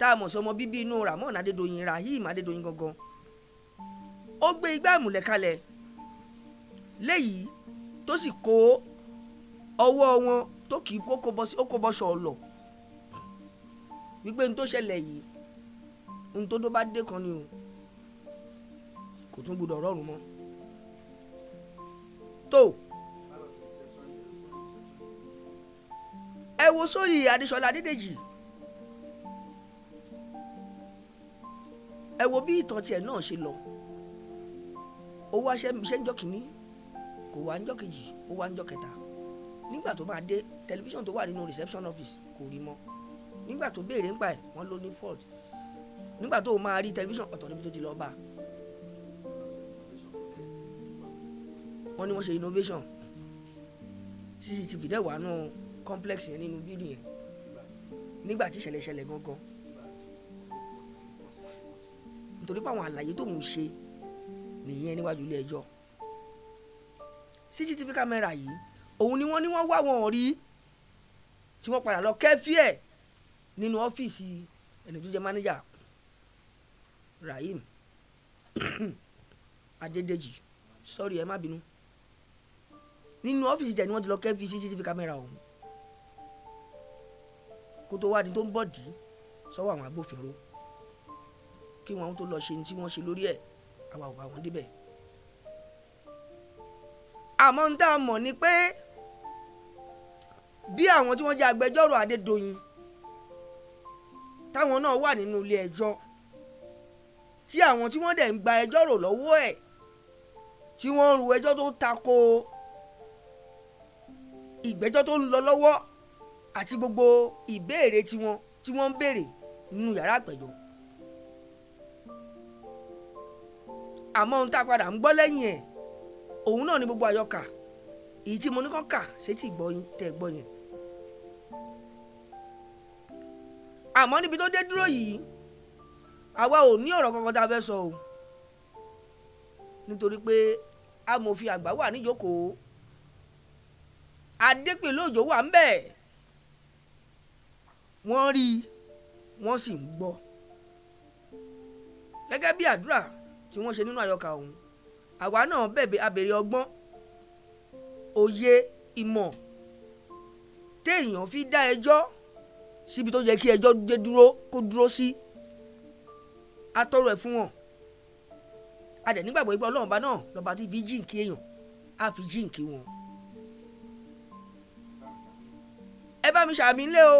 tá a mọ̀ sí ọmọ bíbí inú Ramon Adédoyin Rahim Adédoyin gangan ó gbé igbá ìmùlẹ̀ kalẹ̀ léyìí tó sì kó ọwọ wọn tó kì í kó bọ́ṣọ ọlọ̀ wípé n tó ṣẹlẹ̀ yìí n tó dó bá dé kan ni o kò tún gbọdọ̀ rọrùn mọ́ tó ẹ wo sórí Adéṣọlá Adédèjì. ẹ wo bí ìtàn tiẹ̀ náà ṣe lọ ó wá ṣe ń jọ́ kínní kò wá ń jọ́ kejì ó wá ń jọ́ kẹta nígbà tó máa dé tẹlifíṣàn tó wà nínú reception office kò rí mọ́ nígbà tó béèrè ń pa ẹ̀ wọ́n ló ní fault nígbà tó máa rí tẹlifíṣàn ọ̀tọ̀ níbi tó ti lọ́ọ́ bá wọ́n ní wọ́n ṣe innovation cctv dẹ̀ wà nù complex yẹn nínú building yẹn nígbà tí ìṣẹ̀lẹ̀ ìṣẹ̀lẹ̀ gangan torí pé àwọn àlàyé tóun ṣe nìyẹn níwájú ilé ẹjọ́ cctv kámẹ́rà yìí òun ni wọ́n ní wọ́n wá wọn rí tí wọ́n padà lọ kẹ́fí nínú ọ́fíìsì ẹni tó jẹ́ mánéjà Rahim Adédèjì sọ́ọ̀rì ẹ má bínú nínú ọ́fíìsì tẹ̀ ni wọ́n ti lọ kẹ́fí cctv kámẹ́rà ọ̀hún kó wá ní tó ń bọ̀ dì í sọ́wọ́ àwọn agbófinró kí wọn tó lọ ṣe ní tí wọ́n ṣe lórí ẹ̀ àwa ò bá wọn débẹ̀. àmọ́ ń tá a mọ̀ ni pé bí àwọn tí wọ́n jẹ́ agbẹjọ́rò Adédoyin táwọn náà wà nínú ilé ẹjọ́ tí àwọn tí wọ́n dẹ̀ ń gba ẹjọ́ rò lọ́wọ́ ẹ̀ tí wọ́n ru ẹjọ́ tó tako ìgbẹ́jọ́ tó ń lọ lọ́wọ́ àti gbogbo ìbéèrè tiwọn tí wọ́n ń béèrè nínú yàrá àgbẹ̀jọ́ àmọ́ ohun tá a padà ń gbọ́ lẹ́yìn ẹ̀ òun náà ni gbogbo àyọkà èyí tí mo ní kàn kà sétí gbọ́ yín tẹ́ ẹ gbọ́ yẹn. àmọ́ níbi tó dé dúró yìí àwa ò ní ọ̀rọ̀ kankan tá a fẹ́ sọ o nítorí pé amòfin àgbà wà níjókòó adépèlé òjò wà ń bẹ̀ wọ́n rí wọ́n sì ń gbọ́ gẹ́gẹ́ bí àdúrà tí wọ́n ṣe nínú àyọkà ọ̀hún àwa náà bẹ̀bẹ̀ abèrè ọgbọ́n òye ìmọ̀ téèyàn fi dá ẹjọ́ síbi tó yẹ kí ẹjọ́ dé dúró kó dúró sí atọ́rọ ẹ̀ fún wọn a dẹ̀ nígbàgbọ́ pé ọlọ́run bá náà lọ́ba tí fi jíǹkí èèyàn á fi jíǹkí wọn. ẹ bá mi ṣàmì ńlẹ̀ o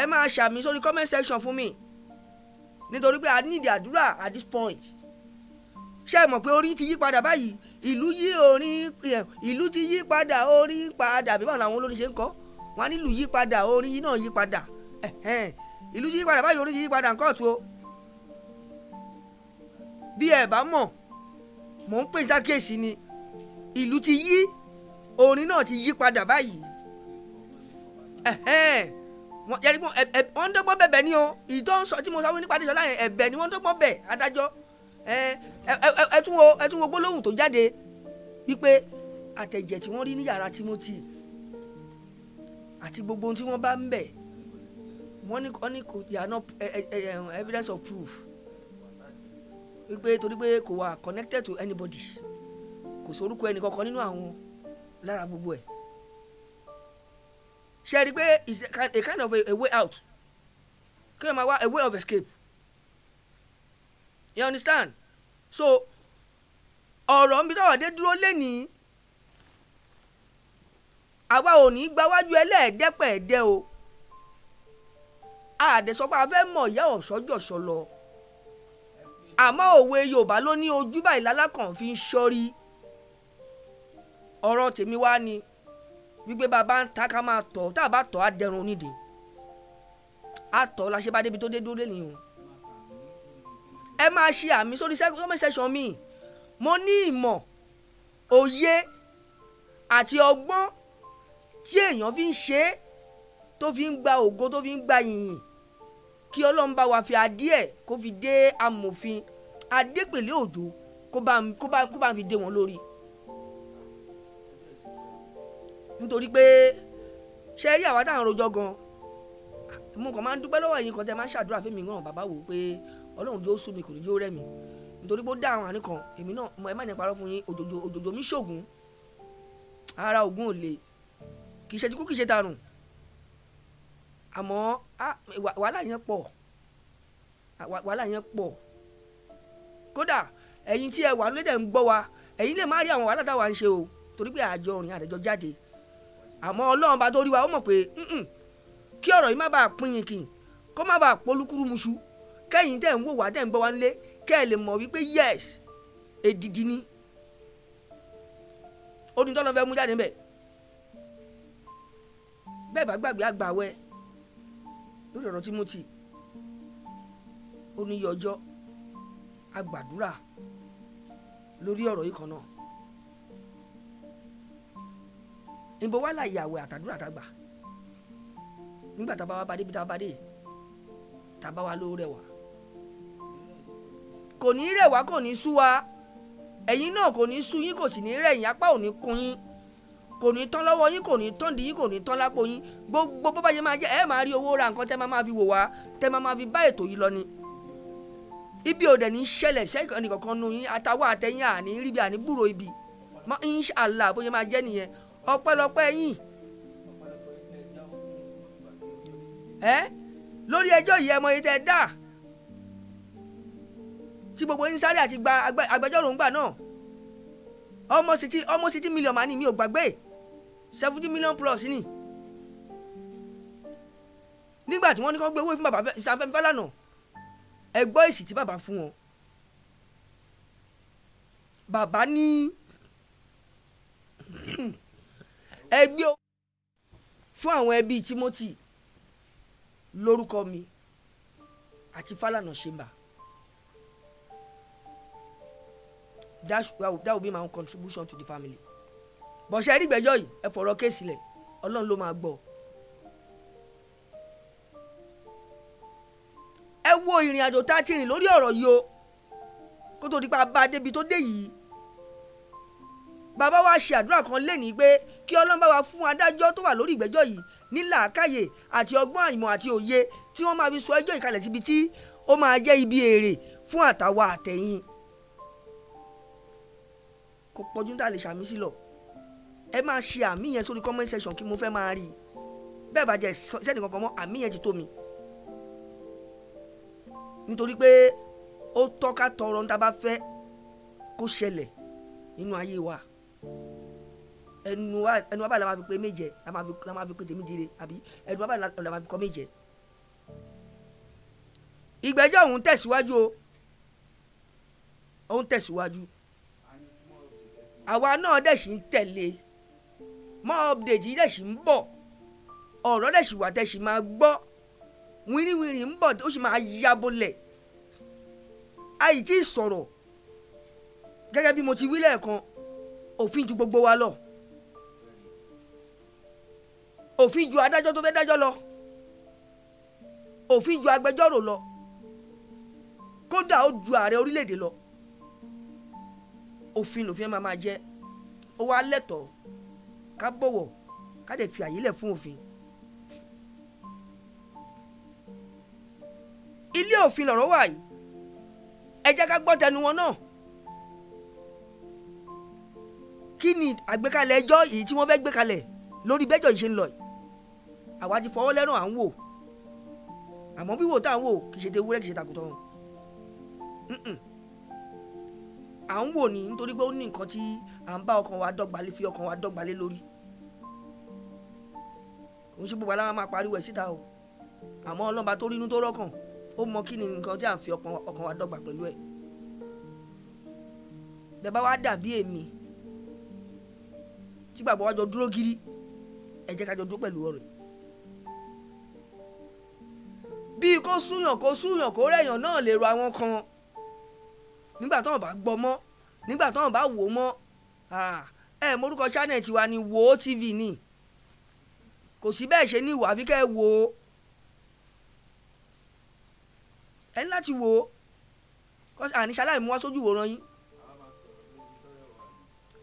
ẹ máa ṣàmì sórí comment section fún mi nítorí pé a need àdúrà at this point ṣé ẹ mọ̀ pé orin ti yí padà báyìí ìlú yí orin eh, ìlú ti yí padà orin padà bí báwọn àwọn olórin ṣe ń kọ wọn á nílùú yí padà orin náà yí padà ìlú ti yí padà báyìí orin ti yí padà nǹkan ọ̀tún o bí ẹ bá mọ̀ mò ń pè sákèsí ni ìlú ti yí orin náà ti yí padà báyìí yẹri mọ wọ́n ń dọ́gbọ́n bẹ̀bẹ̀ ni o ìjọ ń sọ tí mo sọ wọ́n nípa àdéṣọ láyẹn ẹ̀bẹ̀ ni wọ́n ń dọ́gbọ́n bẹ̀ adájọ́ ẹ tún wo ẹ tún wo gbólóhùn tó jáde wípé àtẹ̀jẹ̀ tí wọ́n rí ní yàrá Timothy àti gbogbo ohun tí wọ́n bá ń bẹ̀ wọ́n ní wọ́n ní they are not um, evidence of proof wípé torí pé kò wà connected to anybody kò sórúkọ ẹnì kankan nínú àwọn lára gbogbo ẹ̀ ṣe rí i pé a kind of a, a way out kéèyàn máa wá a way of escape you understand so ọ̀rọ̀ nbí tọ́wọ́ dé dúró lénìí àwa ò ní gbáwájú ẹlẹ́ẹ̀dẹ́pẹ̀ẹ́dẹ́ o àdẹ̀sọ́pá afẹ́ mọ̀ ìyá ọ̀ṣọ́jọ̀ṣọ́ lọ àmọ́ òwe Yorùbá ló ní ojú báyìí lálákàn fi ń ṣọ́rí ọ̀rọ̀ tèmi wá ni wípé bàbá ń ta ká máa tọ̀ tá a bá tọ̀ á dẹrun onídìí á tọ̀ la ṣe bá débi tó dé dúró lẹ́yìn o ẹ máa ṣe àmì sórí comment mi mo ní ìmọ̀ òye àti ọgbọ́n tí èèyàn fi ń ṣe é tó fi ń gba ògo tó fi ń gba yìnyín kí ọlọ́run bá wa fi adíẹ̀ kó fi dé amòfin adépèlé òjò kó bá kó fi dé wọn lórí. nítorí pé ṣe rí àwa táwọn rojọ́ gan mo kàn máa ń dúpẹ́ lọ́wọ́ ẹ̀yin kan tẹ́ máa ń ṣàdúrà fún mi náà bàbá wò ó pé ọlọ́run yóò sùn mi kò ní yóò rẹ̀ mí nítorí pé dá àwọn àní kan èmi náà ẹ má ní parọ́ fún yín òjòjò òjòjò mi ṣògùn ara ògùn ò le kì í ṣe tikú kì í ṣe tarùn àmọ́ wàhálà yẹn pọ̀ wàhálà yẹn pọ̀ kódà ẹ̀yin tí ẹ wà lóde ń gbọ́ wa ẹ̀yin lè má rí àwọn wàhálà táwa ń ṣe o torí pé àjọ òrìn àdẹjọ jáde àmọ́ ọlọ́run bá tó rí wa ó mọ̀ pé kí ọ̀rọ̀ yìí má bàa pín yín kìyìn kó má bàa polúkúrú muṣu kẹ́yìn tẹ̀ ń wò wá tẹ̀ ń gbọ́ wá nílé kẹ́ ẹ lè mọ̀ wípé yes èdìdì ni onítọ́lọ́ fẹ́ mú jáde bẹ́ẹ̀ bẹ́ẹ̀ bá gbàgbé àgbàwẹ́ lórí ọ̀rọ̀ Timothy ó ní iye ọjọ́ lórí ọ̀rọ̀ yìí kan náà níbo wá láàyè àwẹ̀ àtàdúrà àtàgbà nígbà tá a bá wá padé bí tá a padé tá a bá wá lówó rẹwà kò ní rẹwà kò ní sú wa ẹ̀yin náà kò ní sú yín kò sì ní rẹ̀yìn apá ò ní kun yín kò ní tán lọ́wọ́ yín kò ní tán di yín kò ní tán lápò yín gbogbo bó bá yẹ máa jẹ ẹ máa rí owó ra nǹkan tẹ́ máa fi wò wá tẹ́ máa fi bá ètò yìí lọ ni ibi ò dẹ̀ ní ṣẹlẹ̀ sẹ́yìn nìkankan nu yín àtàwọn àtẹ̀yìn àní ríbi àní gbúrò ibi inshallah bó yẹ máa jẹ́ nìyẹn ọpẹ́lọpẹ́ yín ẹ lórí ẹjọ́ yìí ẹ mọ iye tẹ́ dá tí gbogbo yín sáré àti gba agbẹjọ́rò ń gbà náà ọmọ sí ti ọmọ sí ti mílíọ̀nù màní mi ò gbàgbé seventy million plus ni nígbà tí wọ́n ní kó gbé owó fún bàbá ìsànfẹ́mi Fálànà ẹ gbọ́ èsì tí bàbá fún wọn bàbá ní ẹgbẹ́ o fún àwọn ẹbí Timothy lórúkọ mi àti Falana Shemba that, that will be my own contribution to the family bọ̀ṣẹ́ rí gbẹ́jọ́ yìí ẹ fọ̀rọ̀ kéèsì lẹ̀ Ọlọ́run ló máa gbọ́ ẹ wo ìrìn àjò tá a ti rìn lórí ọ̀rọ̀ yìí o kó tó di pa bá a débi tó dé yìí bàbá wa ṣe àdúrà kan lénìí pé kí Ọlọ́run wa fún adájọ́ tó wà lórí ìgbẹ́jọ́ yìí ní làákàyè àti ọgbọ́n ìmọ̀ àti òye tí wọ́n máa fi sọ ẹjọ́ ìkalẹ̀ síbi tí ó máa jẹ́ ibi èrè fún àtàwa àtẹ̀yìn kò pọ̀jù tá a lè ṣàmì sí lọ ẹ máa ṣe àmì yẹn sórí comment section kí mo fẹ́ máa rí i bẹ́ẹ̀ bá jẹ́ sẹ́ni kankan mọ́ àmì yẹn ti tó mi nítorí pé ó tọ́ka tọrọ ń tá a bá fẹ́ kó ṣẹlẹ̀ nínú ayé wa ẹnu wa ẹnu báyìí la máa fi pé méje la máa fi la máa fi pé dire àbí ẹnu wa báyìí la máa fi kọ méje. ìgbẹ́jọ́ òun tẹ̀síwájú o òun tẹ̀síwájú àwa náà dẹ̀ sì ń tẹ̀lé mọ́ update yìí dẹ̀ sì ń bọ̀ ọ̀rọ̀ dẹ̀ sì wà tẹ̀ sì máa gbọ́ wìrìwìrì ń bọ̀ ó sì máa yabolẹ̀ àyè tí ì sọ̀rọ̀ gẹ́gẹ́ bí mo ti wí lẹ́ẹ̀kan òfin ju gbogbo wa lọ òfin ju adájọ́ tó fẹ́ dájọ́ lọ òfin ju agbẹjọ́rò lọ kódà ó ju ààrẹ orílẹ̀-èdè lọ òfin lòfin máa máa jẹ́ ó wá lẹ́tọ̀ọ́ ká bọ̀wọ̀ ká dẹ̀ fi àyè lẹ̀ fún òfin. ilé òfin lọ̀rọ̀ wà yìí ẹ jẹ́ ká gbọ́ tẹnu wọn náà. kí ni àgbékalẹ̀ ẹjọ́ èyí tí wọ́n fẹ́ gbé kalẹ̀ lórí bẹ́jọ́ yìí ṣe ń lọ yìí àwa ti fọwọ́ lẹ́rùn à ń wò àmọ́ wíwò tá à ń wò kì í ṣe tewúrẹ́ kì í ṣe tàkùtọ̀ hàn à ń wò ní nítorí pé ó ní nǹkan tí à ń bá ọkàn wa dọ́gba fi ọkàn wa dọ́gba lórí òun ṣe gbogbo aláwa máa pariwo ẹ̀ síta o àmọ́ ọlọ́ba tó rínú tó rọ́kàn ó mọ kí ni nǹkan tí à ń fi ọkàn wa dọ́gba pẹ̀lú ẹ̀ dẹ̀ bá wa dàbí èmi tí bàbá wa jọ dúró gírí ẹ jẹ́ ká jọ dúró pẹ̀lú ọ̀rẹ́ bíi kó súyàn kó súyàn kó rẹ̀yàn náà lèrò àwọn kan nígbà táwọn bá gbọ́ mọ́ nígbà táwọn bá wò mọ́ ẹ morúkọ channel tiwa ni wo tv ni kò sí bẹ́ẹ̀ ṣe ní ìwà àfi kẹ́ ẹ wò ó ẹ ní láti wò ó kọ́sí àníṣe aláìmúwá sójú wòran yín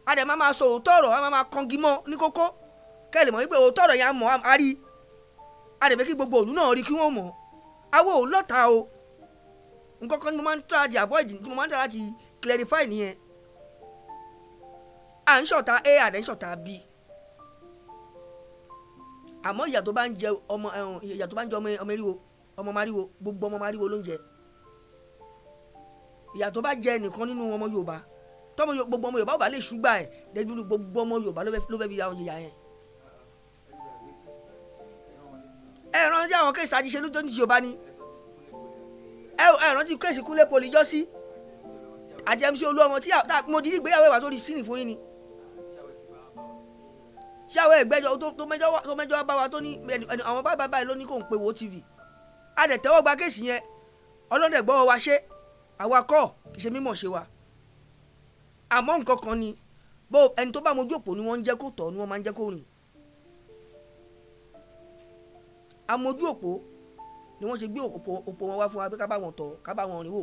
a dẹ̀ máa ma sọ òótọ́ ọ̀rọ̀ a máa ma kangi mọ́ ní kókó kẹ́ lè mọ̀ wípé òótọ́ ọ̀rọ̀ yẹn mọ̀ rí a dẹ̀ gbogbo òlú náà rí kí wọ́n mọ̀ awo ò lọ́ta o nǹkan kan ni mo máa ń try láti avoid ni mo máa ń láti clarify a àdẹ̀ ń b àmọ́ ìyà tó bá ń jẹ ọmọ ìyà tó bá ń jẹ ọmọ eriwo ọmọ mariwo gbogbo ọmọ mariwo ló ń jẹ tó nìkan nínú ọmọ tọ́mọ gbogbo ọmọ Yorùbá ò lè ṣùgbà ẹ̀ dẹ́gbẹ́lú gbogbo ọmọ Yorùbá ló fẹ́ fi ya àwọn yìyà yẹn. ẹ rántí àwọn kéèsì tá a ti ní ti Yorùbá ni ẹ rántí kéèsì Kúnlé Poli jọ sí àjẹmísí olú ọmọ tí mo di ìgbéyàwó ìwà tó di sínì fún yín ni tí àwọn ẹgbẹjọ tó mẹjọ bá wa tó ní àwọn bá bàbá yìí ló ní kò ń pe wo TV a dẹ̀ tẹ́wọ́ gba kéèsì yẹn ọlọ́dẹ̀ gbọ́ wa ṣe àwa kọ́ kì mímọ̀ ṣe wa àmọ́ nǹkan kan ni bó ẹni tó bá mojú òpó ni wọ́n ń jẹ́ kó tọ̀ ni wọ́n máa ń jẹ́ kó rìn àmojú òpó ni wọ́n ṣe gbé òpó òpó wọn wá fún wa pé ká bá wọn tọ̀ ká bá wọn rìn wò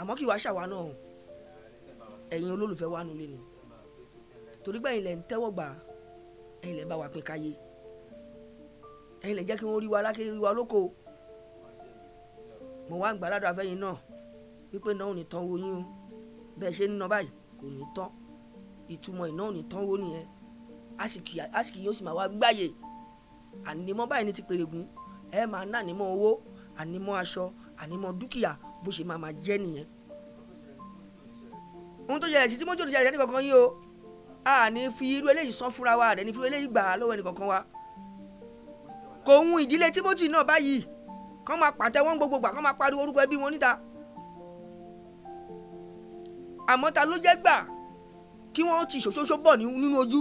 àmọ́ kí wàá ṣàwa náà ẹ̀yin olólùfẹ́ wa nulẹ̀ ni torí pé ẹ̀yin ń tẹ́wọ́ gbà ẹ̀yin lẹ̀ bá wa pín káyé ẹ̀yin lẹ̀ jẹ́ kí wọ́n rí wa lákè rí wa lóko mo wá ń bẹ́ẹ̀ ṣe ń ná báyìí kò ní tán ìtumọ̀ iná ò ní tán wó nìyẹn àsìkì yóò sì máa wá gbáyè ànímọ́ báyìí ní ti pèrègùn ẹ máa ná ànímọ́ owó ànímọ́ aṣọ ànímọ́ dúkìá bó ṣe máa máa jẹ́ nìyẹn. ohun tó yẹ ẹ̀sìn tí mo jòdì ṣàṣẹ nìkankan yìí o a ní fi irú eléyìí san fúnra wa rẹ̀ ní fi irú eléyìí gbà á lọ́wọ́ ẹnìkankan wa. kò ń ìdílé Timothy náà báyìí kán máa pàtẹ́wọ́n gbogbo kán máa pariwo orúkọ ẹbí wọn níta àmọ́ ta ló jẹ́ gbà kí wọ́n ti ṣòṣoṣo bọ̀ nínú ojú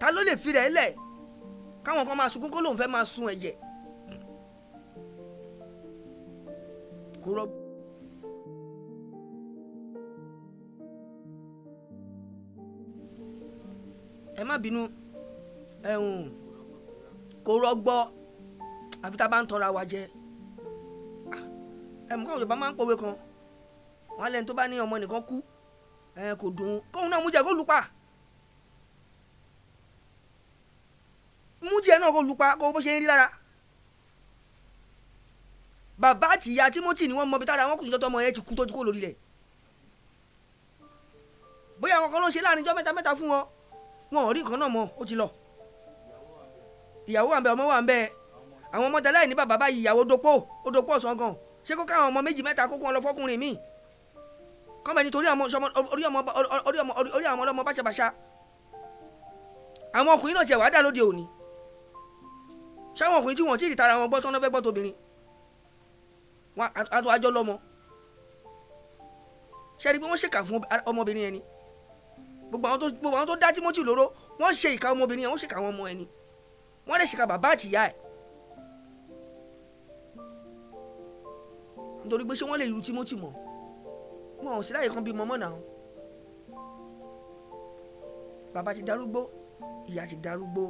ta ló lè fi rẹ̀ lẹ̀ káwọn kan máa sunkún kó lóun fẹ́ máa sun ẹ̀jẹ̀ kó rọ́bù. ẹ má bínú ẹ̀hún kò rọgbọ àfi tá a bá ń tanra wa jẹ ẹ̀mú káwọn Yorùbá máa ń pòwe kan wọn lẹ́ni tó bá ní ọmọ nìkan kú ẹ̀ kò dùn kóun náà mú jẹ kó lù pa mú jẹ náà kó lù pa kó bó ṣe ń rí lára bàbá àti ìyá Timothy ni wọ́n mọ ibi tára wọn kù níjọ́ tọmọ yẹn ti kú tó ti kó lórí rẹ̀ bóyá àwọn kan ló ń ṣe láàrin ijọ́ mẹ́ta mẹ́ta fún wọn wọn ò rí nǹkan náà mọ ó ti lọ ìyàwó wà ń bẹ ọmọ wà ń bẹ àwọn ọmọ tẹlẹ ní bàbá báyìí ìyàwó dopó ó dopó ọ̀sán gan ṣé kó káwọn ọmọ méjì mẹ́ta kókó wọn lọ fọkùnrin mi kọ́mọ ẹni torí ọmọ orí ọmọ orí ọmọ orí àwọn ọmọ báṣabàṣa àwọn ọkùnrin náà tiẹ̀ wá dà lóde òní ṣáwọn ọkùnrin tí wọ́n ti rí tara wọn gbọ́ tán lọ́fẹ́ gbọ́ tóbìnrin wọn àtọ́ àjọ lọ́mọ ṣe rí i pé wọ́n ṣèkà fún ọmọbìnrin ẹni gbogbo àwọn tó gbogbo àwọn tó dá Timothy lóró wọ́n ṣe ìka ọmọbìnrin yẹn wọ́n ṣèkà àwọn ọmọ ẹni wọ́n lè ṣèkà bàbá àtìyá ẹ̀ nítorí pé ṣé wọ́n lè lu Timothy mọ́ wọn ò sí láyè kan bí mọ́mọ́ náà bàbá ti darúgbó ìyá ti darúgbó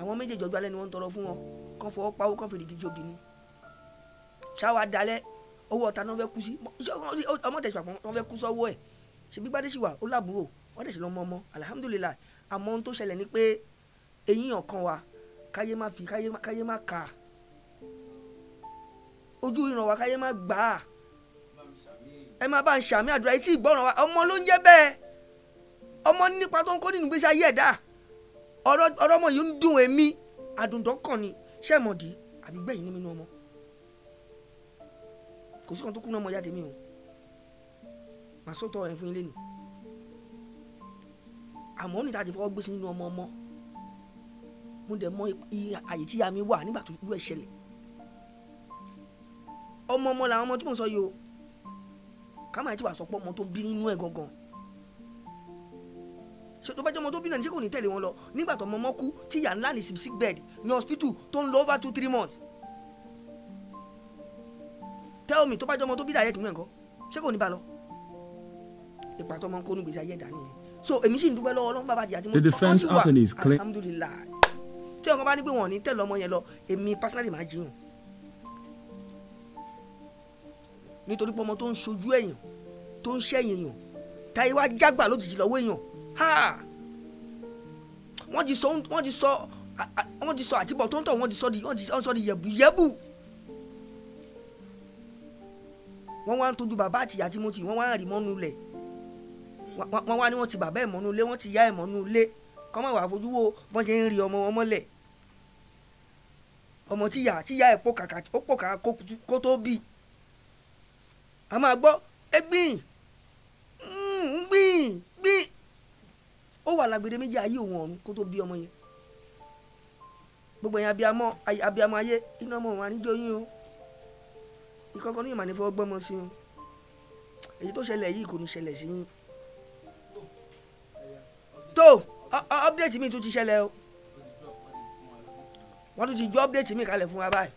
àwọn méjèèjì ọjọ́ alẹ́ ni wọ́n ń tọrọ fún wọn kán fọwọ́ pawó kán fèrè jíjọ obìnrin ṣáwa dalẹ̀ owó ọ̀tá náà fẹ́ kú sí ọmọ tẹ̀sí pàpọ̀ wọ́n fẹ́ kú sọ́wọ́ ẹ̀ ṣèbí gbadé sì wà ó lábúrò wọ́n tẹ̀sí lọ́mọ ọmọ alihamudulilayi àmọ́ ohun tó ṣẹlẹ̀ ni pé eyín ọ̀kan wa káyé má fi káyé má kà á ojú ìran wa káyé má gbà á ẹ má bá ń ṣàmì àdúrà etí ìgbọràn wa ọmọ ló ń jẹ́ bẹ́ẹ̀ ọmọ nípa tó ń kó nínú gbèsè ayé ẹ̀dá ọ̀rọ̀ ọmọ yìí ń dùn èmi àdùntàn kàn ní àbí gbẹ̀yìn nínú ọmọ kò sí kan tó kú náà mọ jáde mi o màá sọ tọrọ fún yín lẹ́nu àmọ́ ní ìtajà fọwọ́ gbèsè nínú ọmọ ọmọ mo dẹ̀ mọ iye àyè tí ìyá mi wà nígbà tó lú ẹ̀ ṣẹlẹ̀ ọmọ ọmọ làwọn ọmọ tí mò ń sọ yìí o kámá yìí ti wà sọ pé ọmọ tó bí nínú ẹ̀ gangan tó bá jẹ́ ọmọ tó bí náà ṣé kò ní tẹ̀lé wọn lọ nígbà tó ọmọ ọmọ kú tí ìyá ńlá ní sick bed ní hospital tó ń lọ over two three months tell me tó bá jẹ́ ọmọ tó bí direct nínú ẹ̀ kọ́ ṣé ní bá lọ ipa tó ọmọ kó nígbèsè ayé ẹ̀dá nìyẹn so èmi sì ń dúpẹ́ lọ́wọ́ ọlọ́run bàbá àti àti mo wá sí wa alhamdulilayi tí ọkàn bá ní pé wọn ò ní tẹ̀lé ọmọ yẹn lọ nítorí pé ọmọ tó ń ṣojú èèyàn tó ń ṣẹ̀yìn èèyàn táyé wá jágbà lójijì lọ́wọ́ èèyàn wọ́n ti sọ wọ́n ti sọ wọ́n ti sọ àtibọ̀ tó ń tọ̀ wọ́n ti sọ di wọ́n ti sọ di yẹ̀bùyẹ̀bù wọ́n wá ń tọ́jú bàbá àti ìyá Timothy wọ́n wá ń rì mọ́nú ilẹ̀ wọ́n wá ní wọ́n ti bàbá ẹ̀ mọ́nú ilé wọ́n ti ìyá ẹ̀ mọ́nú ilé kọ́mọ̀ wà fojú wo bọ́n ṣe ń rí ọmọ wọn mọ́lẹ̀ ọmọ tíyà tíyà ẹ̀ pò kàkà ó pò kàkà kó tó bíi a máa gbọ́ ẹ gbìn mm, ń gbìn gbìn ó wà lágbèdè méjì ayé òun ọ̀run kó tó bí ọmọ yẹn gbogbo yẹn abiamọ abiamọ ayé iná ọmọ òun àníjọ yín o ìkọ̀kọ̀ ní ìmọ̀ nífọwọ́ gbọ́mọ sí o èyí tó ṣẹlẹ̀ yìí kò ní ṣẹlẹ̀ sí yín tó update mi tún ti ṣẹlẹ̀ o wọ́n tún ti ju update mi kalẹ̀ fún wa báyìí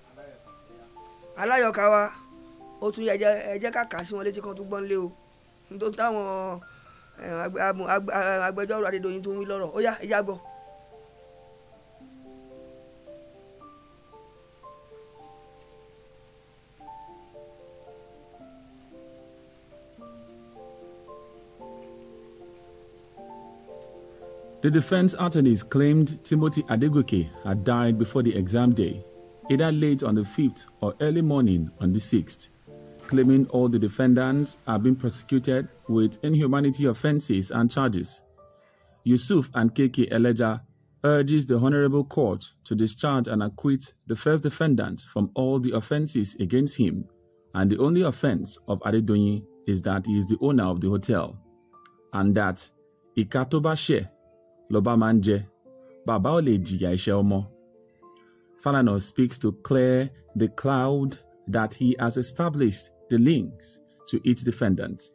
aláyọ̀ká wa ó tún yẹ ẹjẹ́ kàkà sí wọn létí kan tó gbọ́n lé o nítorí táwọn agbẹjọ́rò Adédoyin tó ń wí lọ́rọ̀ ó yá ẹjá gbọ́. The defense attorneys claimed Timothy Adegoke had died before the exam day, either late on the 5th or early morning on the 6th. claiming all the defendants are being prosecuted with inhumanity offenses and charges. Yusuf and KK Eleja urges the Honorable Court to discharge and acquit the first defendant from all the offenses against him, and the only offense of Adedoyin is that he is the owner of the hotel, and that Ikatoba Lobamanje, Loba Manje, Baba Falano speaks to clear the cloud that he has established the links to each defendant.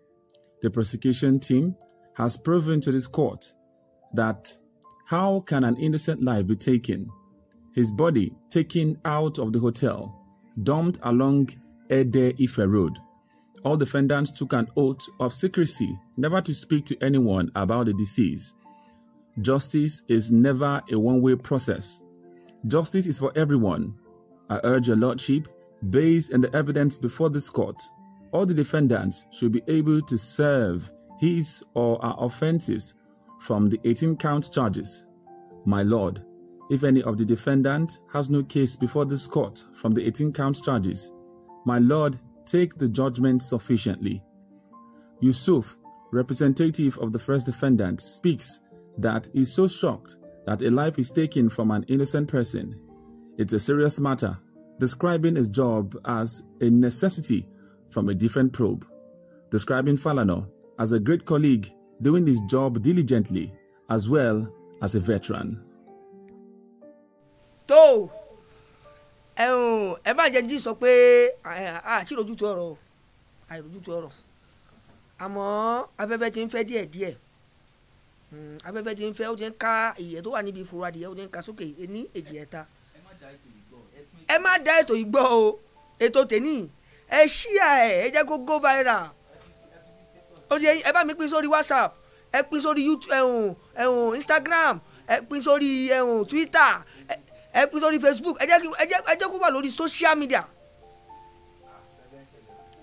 The prosecution team has proven to this court that how can an innocent life be taken? His body taken out of the hotel, dumped along Ede Ife Road. All defendants took an oath of secrecy, never to speak to anyone about the deceased. Justice is never a one way process. Justice is for everyone. I urge your lordship Based on the evidence before this court, all the defendants should be able to serve his or her offenses from the 18 count charges. My Lord, if any of the defendant has no case before this court from the 18 count charges, my Lord, take the judgment sufficiently. Yusuf, representative of the first defendant, speaks that he is so shocked that a life is taken from an innocent person. It's a serious matter describing his job as a necessity from a different probe, describing Falano as a great colleague doing his job diligently as well as a veteran. tó ẹ̀hún ẹ má jẹ́ jí sọ pé àtìrójútu ọ̀rọ̀ àìrójútu ọ̀rọ̀ àmọ́ afẹ́fẹ́ ti ń fẹ́ díẹ̀díẹ̀ hmm, afẹ́fẹ́ ti ń fẹ́ ó ti ń ká ìyẹ́ tó wà níbi ìfura adìyẹ ó ti ń ká sókè ní èjì ẹ̀ta ẹ má dá ètò yìí gbọ́ o ètò tèmi ẹ ṣíà ẹ ẹ jẹ́ kó go viral ó ti ẹ bá mi pín sórí whatsapp ẹ pín sórí youtube ẹ̀hún ẹ̀hún instagram ẹ pín sórí ẹ̀hún twitter ẹ pín sórí facebook ẹ jẹ́ kó wà lórí social media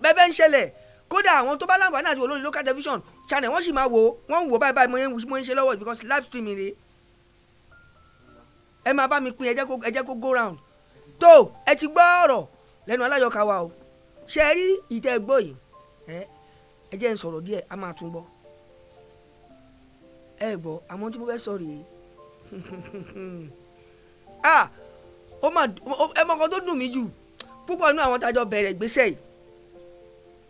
bẹ́ẹ̀ ń ṣẹlẹ̀ kódà àwọn tó bá láǹfààní àti olórí local television channel wọ́n sì máa wò wọ́n ń wò báyìí báyìí mo ń ṣe lọ́wọ́ because live streaming rèé ẹ máa bá mi pín ẹ jẹ́ kó go round tó ẹ ti gbọ́ ọ̀rọ̀ lẹ́nu aláyọ̀ká wa o ṣe rí ìtẹ́ gbọ́ yìí ẹ ẹ jẹ́ ń sọ̀rọ̀ díẹ̀ a máa tún gbọ́ ẹ gbọ́ àmọ́ tí mo fẹ́ sọ rèé ah ó mà ẹ mọ nǹkan tó dùn mí jù púpọ̀ nínú àwọn tájọ bẹ̀rẹ̀ ìgbésẹ̀ yìí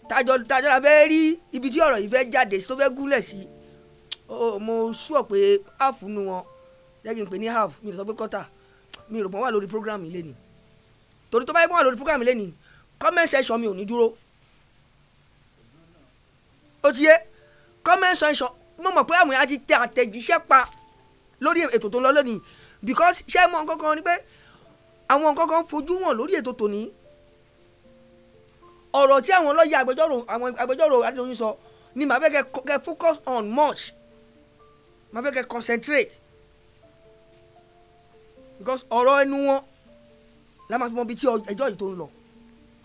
tájọ tájọ la fẹ́ rí ibi tí ọ̀rọ̀ yìí fẹ́ jáde tó fẹ́ gúnlẹ̀ sí mo sùọ̀ pé half nu wọn lẹ́yìn pé ní half mi ò sọ pé quarter mi ò rò pọ́n wà lórí program yìí lẹ́nìí torí tó bá yẹ kó wà lórí program lẹ́nìí comment section mi ò ní dúró ó ti yé comment section mo mọ̀ pé àwọn yàrá ti tẹ àtẹ̀jíṣẹ́ pa lórí ètò tó ń lọ lónìí because ṣé mọ nǹkan kan ni pé àwọn nǹkan kan fojú wọn lórí ètò tòní ọ̀rọ̀ tí àwọn lọ́ọ̀yà agbẹjọ́rò àwọn agbẹjọ́rò adédọ́yìn sọ ni màá fẹ́ kẹ́ focus on much màá fẹ́ kẹ́ concentrate because ọ̀rọ̀ ẹnu wọn la máa fi mọ ibi tí ẹjọ́ yìí tó ń lọ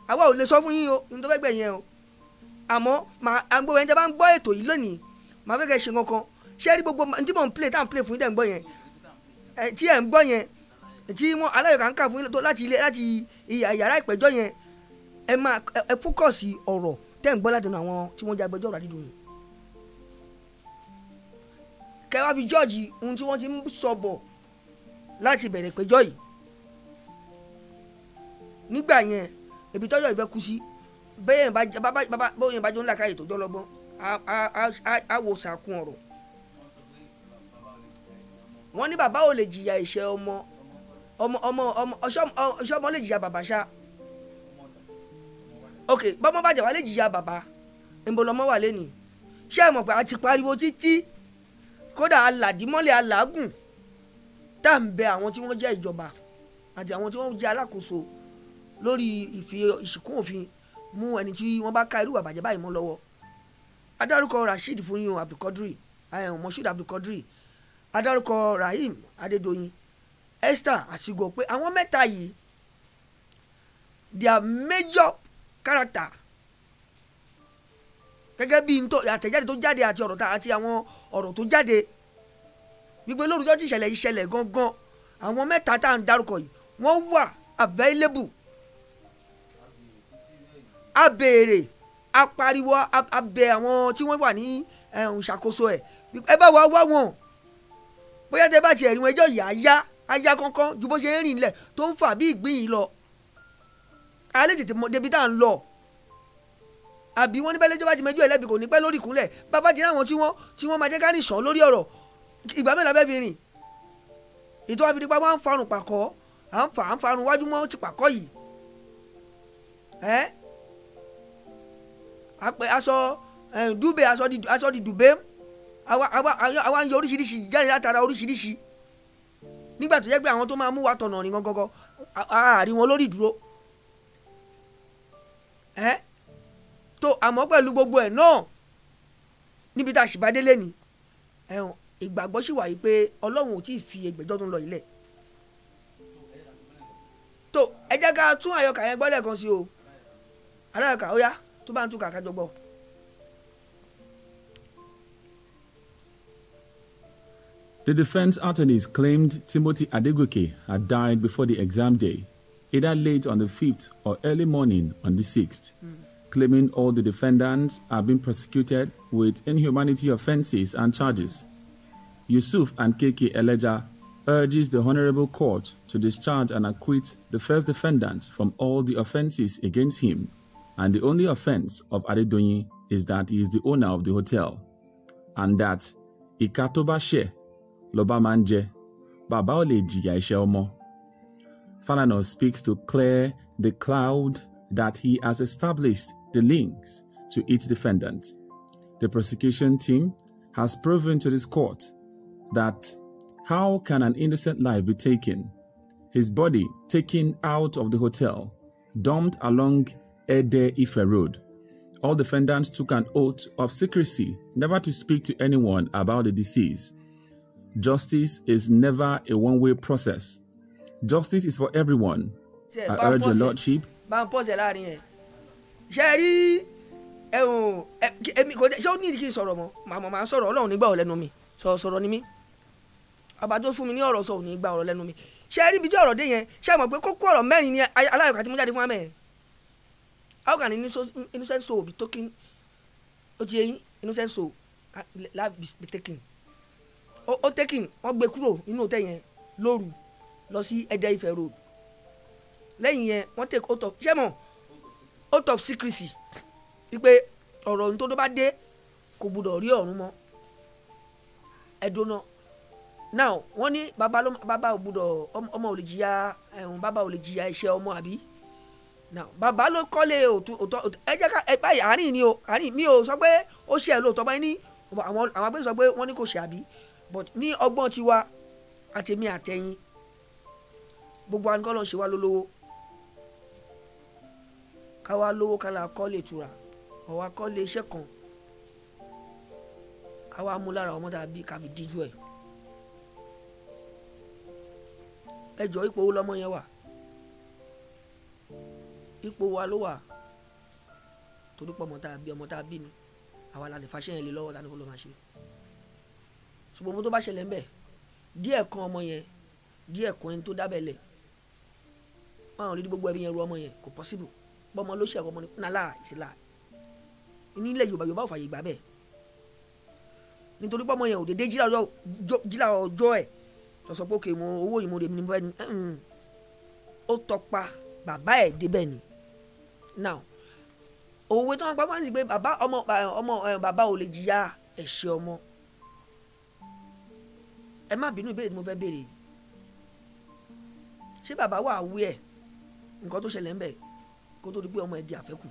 àwa ò lè sọ fún yín o ní tó fẹ́ gbẹ̀ yẹn o àmọ́ à ń gbọ́ ẹni tí a bá ń gbọ́ ètò yìí lónìí màá fẹ́ kẹ́ ṣe kankan ṣé rí gbogbo tí mò ń play tá à ń play fún yín tẹ̀ ń gbọ́ yẹn tí ẹ̀ ń gbọ́ yẹn tí wọ́n aláyọ̀ká ń kà fún yín láti ilé láti yàrá ìpẹ̀jọ́ yẹn ẹ máa ẹ fókọ̀sì ọ̀rọ̀ tẹ́ ń gbọ́ láti nu àwọn tí wọ́n jẹ́ agbẹjọ́rò àdídùn yìí kẹ́ wá fi jọ́ọ̀jì ohun tí wọ́n ti ń sọ bọ̀ láti bẹ̀rẹ̀ ìpẹ̀jọ́ yìí nígbà yẹn ebi tọ́jọ́ ìfẹ́ kú sí bẹ́ẹ̀ bóyá ìbájọ́ ńlá káyè tó jọ́ lọ́gbọ́n á wo sàkún ọ̀rọ̀ wọ́n ní bàbá ò lè jìyà ìṣẹ́ ọmọ ọmọ ọmọ ọmọ ọṣọ ọmọ lè jìyà bàbá ṣá ok bọ́mọ bàjẹ́ wà lè jìyà bàbá ńbọlọmọ wà lẹ́nìí ṣé ẹ mọ̀ pé a ti pariwo títí kódà alàdímọ́lẹ̀ alágùn tá à ń bẹ àwọn tí wọ́n jẹ́ ìjọba àti àwọn tí wọ́n jẹ́ alákòóso lórí ìfi ìsìnkún òfin mú ẹni tí wọ́n bá ká irú àbàjẹ́ báyìí mọ́ lọ́wọ́ adárúkọ Rasheed Foyinhan Abdulkadri eh, Moshood Abdulkadri adárúkọ Rahim Adédoyin Esther Asigo pé àwọn mẹ́ta yìí their major character gẹ́gẹ́ bí àtẹ̀jáde tó jáde àti ọ̀rọ̀ àti àwọn ọ̀rọ̀ tó jáde gbígbé lórúkọ tí ìṣẹ̀lẹ̀ ìṣẹ̀lẹ̀ gangan àwọn mẹ́ta tá à ń dárúkọ yìí wọ́n wà available a béèrè a pariwo a bẹ àwọn tí wọ́n wà ní ìṣàkóso ẹ̀ ẹ bá wa wá wọn bóyá tẹ bá tiẹ̀ rí wọn ẹjọ́ yà á yá á yá kánkán ju bó ṣe ń rìn lẹ̀ tó ń fà bí ìgbín yìí lọ alẹ́ tètè mọ débi tá à ń lọ àbí wọ́n ní bẹ́ẹ̀ lẹ́jọ́ bá ti mẹjọ ẹlẹ́bi kò ní pẹ́ lórí ìkúnlẹ̀ bàbá ti ráwọn tí wọ́n tí wọ́n máa jẹ́ ká nìṣàn lórí ọ̀rọ̀ ìgbà mẹ́la bẹ́ẹ̀ fi rìn ètò àfidípa wọn à ń farun pàkọ́ à ń fà à ń farun wájú mọ́ ti pàkọ́ yìí ẹ́ àpè aṣọ dùbẹ aṣọ di dùbẹ àwa ń yọ oríṣiríṣi jáde látara oríṣiríṣi nígbà tó jẹ́ pé àwọn tó máa mú wa tọ̀nà ní gangan àárí wọn lórí ìdúró ẹ́ tó àmọ́ pẹ̀lú gbogbo ẹ̀ náà níbi tá a sì bá délé ni ẹ̀hún ìgbàgbọ́ sì wà yìí pé ọlọ́run ò tí ì fi ẹgbẹ̀jọ́ tó ń lọ yìí lẹ̀ tó ẹ jẹ́ ká tún àyọkà yẹn gbọ́ lẹ́ẹ̀kan sí o aláyọkà ó yá. tó bá ń tún The defense attorneys claimed Timothy Adegoke had died before the exam day, either late on the 5th or early morning on the 6th, mm. claiming all the defendants have been prosecuted with inhumanity offenses and charges. Yusuf and KK Eleja urges the Honorable Court to discharge and acquit the first defendant from all the offenses against him and the only offense of Adedoyin is that he is the owner of the hotel, and that Ikato Loba Manje, Baba Falano speaks to clear the cloud that he has established the links to each defendant. The prosecution team has proven to this court that how can an innocent life be taken, his body taken out of the hotel, dumped along Ede Ife Road. All defendants took an oath of secrecy never to speak to anyone about the deceased. Justice is never a one way process. Justice is for everyone. I urge your lordship. ẹ̀hún ẹ̀mí kò ní ìdí kí n ní ọ̀rọ̀ sọ̀rọ̀ nígbà mi ṣé ẹ rí ibi tí dé yẹn ṣé ẹ mọ̀ pé kókó ọ̀rọ̀ mẹ́rin ni aláyọ̀ká mo jáde fún wa mẹ́rin how can innocent, innocent soul be taken? ó ti innocent soul ah, la be taken ó taken wọ́n gbé kúrò nínú òtẹ́ yẹn lóru lọ sí ẹ̀dẹ́ ìfẹ́ road lẹ́yìn yẹn wọ́n take out of ṣé out of secrecy wípé ọ̀rọ̀ ohun tó tó bá dé kò gbọdọ̀ rí ọ̀run mọ́ ẹ̀dùn now wọ́n ní baba ò gbọdọ̀ ọmọ ò lè jìyà ẹ̀hún bàbá ò lè jìyà iṣẹ́ ọmọ àbí bàbá ló kọ́lé òtọ́ ẹ jẹ́ ká ẹ báyìí àárín ni o àárín mi ò sọ pé ó ṣe ẹ̀ lóòótọ́ báyìí ní àwọn agbésọ pé wọ́n ní kò ṣe àbí but ní ọgbọ́n tiwa àtẹ̀mí àtẹ̀yìn gbogbo àwọn kọ́lọ̀ ń ṣe wá lólówó káwa lówó kálá kọ́lé ìtura ọ̀wá kọ́lé iṣẹ́ kan káwa mú lára ọmọ tàbí kàfi díjú ẹ̀ ẹ jọ ipò owó lọ́mọ yẹn wà ipò wa ló wà torí pọ̀ ọmọ tá a bí ọmọ tá a bí ni àwa la lè fa sẹ́yìn lé lọ́wọ́ ta ni kó ló máa ṣe ṣùgbọ́n gbogbo tó bá ṣẹlẹ̀ ń bẹ̀ díẹ̀ kan ọmọ yẹn díẹ̀ kan ẹni tó dábẹ̀ lẹ̀ máa ń rí gbogbo ẹbí yẹn ru ọmọ yẹn kò possible bọ́mọ ló ṣe ẹ̀kọ́ ọmọ ní nàlá ìṣẹ̀lá nílẹ̀ Yorùbá Yorùbá ò fàyè gbà bẹ́ẹ̀ nítorí pọ́mọ yẹn ò dédé jílà ọjọ́ ẹ̀ lọ sọ pé òkè mo owó mo rè ni ó tọpa bàbá ẹ̀ débẹ̀ ni now òwe tó wọn pa fáwọn sí pé bàbá ọmọ ọmọ bàbá ò lè jìyà ẹ̀ṣẹ̀ ọmọ ẹ má bínú ìbéèrè tí mo fẹ́ béèrè ṣé bàbá wà awú ẹ̀ nǹkan tó ṣẹlẹ̀ ń bẹ̀ kó tó di pé ọmọ ẹ̀ di àfẹ́kù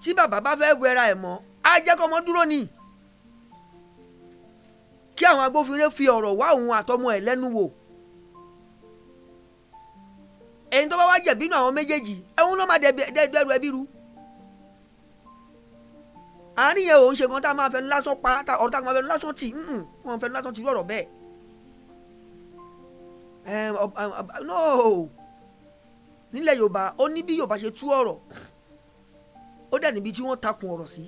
tí bàbá bá fẹ́ wẹra ẹ̀ mọ́ á jẹ́ kọ́ ọmọ dúró ni kí àwọn agbófinró fi ọ̀rọ̀ wá òun àtọmọ ẹ̀ lẹ́nu wò ẹni tó bá wá jẹ̀bi nínú àwọn méjèèjì ẹ̀hún ló má dẹ̀dẹ̀rù ẹbí ru àárín yẹn òun ṣe kan tá a máa fẹnu lásán pa ọ̀rọ̀ tá a máa fẹnu lásán tì wọ́n fẹnu lásán tì irú ọ̀rọ̀ bẹ́ẹ̀ no nílẹ̀ yorùbá ó ní bí yorùbá ṣe tú ọ̀rọ̀ ó dẹ̀ níbi tí wọ́n takùn ọ̀rọ̀ sí.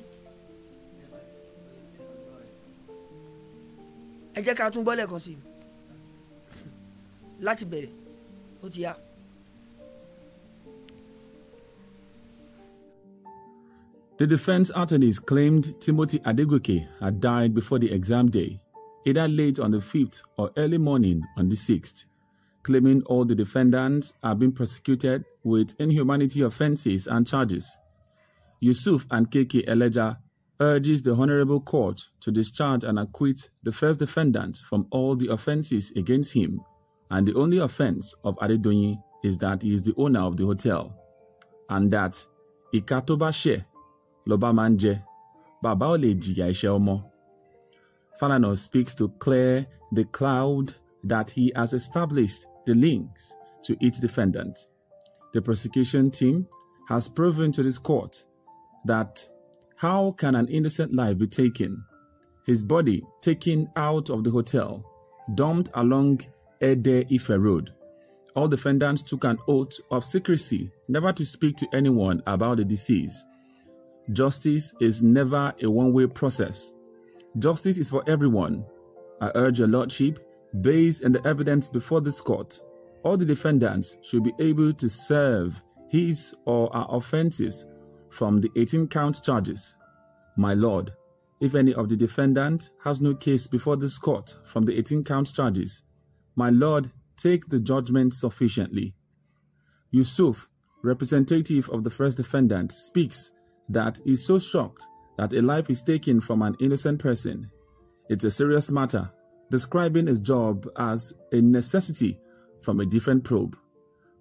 ẹ jẹ́ ká tún gbọ́ lẹ́ẹ̀kan sí i láti bẹ̀rẹ̀ ó ti yá. The defense attorneys claimed Timothy Adeguke had died before the exam day, either late on the 5th or early morning on the 6th, claiming all the defendants have been prosecuted with inhumanity offenses and charges. Yusuf and KK Eleja urges the Honorable Court to discharge and acquit the first defendant from all the offenses against him, and the only offense of Adedoyin is that he is the owner of the hotel, and that Ikatoba lọba máa ń jẹ bàbá jìyà iṣẹ́ ọmọ. speaks to clear the cloud that he has established the links to each defendant. The prosecution team has proven to this court that how can an innocent life be taken? His body taken out of the hotel, dumped along Ede Ife Road. All defendants took an oath of secrecy, never to speak to anyone about the deceased. Justice is never a one way process. Justice is for everyone. I urge your lordship, based on the evidence before this court, all the defendants should be able to serve his or her offenses from the 18 count charges. My lord, if any of the defendant has no case before this court from the 18 count charges, my lord, take the judgment sufficiently. Yusuf, representative of the first defendant, speaks that is so shocked that a life is taken from an innocent person. It's a serious matter, describing his job as a necessity from a different probe,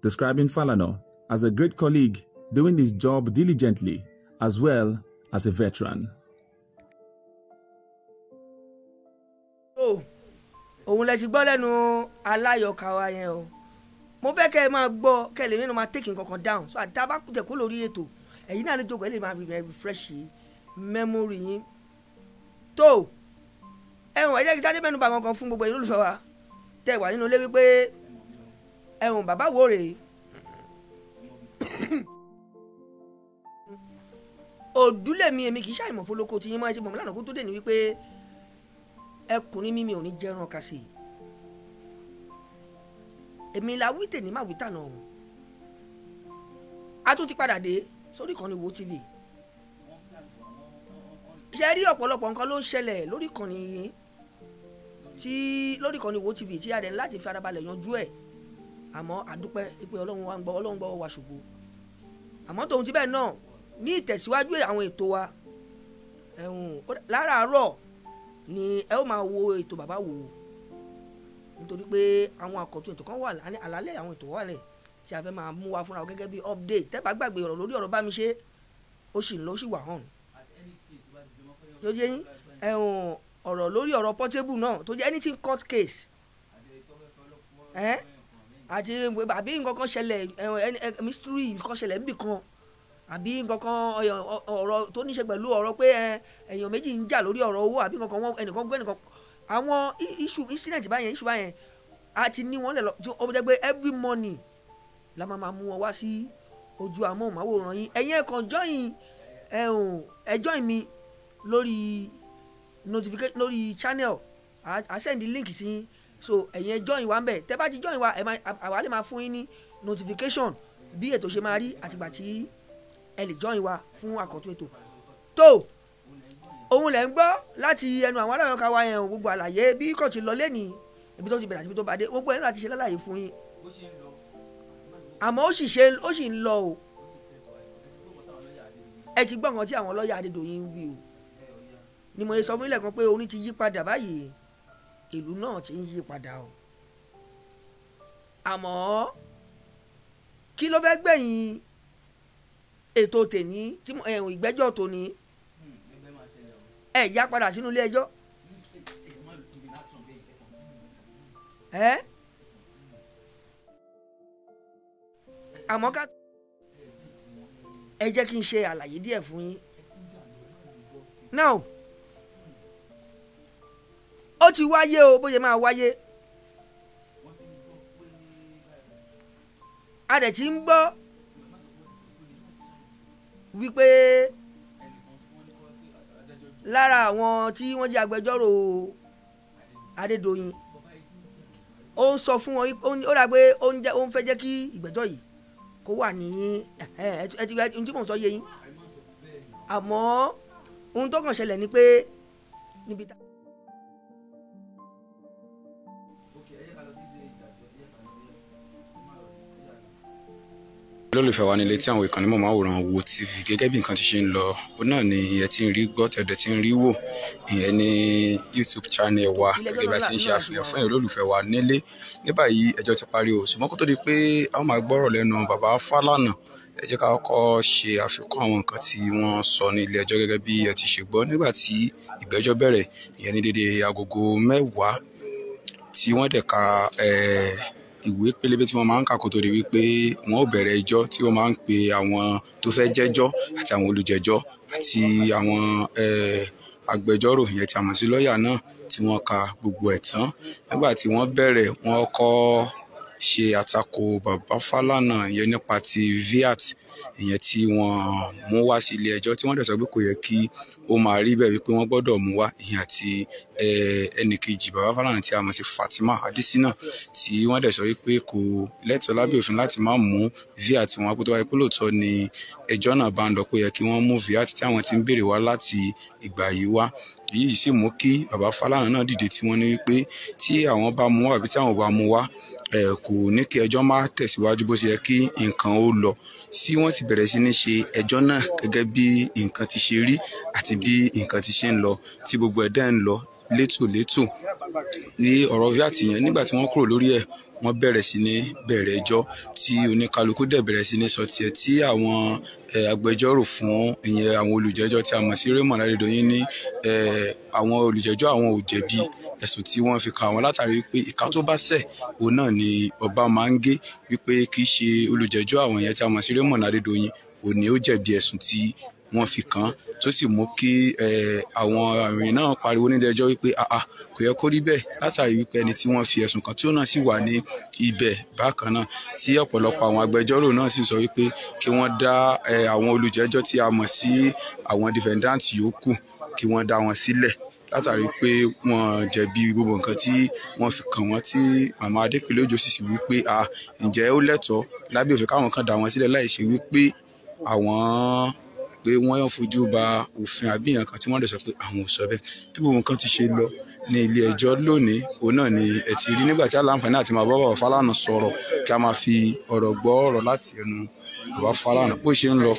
describing Falano as a great colleague doing his job diligently as well as a veteran. Oh, lẹ ti gbọ́ lẹ́nu aláyọ̀ká wa yẹn o mo fẹ́ kẹ́ ẹ máa gbọ́ kẹ́ ẹ lè nínú so àti tá a bá kùtẹ̀ kó ẹ̀yin náà lè jókòó ẹ lè máa refresh memory yín tó ẹ̀wọ̀n ẹ jẹ́ kí sáré mẹ́nuba kankan fún gbogbo ẹ̀yin olùfẹ́ wa tẹ́ ẹ wà nínú ilé wípé ẹ̀wọ̀n bàbá wo rèé òdúlẹ̀mí èmi kì í ṣàìmọ̀ fọlọ́kọ tí yín máa ṣe bọ̀mọ́ lánàá kó tó dé ní wípé ẹkùnrin mímí ò ní jẹ́ràn ọ̀ka sí i èmi la wí tèmi má wí tànà o a tún ti padà dé sórí ìkànnì wo tv ṣe rí ọ̀pọ̀lọpọ̀ nǹkan ló ń ṣẹlẹ̀ lórí ìkànnì yìí tí lórí ìkànnì wo tv tí a rẹ̀ láti fi arabalẹ̀ yanjú ẹ̀ àmọ́ àdúpẹ́ pé ọlọ́run wa ń gbọ́ ọlọ́run gbọ́ wa ṣògo àmọ́ tòun ti bẹ́ẹ̀ náà ní ìtẹ̀síwájú àwọn ètò wa láràárọ̀ ni ẹ ó máa wo ètò bàbá wò nítorí pé àwọn àkọ́tún ètò kan wà alálẹ̀ àwọn ètò wà lẹ́yìn tí a fẹ́ máa mú wa fúnra gẹ́gẹ́ bí update tẹ́ bá gbàgbé ọ̀rọ̀ lórí ọ̀rọ̀ bá mi ṣe ó sì lọ sí wà hàn tó jẹ́ ẹ̀hún ọ̀rọ̀ lórí ọ̀rọ̀ Portable náà tó jẹ́ anything court case àti àbí nǹkan kan ṣẹlẹ̀ mystery nǹkan ṣẹlẹ̀ níbì kan àbí nǹkan kan ọ̀rọ̀ tó ní ṣe pẹ̀lú ọ̀rọ̀ pé èèyàn méjì ń jà lórí ọ̀rọ̀ owó àbí nǹkan kan ẹnìkan gbé ẹnìkan àwọn issue issue báyẹn a ti ní wọn lẹ̀ lọ ọmọ every morning la máa máa mú wọn wá sí ojú amóhùnmáwòrán yín ẹ̀yin ẹ̀kan jọ́yìn ẹjọ́ mi lórí notification lórí channel a send link sí yín so ẹ̀yin ẹ join wa ń bẹ̀ tẹ́ bá ti join wa àwa lè máa fún yín ní notification bí ètò ṣe máa rí àtìgbà tí ẹ lè join wa fún àkọ́tún ètò tó òun lẹ̀ ń gbọ́ láti ẹnu àwọn aláyọ̀ká wa yẹn gbogbo àlàyé bí kò ti lọ lẹ́nìí ibi tó ti bẹ̀rẹ̀ àti ibi tó bá gbogbo ẹ̀ láti ṣe lálàyé fún yín. bó ṣe ń lọ àmọ́ ó sì ṣe ó sì ń lọ o ẹ ti gbọ́ nǹkan tí àwọn lọ́ọ̀yà Adédoyin wí o ni mo sọ fún ilẹ̀ kan pé orin ti yí padà báyìí ìlú náà ti ń yí padà o àmọ́ kí ló fẹ́ gbẹ̀yìn ètò tèní ẹ̀hún ìgbẹ́jọ́ tòní ẹ̀ yá padà sínú ilé ẹjọ́ ẹ̀. àmọ́ ká ẹ jẹ́ kí n ṣe àlàyé díẹ̀ fún yín now ó ti wáyé o bó ṣe máa wáyé a dẹ̀ ti ń gbọ́ wípé lára àwọn tí wọ́n jẹ́ agbẹjọ́rò Adédoyin ó ń sọ fún wọn ó rà pé ó ń fẹ́ jẹ́ kí ìgbẹ́jọ́ yìí kó wà ní ẹtí tí mò ń sọ yé yín àmọ́ ohun tó kàn ṣẹlẹ̀ ni pé níbi tá. lólùfẹ́ wa ní ilé tí àwọn ìkànnì mọ̀ máa wòran wo tv gẹ́gẹ́ bí nǹkan ti ṣe ń lọ òun náà ni ẹ ti ń rí gbọ́ tẹ̀dọ̀ ti ń rí wò ìyẹn ní youtube channel wa gẹ́gẹ́ bá ti ń ṣe àfihàn fún ìró olùfẹ́ wa nílé ní báyìí ẹjọ́ ti parí o ṣùgbọ́n kó tó di pé a máa gbọ́rọ̀ lẹ́nu bàbá Fálànà ẹ jẹ́ ká kọ́kọ́ ṣe àfikún àwọn nǹkan tí wọ́n sọ ní ilé ẹjọ́ gẹ́gẹ́ bí ẹ ti ṣe gbọ́ nígbà tí ìgbẹ́jọ́ bẹ̀rẹ̀ ìyẹn ní dédé agogo mẹ́wàá tí wọ́n dẹ̀ ka ìwé pélébé tí wọ́n máa ń kà kó tó di wípé wọ́n ó bẹ̀rẹ̀ ẹjọ́ tí wọ́n máa ń pe àwọn tó fẹ́ jẹ́jọ́ àti àwọn olùjẹ́jọ́ àti àwọn agbẹjọ́rò yẹn tí a mọ̀ sí lọ́ọ̀yà náà tí wọ́n ka gbogbo ẹ̀ tán nígbà tí wọ́n bẹ̀rẹ̀ wọ́n kọ́ ṣe àtakò bàbá Fálànà nípa ti viat ìyẹn tí wọ́n mú wá sí ilé ẹjọ́ tí wọ́n dẹ̀ sọ pé kò yẹ kí ó máa rí bẹ́ẹ̀ wípé wọ́n gbọ́dọ̀ mú wá ìyẹn àti ẹnìkejì bàbá Fálànà tí a mọ̀ sí Fatima Adésínà tí wọ́n dẹ̀ sọ wípé kò lẹ́tọ̀ọ́ lábẹ́ òfin láti má mú viat wọn pé tó wáyé pé lóòótọ́ ni ẹjọ́ náà bá ń lọ kó yẹ kí wọ́n mú viat tí àwọn ti ń béèrè wá láti ìgbà yìí wá èyí sì mú kí bàbá Fálànà náà dìde tí wọ́n ní wípé tí àwọn bá mú àbí tí àwọn bá mú wá kò ní kí ẹjọ́ má tẹ̀síwájú bó ṣe yẹ kí nǹkan ó lọ sí wọ́n sì bẹ̀rẹ̀ sí ní ṣe ẹjọ́ náà gẹ́gẹ́ bí nǹkan ti ṣe rí àti bí nǹkan ti ṣe ń lọ tí gbogbo ẹ̀dá ń lọ létòlétò ní ọ̀rọ̀ Vat yẹn nígbà tí wọ́n kúrò lórí ẹ̀ wọ́n bẹ̀rẹ̀ sí ní bẹ̀rẹ̀ ẹjọ́ tí oníkálukú dẹ̀ bẹ̀rẹ̀ sí ní sọ tiẹ̀ tí àwọn agbẹjọ́rò fún ìyẹn àwọn olùjẹ́jọ́ tí a mọ̀ sí Raymond Adédoyin ní àwọn olùjẹ́jọ́ àwọn ò jẹ̀bi ẹ̀sùn tí wọ́n fi kàn wọ́n látàrí wípé ìka tó bá ṣẹ̀ òun náà ni ọba máa ń gé wípé kì í ṣe olùjẹ́jọ́ àwọn yẹn tí a mọ̀ sí Raymond Adédoyin òun ó jẹ̀bi ẹ̀sùn tí wọ́n fi kàn án tó sì mú kí àwọn àrùn náà pariwo nílé ẹjọ́ wípé kò yẹ kó rí bẹ́ẹ̀ látàrí wípé ẹni tí wọ́n fi ẹ̀sùn kàn tí ó náà sì wà ní ibẹ̀ bákan náà tí ọ̀pọ̀lọpọ̀ àwọn agbẹjọ́rò náà sì sọ wípé kí wọ́n dá àwọn olùjẹ́jọ́ tí a mọ̀ sí àwọn dìfẹ̀ndáǹtì yòókù kí wọ́n dá wọn sílẹ̀ látàrí pé wọ́n jẹ̀bi gbogbo nǹkan tí wọ́n fi kàn wọ́n tí màmá Adépẹ̀lẹ́ Òjó sì sì wípé à ó lẹ́tọ̀ọ́ lábẹ́ òfin káwọn kan dá wọn sílẹ̀ láì ṣe wípé àwọn pé wọ́n yàn fojú ba òfin àbí nǹkan kan tí wọ́n lè sọ pé àwọn ò sọ bẹ́ẹ̀ bí gbogbo nǹkan ti ṣe lọ ní ilé ẹjọ́ lónìí òun náà ni ẹ ti rí nígbà tí aláǹfààní àti màbá bàbá Fálànà sọ̀rọ̀ kí a máa fi ọ̀rọ̀ gbọ́ ọ̀rọ̀ láti ẹnu bàbá Fálànà bó ṣe ń lọ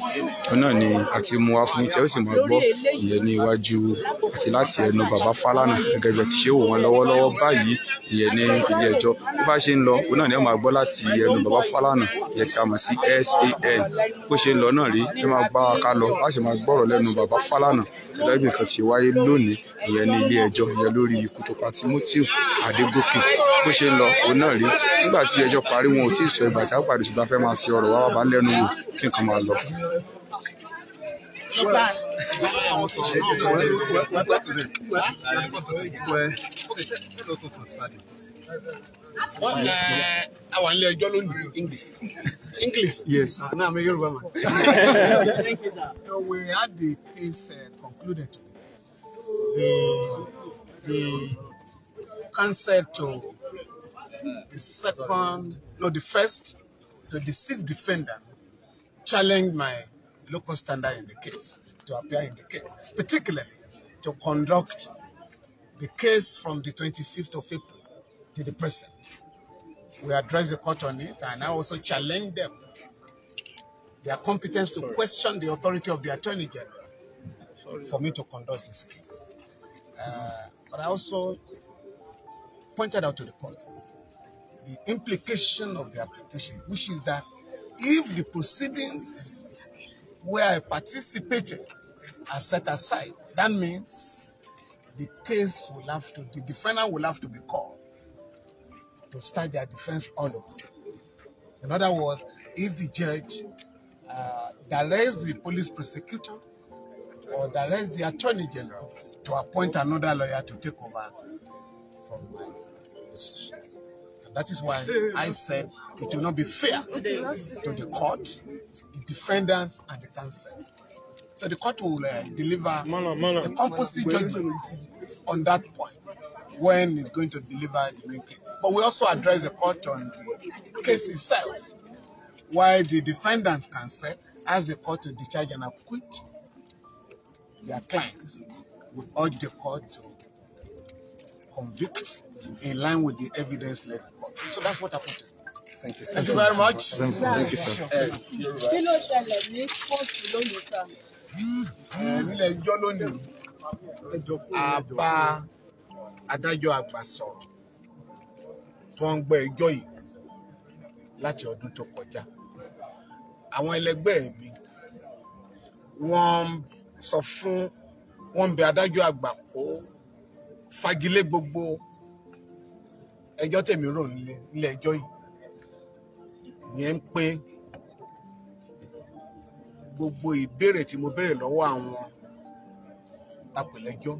òun náà ni àti mu wá fún tí ẹ sì máa gbọ́ ìyẹn ní iwájú àti láti ẹnu bàbá Fálànà gẹ́gẹ́ bí ẹ ti ṣe wò wọ́n lọ́wọ́lọ́wọ́ báyìí ìyẹn ní ilé ẹjọ́ bó bá ṣe ń lọ òun náà ni ẹ máa gbọ́ láti ẹnu bàbá Fálànà yẹ tí a mọ̀ sí SAN bó ṣe ń lọ náà rí ẹ máa bá wa ká lọ a sì máa gbọ́rọ̀ lẹ́nu bàbá Fálànà tẹ̀lé ibi nǹkan ti wáyé lónìí ìyẹn ní ilé ẹjọ́ ìyẹn lórí ikú tó pa Timothy Adégòkè bó ṣe ń lọ òun náà rí nígbà tí ẹjọ́ parí wọn ò tí ì sọ ìgbà tí a pàdé ṣùgbọ́n a fẹ́ máa fi ọ̀rọ̀ wá wá bá lẹ́nu wò kí nǹkan máa lọ. Àwọn ilé ẹjọ́ ló ń lu English. English? Yes. Ah, now I'm a Yoruba man. Thank you, sir. So we had the case uh, concluded. The, the counsel to the second, no, the first to the sixth defendant challenged my local standard in the case, to appear in the case, particularly to conduct the case from the 25th of April to the present. We address the court on it, and I also challenge them their competence to Sorry. question the authority of the Attorney General Sorry. for me to conduct this case. Uh, but I also pointed out to the court the implication of the application, which is that if the proceedings where I participated are set aside. That means the case will have to, the defendant will have to be called to start their defense all over. In other words, if the judge uh, directs the police prosecutor or directs the attorney general to appoint another lawyer to take over from my position. And that is why I said it will not be fair to the court, defendants, and the counsel. So the court will uh, deliver Mano, Mano. a composite judgment on that point when it's going to deliver the main case. But we also address the court on the case itself, why the defendants can say, ask the court to discharge and acquit their clients. We urge the court to convict in line with the evidence led court. So that's what happened Thank you, sir. Thank you very much. Thank you, sir. Kí ló ṣẹlẹ̀ ní kóòtù lónìí, sir? Eh, Nílẹ̀ ẹjọ́ lónìí, a adájọ́ àgbà sọ̀rọ̀ tó ń gbọ́ ẹjọ́ yìí láti ọdún tó kọjá. Àwọn ẹlẹgbẹ́ mi wọ́n sọ fún wọ́n bẹ adájọ́ àgbà kó fagilé gbogbo ẹjọ́ tèmi rò nílé ẹjọ́ yìí ìyẹn ń pé gbogbo ìbéèrè tí mo béèrè lọ́wọ́ àwọn tapẹ̀lẹ́jọ́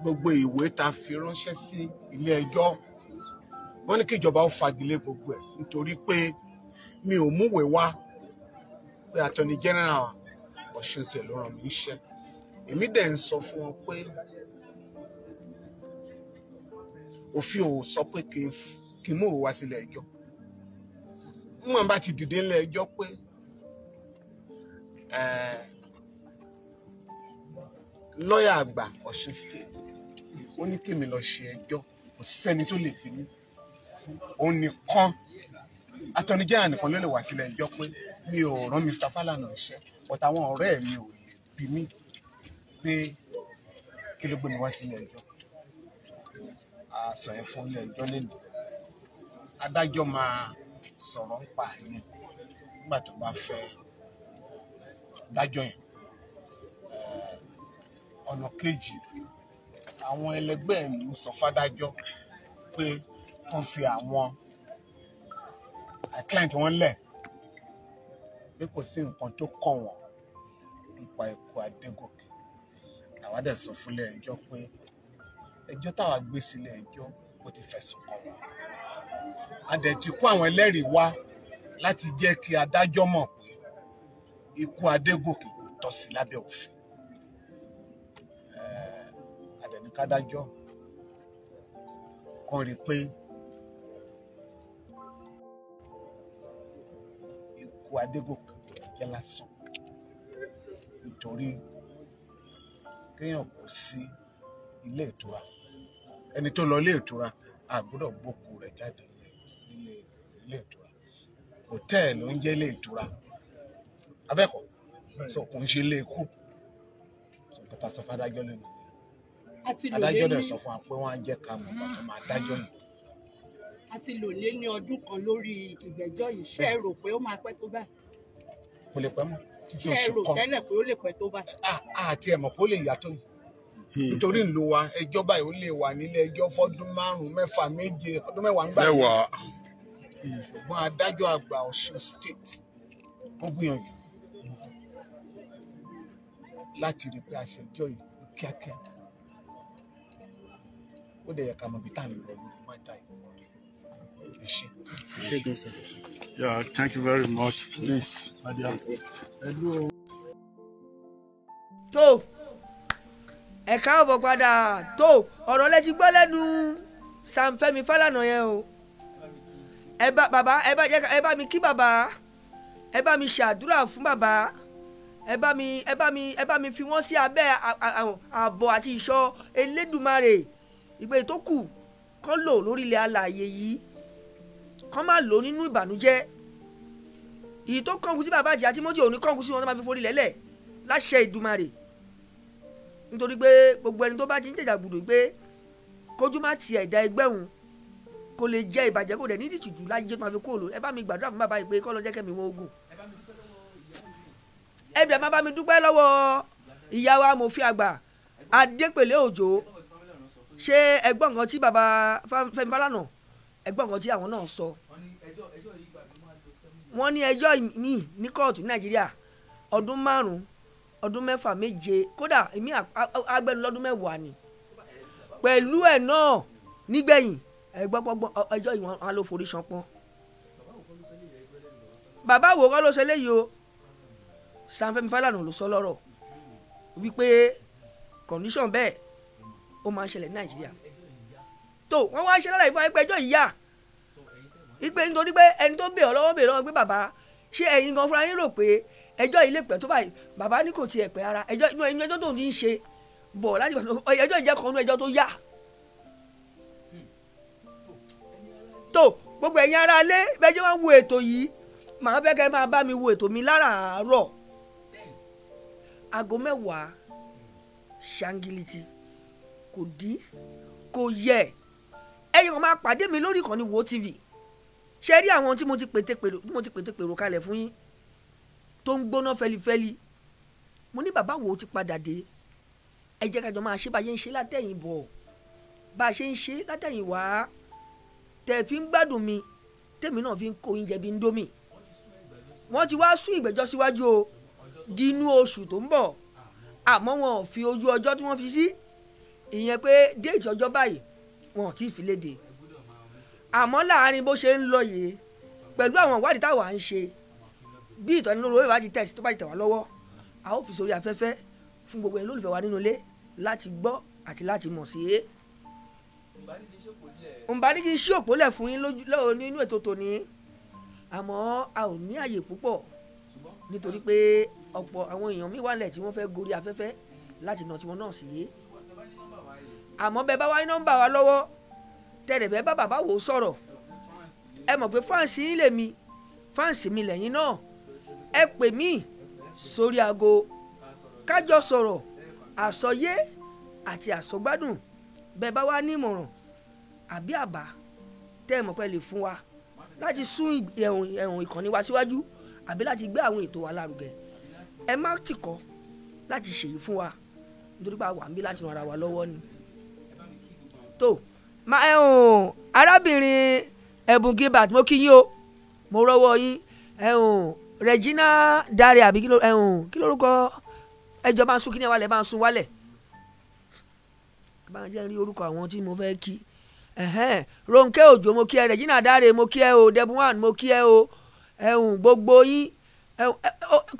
gbogbo ìwé ta fi ránṣẹ́ sí ilé ẹjọ́ wọ́n ní kí ìjọba ó fagilé gbogbo ẹ̀ nítorí pé mi ò múwèé wá pé attorney general Ọ̀ṣun tẹ̀ ló ràn mí iṣẹ́ èmi dẹ̀ ń sọ fún wọn pé òfin ò sọ pé kí n mú òwe wá sílé ẹjọ́ mọ̀ bá ti dìde ńlẹ̀ ẹjọ́ pé lọ́ọ̀yà àgbà Ọ̀ṣun state ó ní kèmi lọ ṣe ẹjọ́ kò sẹ́ni tó lè bínú òun nìkan attorney general nìkan ló lè wá sílẹ̀ ẹjọ́ pé mi ò rán Mr Falana iṣẹ́ but àwọn ọ̀rẹ́ mi ò lè bí mi pé kí ló gbé mi wá sílẹ̀ ẹjọ́ a sọ ilé ẹjọ́ lẹ́nu adájọ́ máa sọ̀rọ̀ ń pa àyàn nígbà tó bá fẹ́ dájọ́ yẹn eh, ọ̀nà kejì àwọn ẹlẹgbẹ́ ìlú sọ fádájọ́ pé wọ́n fi àwọn client wọn lẹ̀ pé kò sí nǹkan tó kàn wọ́n nípa ikú Adégòkè àwa dẹ̀ sọ fúnlẹ̀ ẹjọ́ pé ẹjọ́ táwa gbé sílẹ̀ ẹjọ́ ó ti fẹ̀sùn kàn wọ́n a dẹ̀ ti kó àwọn ẹlẹ́rìí wá láti jẹ́ kí adájọ́ mọ̀ pé ikú Adégòkè kò tọ́ sí lábẹ́ òfin a dẹ̀ ní kádájọ́ kan rí i pé ikú Adégòkè kò jẹ́ lásán nítorí kéèyàn kò sí ilé ìtura ẹni tó lọ ilé ìtura a gbọ́dọ̀ ilé ìtura hòtẹ́ẹ̀lì ló ń jẹ́ ilé ìtura abẹ́kọ̀ so kò ń ṣe ilé ikú so tọ́ta sọ fún adájọ́ lẹ́nu adájọ́ dẹ̀ sọ fún wa pé wọ́n á jẹ́ ká mọ̀ pàtó máa dájọ́ nù. a ti lò lé ní ọdún kan lórí ìgbẹ́jọ́ yìí ṣé ẹ rò pé ó máa pẹ́ tó báyìí. kò lè pẹ́ mọ́ títí oṣù kan ṣé ẹ rò tẹ́lẹ̀ pé ó lè pẹ́ tó báyìí. àti ẹ̀ hmm. nítorí ìlú wa ẹjọ́ báyìí ó lè wà nílé ẹjọ́ fọ́dún márùn-ún mẹ́fà méje ọdún mẹ́wàá ń gbà. mẹ́wàá ṣùgbọ́n adájọ́ àgbà Ọ̀ṣun state ó gbìyànjú láti rí pé àṣẹjọ́ yìí kíákíá ó dẹ̀ yẹ ká mọ̀ bí tá à ń lọ lórí mẹ́ta yìí. Yeah, thank you very much. Please, Nadia. Hello. tó ẹ káàbọ̀ padà tó ọ̀rọ̀ lẹ ti gbọ́ lẹ́nu Sam Fálànà yẹn o ẹ bá bàbá ẹ bá jẹ́ ẹ bá mi kí baba ẹ bá mi ṣàdúrà fún bàbá ẹ bá mi ẹ bá mi ẹ bá mi fi wọ́n sí abẹ́ ààbọ̀ àti ìṣọ́ Elédùmarè ìgbé tó kù kán lò lórí ilẹ̀ alààyè yìí kán má lò nínú ìbànújẹ́ èyí tó kọ́ńkù sí bàbá àti àtìmọ́tì òní kọ́ńkù sí wọn tó máa fi forí lẹ́lẹ̀ láṣẹ Ìdùmarè nítorí pé gbogbo ẹni tó bá ti ń jẹ̀jà gbùdù pé kójú má ti ẹ̀dá ẹgbẹ́ òun kò lè jẹ́ ìbàjẹ́ kò dẹ̀ ní ìdìtìjú láyé tó máa fi kóòlò ẹ bá mi gbàdúrà fún bàbá yìí pé kọ́lọ́ jẹ́ kẹ́mi wọn ogun ẹ bẹ̀ má bá mi dúpẹ́ lọ́wọ́ ìyá wa mo fi àgbà adépèlé òjò ṣé ẹgbọ́n nǹkan tí bàbá Fẹ́mi Fálànà ẹgbọ́n nǹkan tí àwọn náà sọ wọ́n ní ẹjọ́ mi ní kóòtù ní Nàìjíríà ọdún márùn-ún ọdún mẹ́fà méje kódà èmi agbẹnulọ́dún mẹ́wàá ni pẹ̀lú ẹ̀ náà nígbẹ̀yìn ẹ gbọ́gbọ́gbọ́ ẹjọ́ yìí wọ́n ló forí ṣánpọ́n. bàbá àwòrán ló ṣe léyìí o Sam Fẹ́mi Fálànà ló sọ lọ́rọ̀ wípé condition bẹ́ẹ̀ ó máa ń ṣẹlẹ̀ ní Nàìjíríà tó wọ́n wá ṣe lára ìfọwọ́ ẹgbẹ́jọ́ yìí yá ìpè nítorí pé ẹni tó ń bèèrè lọ́wọ́ bèèrè lọ́wọ́ pé bàbá ṣé ẹ̀yin gan fúnra yín rò pé ẹjọ́ ilé pẹ̀ tó báyìí bàbá ní kò tiẹ̀ pẹ̀ ara ẹjọ́ inú ẹjọ́ tó ní í ṣe bọ̀ láti ẹjọ́ ìjẹ́kọ̀ọ́nú ẹjọ́ tó yá tó gbogbo ẹ̀yin ará ilé bẹ́ẹ̀ jẹ́ wọ́n wo ètò yìí màá fẹ́ kẹ́ máa bá mi wo ètò mi láràárọ̀ aago mẹ́wàá ṣáńgìlìtì kò dí kò yẹ ẹ̀yin kan máa pàdé mi lórí ìkànnì wo tv ṣe rí àwọn tí mo ti pètèpèrò mo ti pètèpèrò kalẹ̀ fún yín tó ń gbóná fẹlifẹli mo ní bàbá wo ti padà dé ẹ jẹ́ ká máa ṣe bá a ṣe ń ṣe látẹ̀yìn bọ̀ bá a ṣe ń ṣe látẹ̀yìn wá tẹ̀ fi ń gbádùn mi tèmi náà fi ń kó oúnjẹ bíi ndómì wọ́n ti wá sún ìgbẹ́jọ́ síwájú o di inú oṣù tó ń bọ̀ àmọ́ wọn ò fi ojú ọjọ́ tí wọ́n fi sí ìyẹn pé déètì ọjọ́ báyìí wọn ò tí ì fi léde àmọ́ láàárín bó ṣe ń lọ yìí pẹ̀lú àwọn ìwádìí táwa ń ṣe bí ìtọ́nilóró ìwà ti tẹ̀sí tó bá ti tẹ̀ wá lọ́wọ́ a ó fi sórí afẹ́fẹ́ fún gbogbo ẹni lólùfẹ́ wa nínú ilé láti gbọ́ àti láti mọ̀ sí i ǹbàdíjì sí òpólẹ̀ fún yín lọ́wọ́ nínú ètò tòní àmọ́ a ò ní àyè púpọ̀ nítorí pé ọ̀pọ̀ àwọn èèyàn mi wà lẹ̀ tí wọ́n fẹ́ gorí afẹ́fẹ́ láti nà tiwọn náà sí i àmọ́ bẹ́ẹ̀ bá wáyé nọ́mbà wa lọ́wọ́ tẹ̀lé bẹ́ẹ̀ bá bàbá wò ó sọ̀rọ̀ ẹ mọ̀ pé fáǹsì yín lèmi fáǹsì mi lẹ́yìn náà ẹ pè mí sórí aago kájọ sọ̀rọ̀ àsọyé àti àsọgbádùn bẹ́ẹ̀ bá wá ní ìmọ̀ràn àbí àbá tẹ́ ẹ̀ mọ̀ pé lè fún wa láti sún ẹ̀hùn ìkànnì wa síwájú àbí láti gbé àwọn ètò wa lárugẹ ẹ má tì kọ̀ láti ṣèyí fún wa nítorí pé a wà ń bí láti ran ara wa lọ́wọ́ ni. tó ma ẹ hùn arábìnrin ẹ̀bùn gilbert mo kí yín o mo rọ́wọ́ yín ẹ regina dare àbí ẹ hùn kí lórúkọ ẹjọ máa ń sún kí ni ẹ wálẹ̀ máa ń sún wálẹ̀ ẹ bá ń jẹ́ rí orúkọ àwọn tí mo fẹ́ kí. Ronke ojo mo kí ẹ Regina Dare mo kí ẹ o Debuwan mo kí ẹ o ẹ̀hún gbogbo yín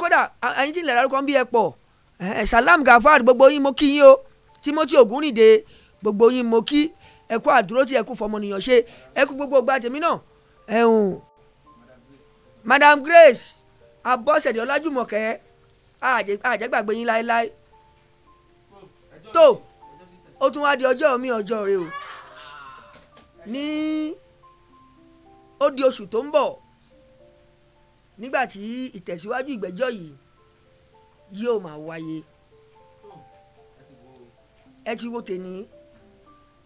kódà ẹ̀yin tí ń lẹ̀ dárúkọ bí ẹ pọ̀ Salam Gafar gbogbo yín mo kí yín o Timothy Ogunride gbogbo yín mo kí ẹ kú àdúró tí ẹ kú fọmọnìyàn ṣe ẹ gbogbo ọgbà tèmi náà ẹ̀hún Madam Grace Abọ́sẹ̀dé Ọlájùmọ̀kẹ́ àjẹgbàgbé yín láéláé tó ó tún wá di ọjọ́ mi ọjọ́ rẹ o. ní ó di oṣù tó ń bọ̀ nígbà tí ìtẹ̀síwájú ìgbẹ́jọ́ yìí yóò máa wáyé ẹ ti wo tèmi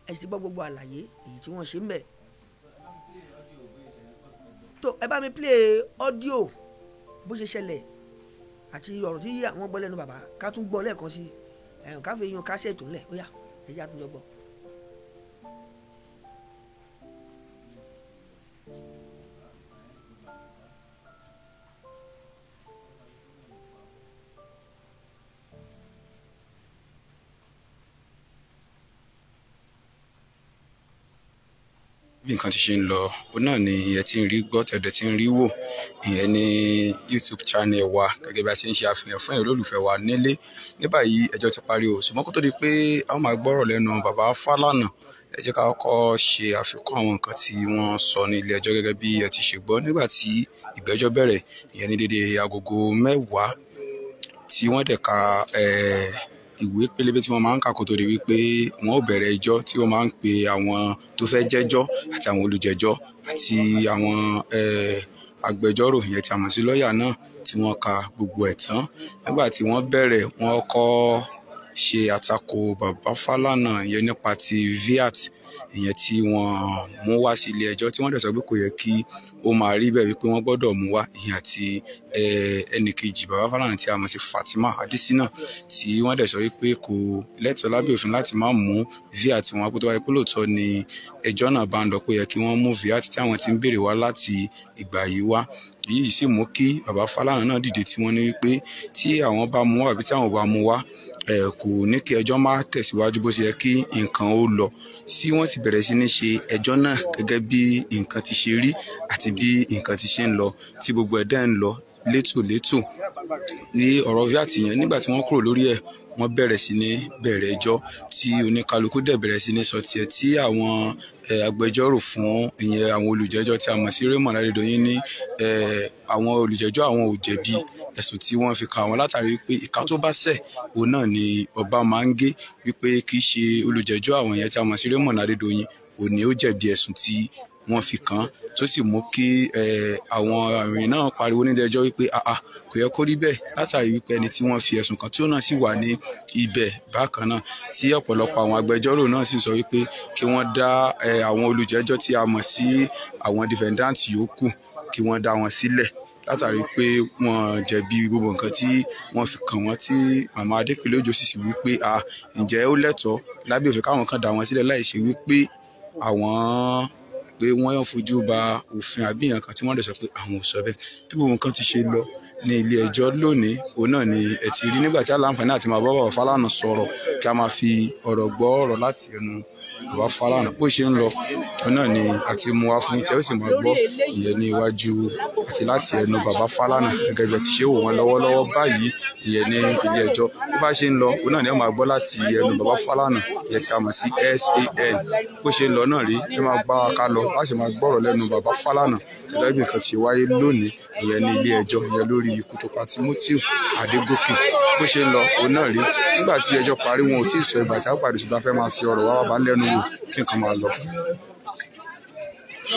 ẹ ti gbọ́ gbogbo àlàyé èyí tí wọ́n ṣe ń bẹ̀ tó ẹ bá mi play audio bó ṣe ṣẹlẹ̀ àti ọ̀rọ̀ tí àwọn gbọ́ lẹ́nu bàbá ká tún gbọ́ lẹ́ẹ̀kan sí ẹ̀hún ká fi yan kásẹ̀tù ńlẹ̀ ó yá ẹ jẹ́ àtúnjọ gbọ́. bí nǹkan ti ṣe ń lọ òun náà ni ẹ ti ń rí gbọ́ tẹ̀dọ̀ ti ń rí wò ìyẹn ní YouTube channel wa gẹ́gẹ́ bí a ti ń ṣe àfihàn fún ẹ̀rọ olùfẹ́ wa nílé ní báyìí ẹjọ́ ti parí o ṣùgbọ́n kó tó di pé a máa gbọ́rọ̀ lẹ́nu bàbá Fálànà ẹ jẹ́ ká kọ́kọ́ ṣe àfikún àwọn nǹkan tí wọ́n sọ ní ilé ẹjọ́ gẹ́gẹ́ bí ẹ ti ṣe gbọ́ nígbà tí ìgbẹ́jọ́ bẹ̀rẹ̀ ìyẹn ní dédé agogo mẹ́wàá tí wọ́n dẹ̀ ka ẹ̀ẹ́ ìwé pélébé tí wọ́n máa ń kà kó tó di wípé wọ́n ó bẹ̀rẹ̀ ẹjọ́ tí wọ́n máa ń pe àwọn tó fẹ́ jẹ́jọ́ àti àwọn olùjẹ́jọ́ àti àwọn agbẹjọ́rò yẹn tí a sí lọ́ọ̀yà náà tí wọ́n ka gbogbo ẹ̀ tán nígbà tí wọ́n bẹ̀rẹ̀ wọ́n kọ́ ṣe àtakò bàbá Fálànà ìyẹn nípa ti viat ìyẹn tí wọ́n mú wá sí ilé ẹjọ́ tí wọ́n dẹ̀ sọ pé kò yẹ kí ó máa rí bẹ́ẹ̀ wípé wọ́n gbọ́dọ̀ mú wá ìyẹn àti ẹnìkejì bàbá Fálànà tí a mọ̀ sí Fatima Adesina tí wọ́n dẹ̀ sọ wípé kò lẹ́tọ̀ọ́ lábẹ́ òfin láti má mú viat wọn pé tó wáyé pé lóòótọ́ ni ẹjọ́ náà bá ń lọ pé yẹ kí wọ́n mú viat tí àwọn ti ń béèrè wá láti ìgbà yìí wá yìí sì mú kí bàbá Fálànà náà dìde tí wọ́n ní wípé tí àwọn bá mú wá àbí tí àwọn bá mú wá ẹ kò ní kí ẹjọ́ máa tẹ̀síwájú bó ṣe yẹ kí nǹkan ó lọ sí wọ́n sì bẹ̀rẹ̀ sí ní ṣe ẹjọ́ náà gẹ́gẹ́ bí nǹkan ti ṣe rí àti bí nǹkan ti ṣe ń lọ tí gbogbo ẹ̀dá ń lọ létòlétò ní ọ̀rọ̀ vat yẹn nígbà tí wọ́n kúrò lórí ẹ̀ wọ́n bẹ̀rẹ̀ sí ní bẹ̀rẹ̀ ẹjọ́ tí oníkálukú dẹ̀ bẹ̀rẹ̀ sí ní sọ tiẹ̀ tí àwọn agbẹjọ́rò fún ìyẹn àwọn olùjẹ́jọ́ tí a mọ̀ sí Raymond Adedoyin ní àwọn olùjẹ́jọ́ àwọn ò jẹ̀bi ẹ̀sùn tí wọ́n fi kàn wọ́n látàrí pé ìka tó bá ṣẹ̀ òun náà ni ọba máa ń gé wípé kì í ṣe olùjẹ́jọ́ àwọn yẹn tí a mọ̀ sí Raymond Adédoyin òun ni ó jẹ̀bi ẹ̀sùn tí wọ́n fi kàn án tó sì mú kí àwọn ìrìn náà pariwo nídẹ̀ẹ́jọ́ wípé àà kò yẹ kó rí bẹ́ẹ̀ látàrí wípé ẹni tí wọ́n fi ẹ̀sùn kàn tí ó náà sì wà ní ibẹ̀ bákan náà tí ọ̀pọ̀lọpọ̀ àwọn agbẹjọ́rò náà sì sọ wípé kí wọ́n dá àwọn olùjẹ́jọ́ tí a mọ̀ sí àwọn defendant yòókù kí wọ́n dá wọn sílẹ̀ látàrí pé wọ́n jẹ̀bi gbogbo nǹkan tí wọ́n fi kàn wọ́n tí màmá adépínlẹ òjò sì sì wí pé a ǹjẹ́ ó lẹ́tọ̀ọ́ lábẹ́ òfin káwọn kan dá wọn sílẹ̀ láì ṣe wí àwọn pé wọ́n yàn fojú ba òfin àbí nǹkan kan tí wọ́n lè sọ pé àwọn ò sọ bẹ́ẹ̀ bí gbogbo nǹkan ti ṣe lọ ní ilé ẹjọ́ lónìí òun náà ni ẹ ti rí nígbà tí aláǹfààní àti màá bá bàbá Fálànà sọ̀rọ̀ kí a máa fi ọ̀rọ̀ gbọ́ ọ̀rọ̀ láti ẹnu àwa Falana bó ṣe ń lọ náà ni a ti mú wa fún tí ó sì máa gbọ́ ìyẹn ní iwájú àti láti ẹnu bàbá Falana gẹ́gẹ́ bí a ti ṣe wò wọ́n lọ́wọ́lọ́wọ́ báyìí ìyẹn ní ilé ẹjọ́ bó bá ṣe ń lọ náà ni ẹ máa gbọ́ láti ẹnu bàbá Falana ìyẹn tí a mọ̀ sí SAN bó ṣe ń lọ náà rí ẹ máa gbá wa ká lọ láti máa gbọ́rọ̀ lẹ́nu bàbá Falana gẹ́gẹ́ bí nǹkan ti wáyé lónìí ìyẹn ní ilé ẹjọ́ ìyẹn lórí ikú tó bó ṣe ń lọ òun náà rí nígbà tí ẹjọ́ parí wọn ò tí ì sọ ìgbà tí a pàdé ṣùgbọ́n a fẹ́ máa fi ọ̀rọ̀ wá wà bá lẹ́nu mí que ah, We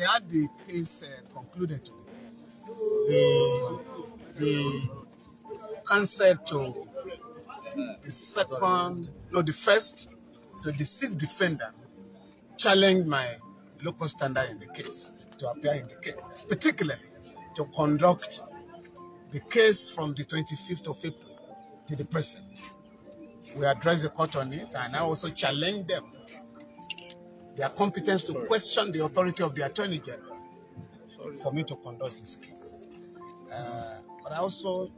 had the case uh, concluded today. The the counsel to the second, no, the first to the sixth defendant challenged my local standard in the case, to appear in the case, particularly to conduct the case from the 25th of April to the present. We addressed the court on it, and I also challenged them their competence to Sorry. question the authority of the Attorney General Sorry. for me to conduct this case. Uh, but I also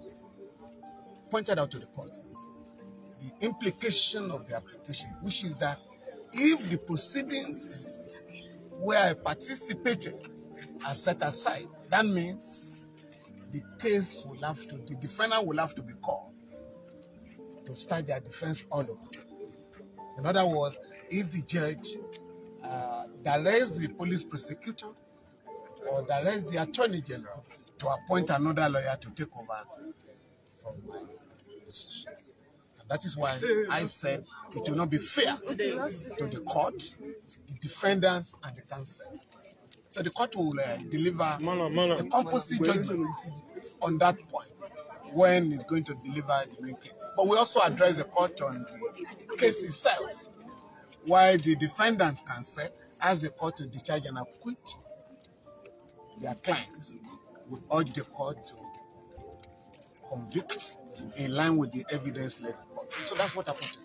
pointed out to the court the implication of the application, which is that if the proceedings where I participated are set aside, that means the case will have to, the defendant will have to be called to start their defense all over. In other words, if the judge uh, directs the police prosecutor or directs the attorney general to appoint another lawyer to take over from my position. That is why I said it will not be fair to the court, the defendants, and the counsel. So the court will uh, deliver a composite judgment on that point when it's going to deliver the main But we also address the court on the case itself, why the defendants counsel ask the court to discharge and acquit their clients. We urge the court to convict in line with the evidence letter. So that's what happened.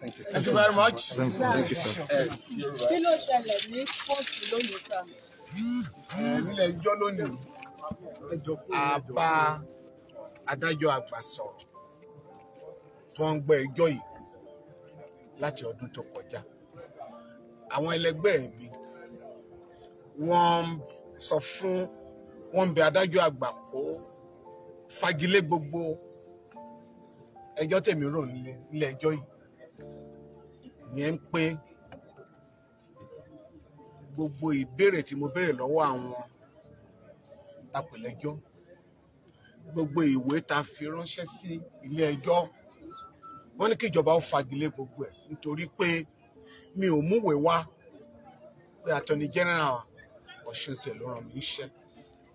Thank you, Thank you very much. Thank you, sir. Eh, Kí ló ṣẹlẹ̀ ní kóòtù lónìí sá? Eh, Nílẹ̀ ẹjọ́ lónìí, àbá adájọ́ àgbà sọ̀rọ̀ tó ń gbọ́ ẹjọ́ yìí láti ọdún tó kọjá. Àwọn ẹlẹgbẹ́ mi wọ́n sọ fún wọ́n bẹ adájọ́ àgbà kó fagilé gbogbo ẹjọ́ tèmi rò nílé ẹjọ́ yìí yẹn ń pé gbogbo ìbéèrè tí mo béèrè lọ́wọ́ àwọn apẹ̀lẹ́jọ́ gbogbo ìwé ta fi ránṣẹ́ sí ilé ẹjọ́ wọ́n ní kí ìjọba ó fagilé gbogbo ẹ̀ nítorí pé mi ò múwèé wá pé attorney general Ọ̀ṣun tẹ̀ ló ràn mí iṣẹ́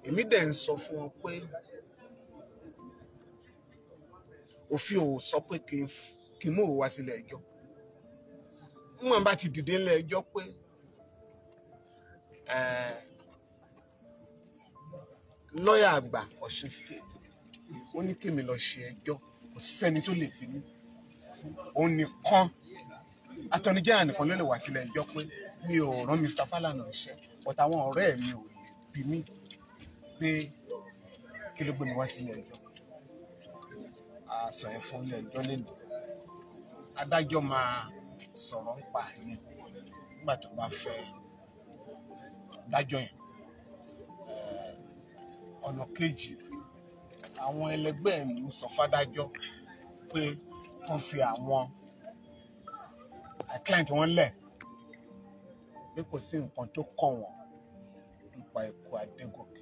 èmi dẹ̀ ń sọ fún wọn pé òfin ò sọ pé kí n mú òun wá sílé ẹjọ́ wọn bá ti dìde nílé ẹjọ́ pé lọ́ọ̀yà àgbà Ọ̀ṣun state ó ní kí mi lọ ṣe ẹjọ́ kò sẹ́ni tó lè bínú òun nìkan attorney general nìkan ló lè wá sílé ẹjọ́ pé mi ò rán Mr. Falana iṣẹ́ but ọ̀rẹ́ mi ò bí mi pé kí ló gbé mi wá sílé ẹjọ́ àṣọ yẹn fún ilé ẹjọ́ lẹ́nu adájọ́ máa sọ̀rọ̀ ń pa yẹn nígbà tó bá fẹ́ dájọ́ yẹn ọ̀nà kejì àwọn ẹlẹgbẹ́ ìlú sọ fádájọ́ pé wọ́n fi àwọn client wọn lẹ̀ pé kò sí nǹkan tó kàn wọ́n nípa ikú Adégòkè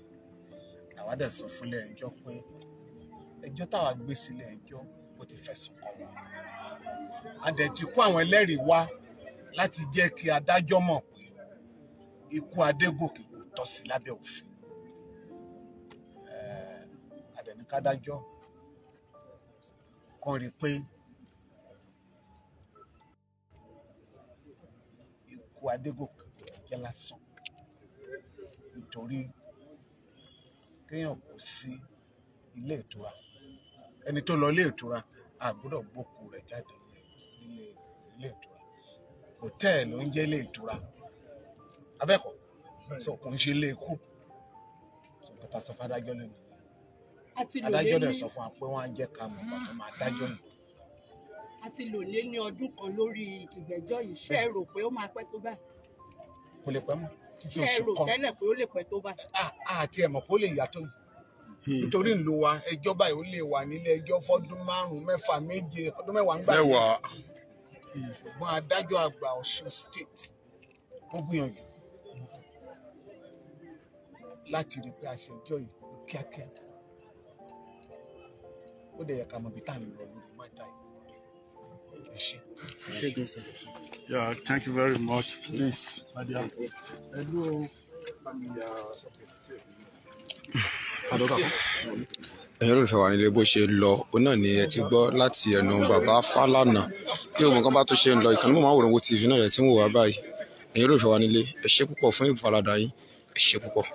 àwa dẹ̀ sọ fúnlẹ̀ ẹjọ́ pé ẹjọ́ táwa gbé sílẹ̀ ẹjọ́ ó ti fẹ̀sùn kàn wọ́n a dẹ̀ ti kó àwọn ẹlẹ́rìí wá láti jẹ́ kí adájọ́ mọ̀ pé ikú Adégòkè kò tọ́ sí lábẹ́ òfin a kan rí pé ikú Adégòkè kò jẹ́ lásán nítorí kéèyàn kò sí ilé ìtura ẹni tó lọ ilé ìtura àgbọ́dọ̀ gbókù rẹ̀ jáde nílé ilé ìtura hòtẹ́ẹ̀lì ló ń jẹ́ ilé ìtura abẹ́kọ̀ so kò ń ṣe ilé ikú so tọ́ta sọ fún adájọ́ lẹ́nu adájọ́ lẹ́nu sọ fún wa pé wọ́n á jẹ́ ká mọ̀ pàtó máa dájọ́ nù. a ti lò lé ní ọdún kan lórí ìgbẹ́jọ́ yìí ṣé ẹ rò pé ó máa pẹ́ tó báyìí. kò lè pẹ́ mọ́ títí oṣù kan ṣé ẹ rò tẹ́lẹ̀ pé ó lè pẹ́ tó báyìí. àti ẹ̀mọ̀ kó lè yàtọ̀ yìí nítorí ìlú wa ẹjọ́ báyìí ó lè wà nílé ẹjọ́ fọ́dún márùn-ún mẹ́fà méje ọdún mẹ́wàá ń gbà mẹ́wàá ṣùgbọ́n adájọ́ àgbà Ọ̀ṣun state ó gbìyànjú láti rí pé àṣẹjọ́ yìí kíákíá ó dẹ̀ yẹ ká mọ̀ bí tá à ń lọ lórí mẹ́ta yìí. Yeah, thank you very much. Please, ẹ̀yin olùfẹ́ wa nílé bó ṣe lọ òun náà ni ẹ ti gbọ́ láti ẹnu bàbá Fálànà bí ogun kan bá tó ṣe ń lọ ìkànnì mọ̀mọ́ àwòrán wo TV náà ẹ̀ tí ń wò wá báyìí ẹ̀yin olùfẹ́ wa nílé ẹ púpọ̀ fún ìfaradà yín ẹ púpọ̀.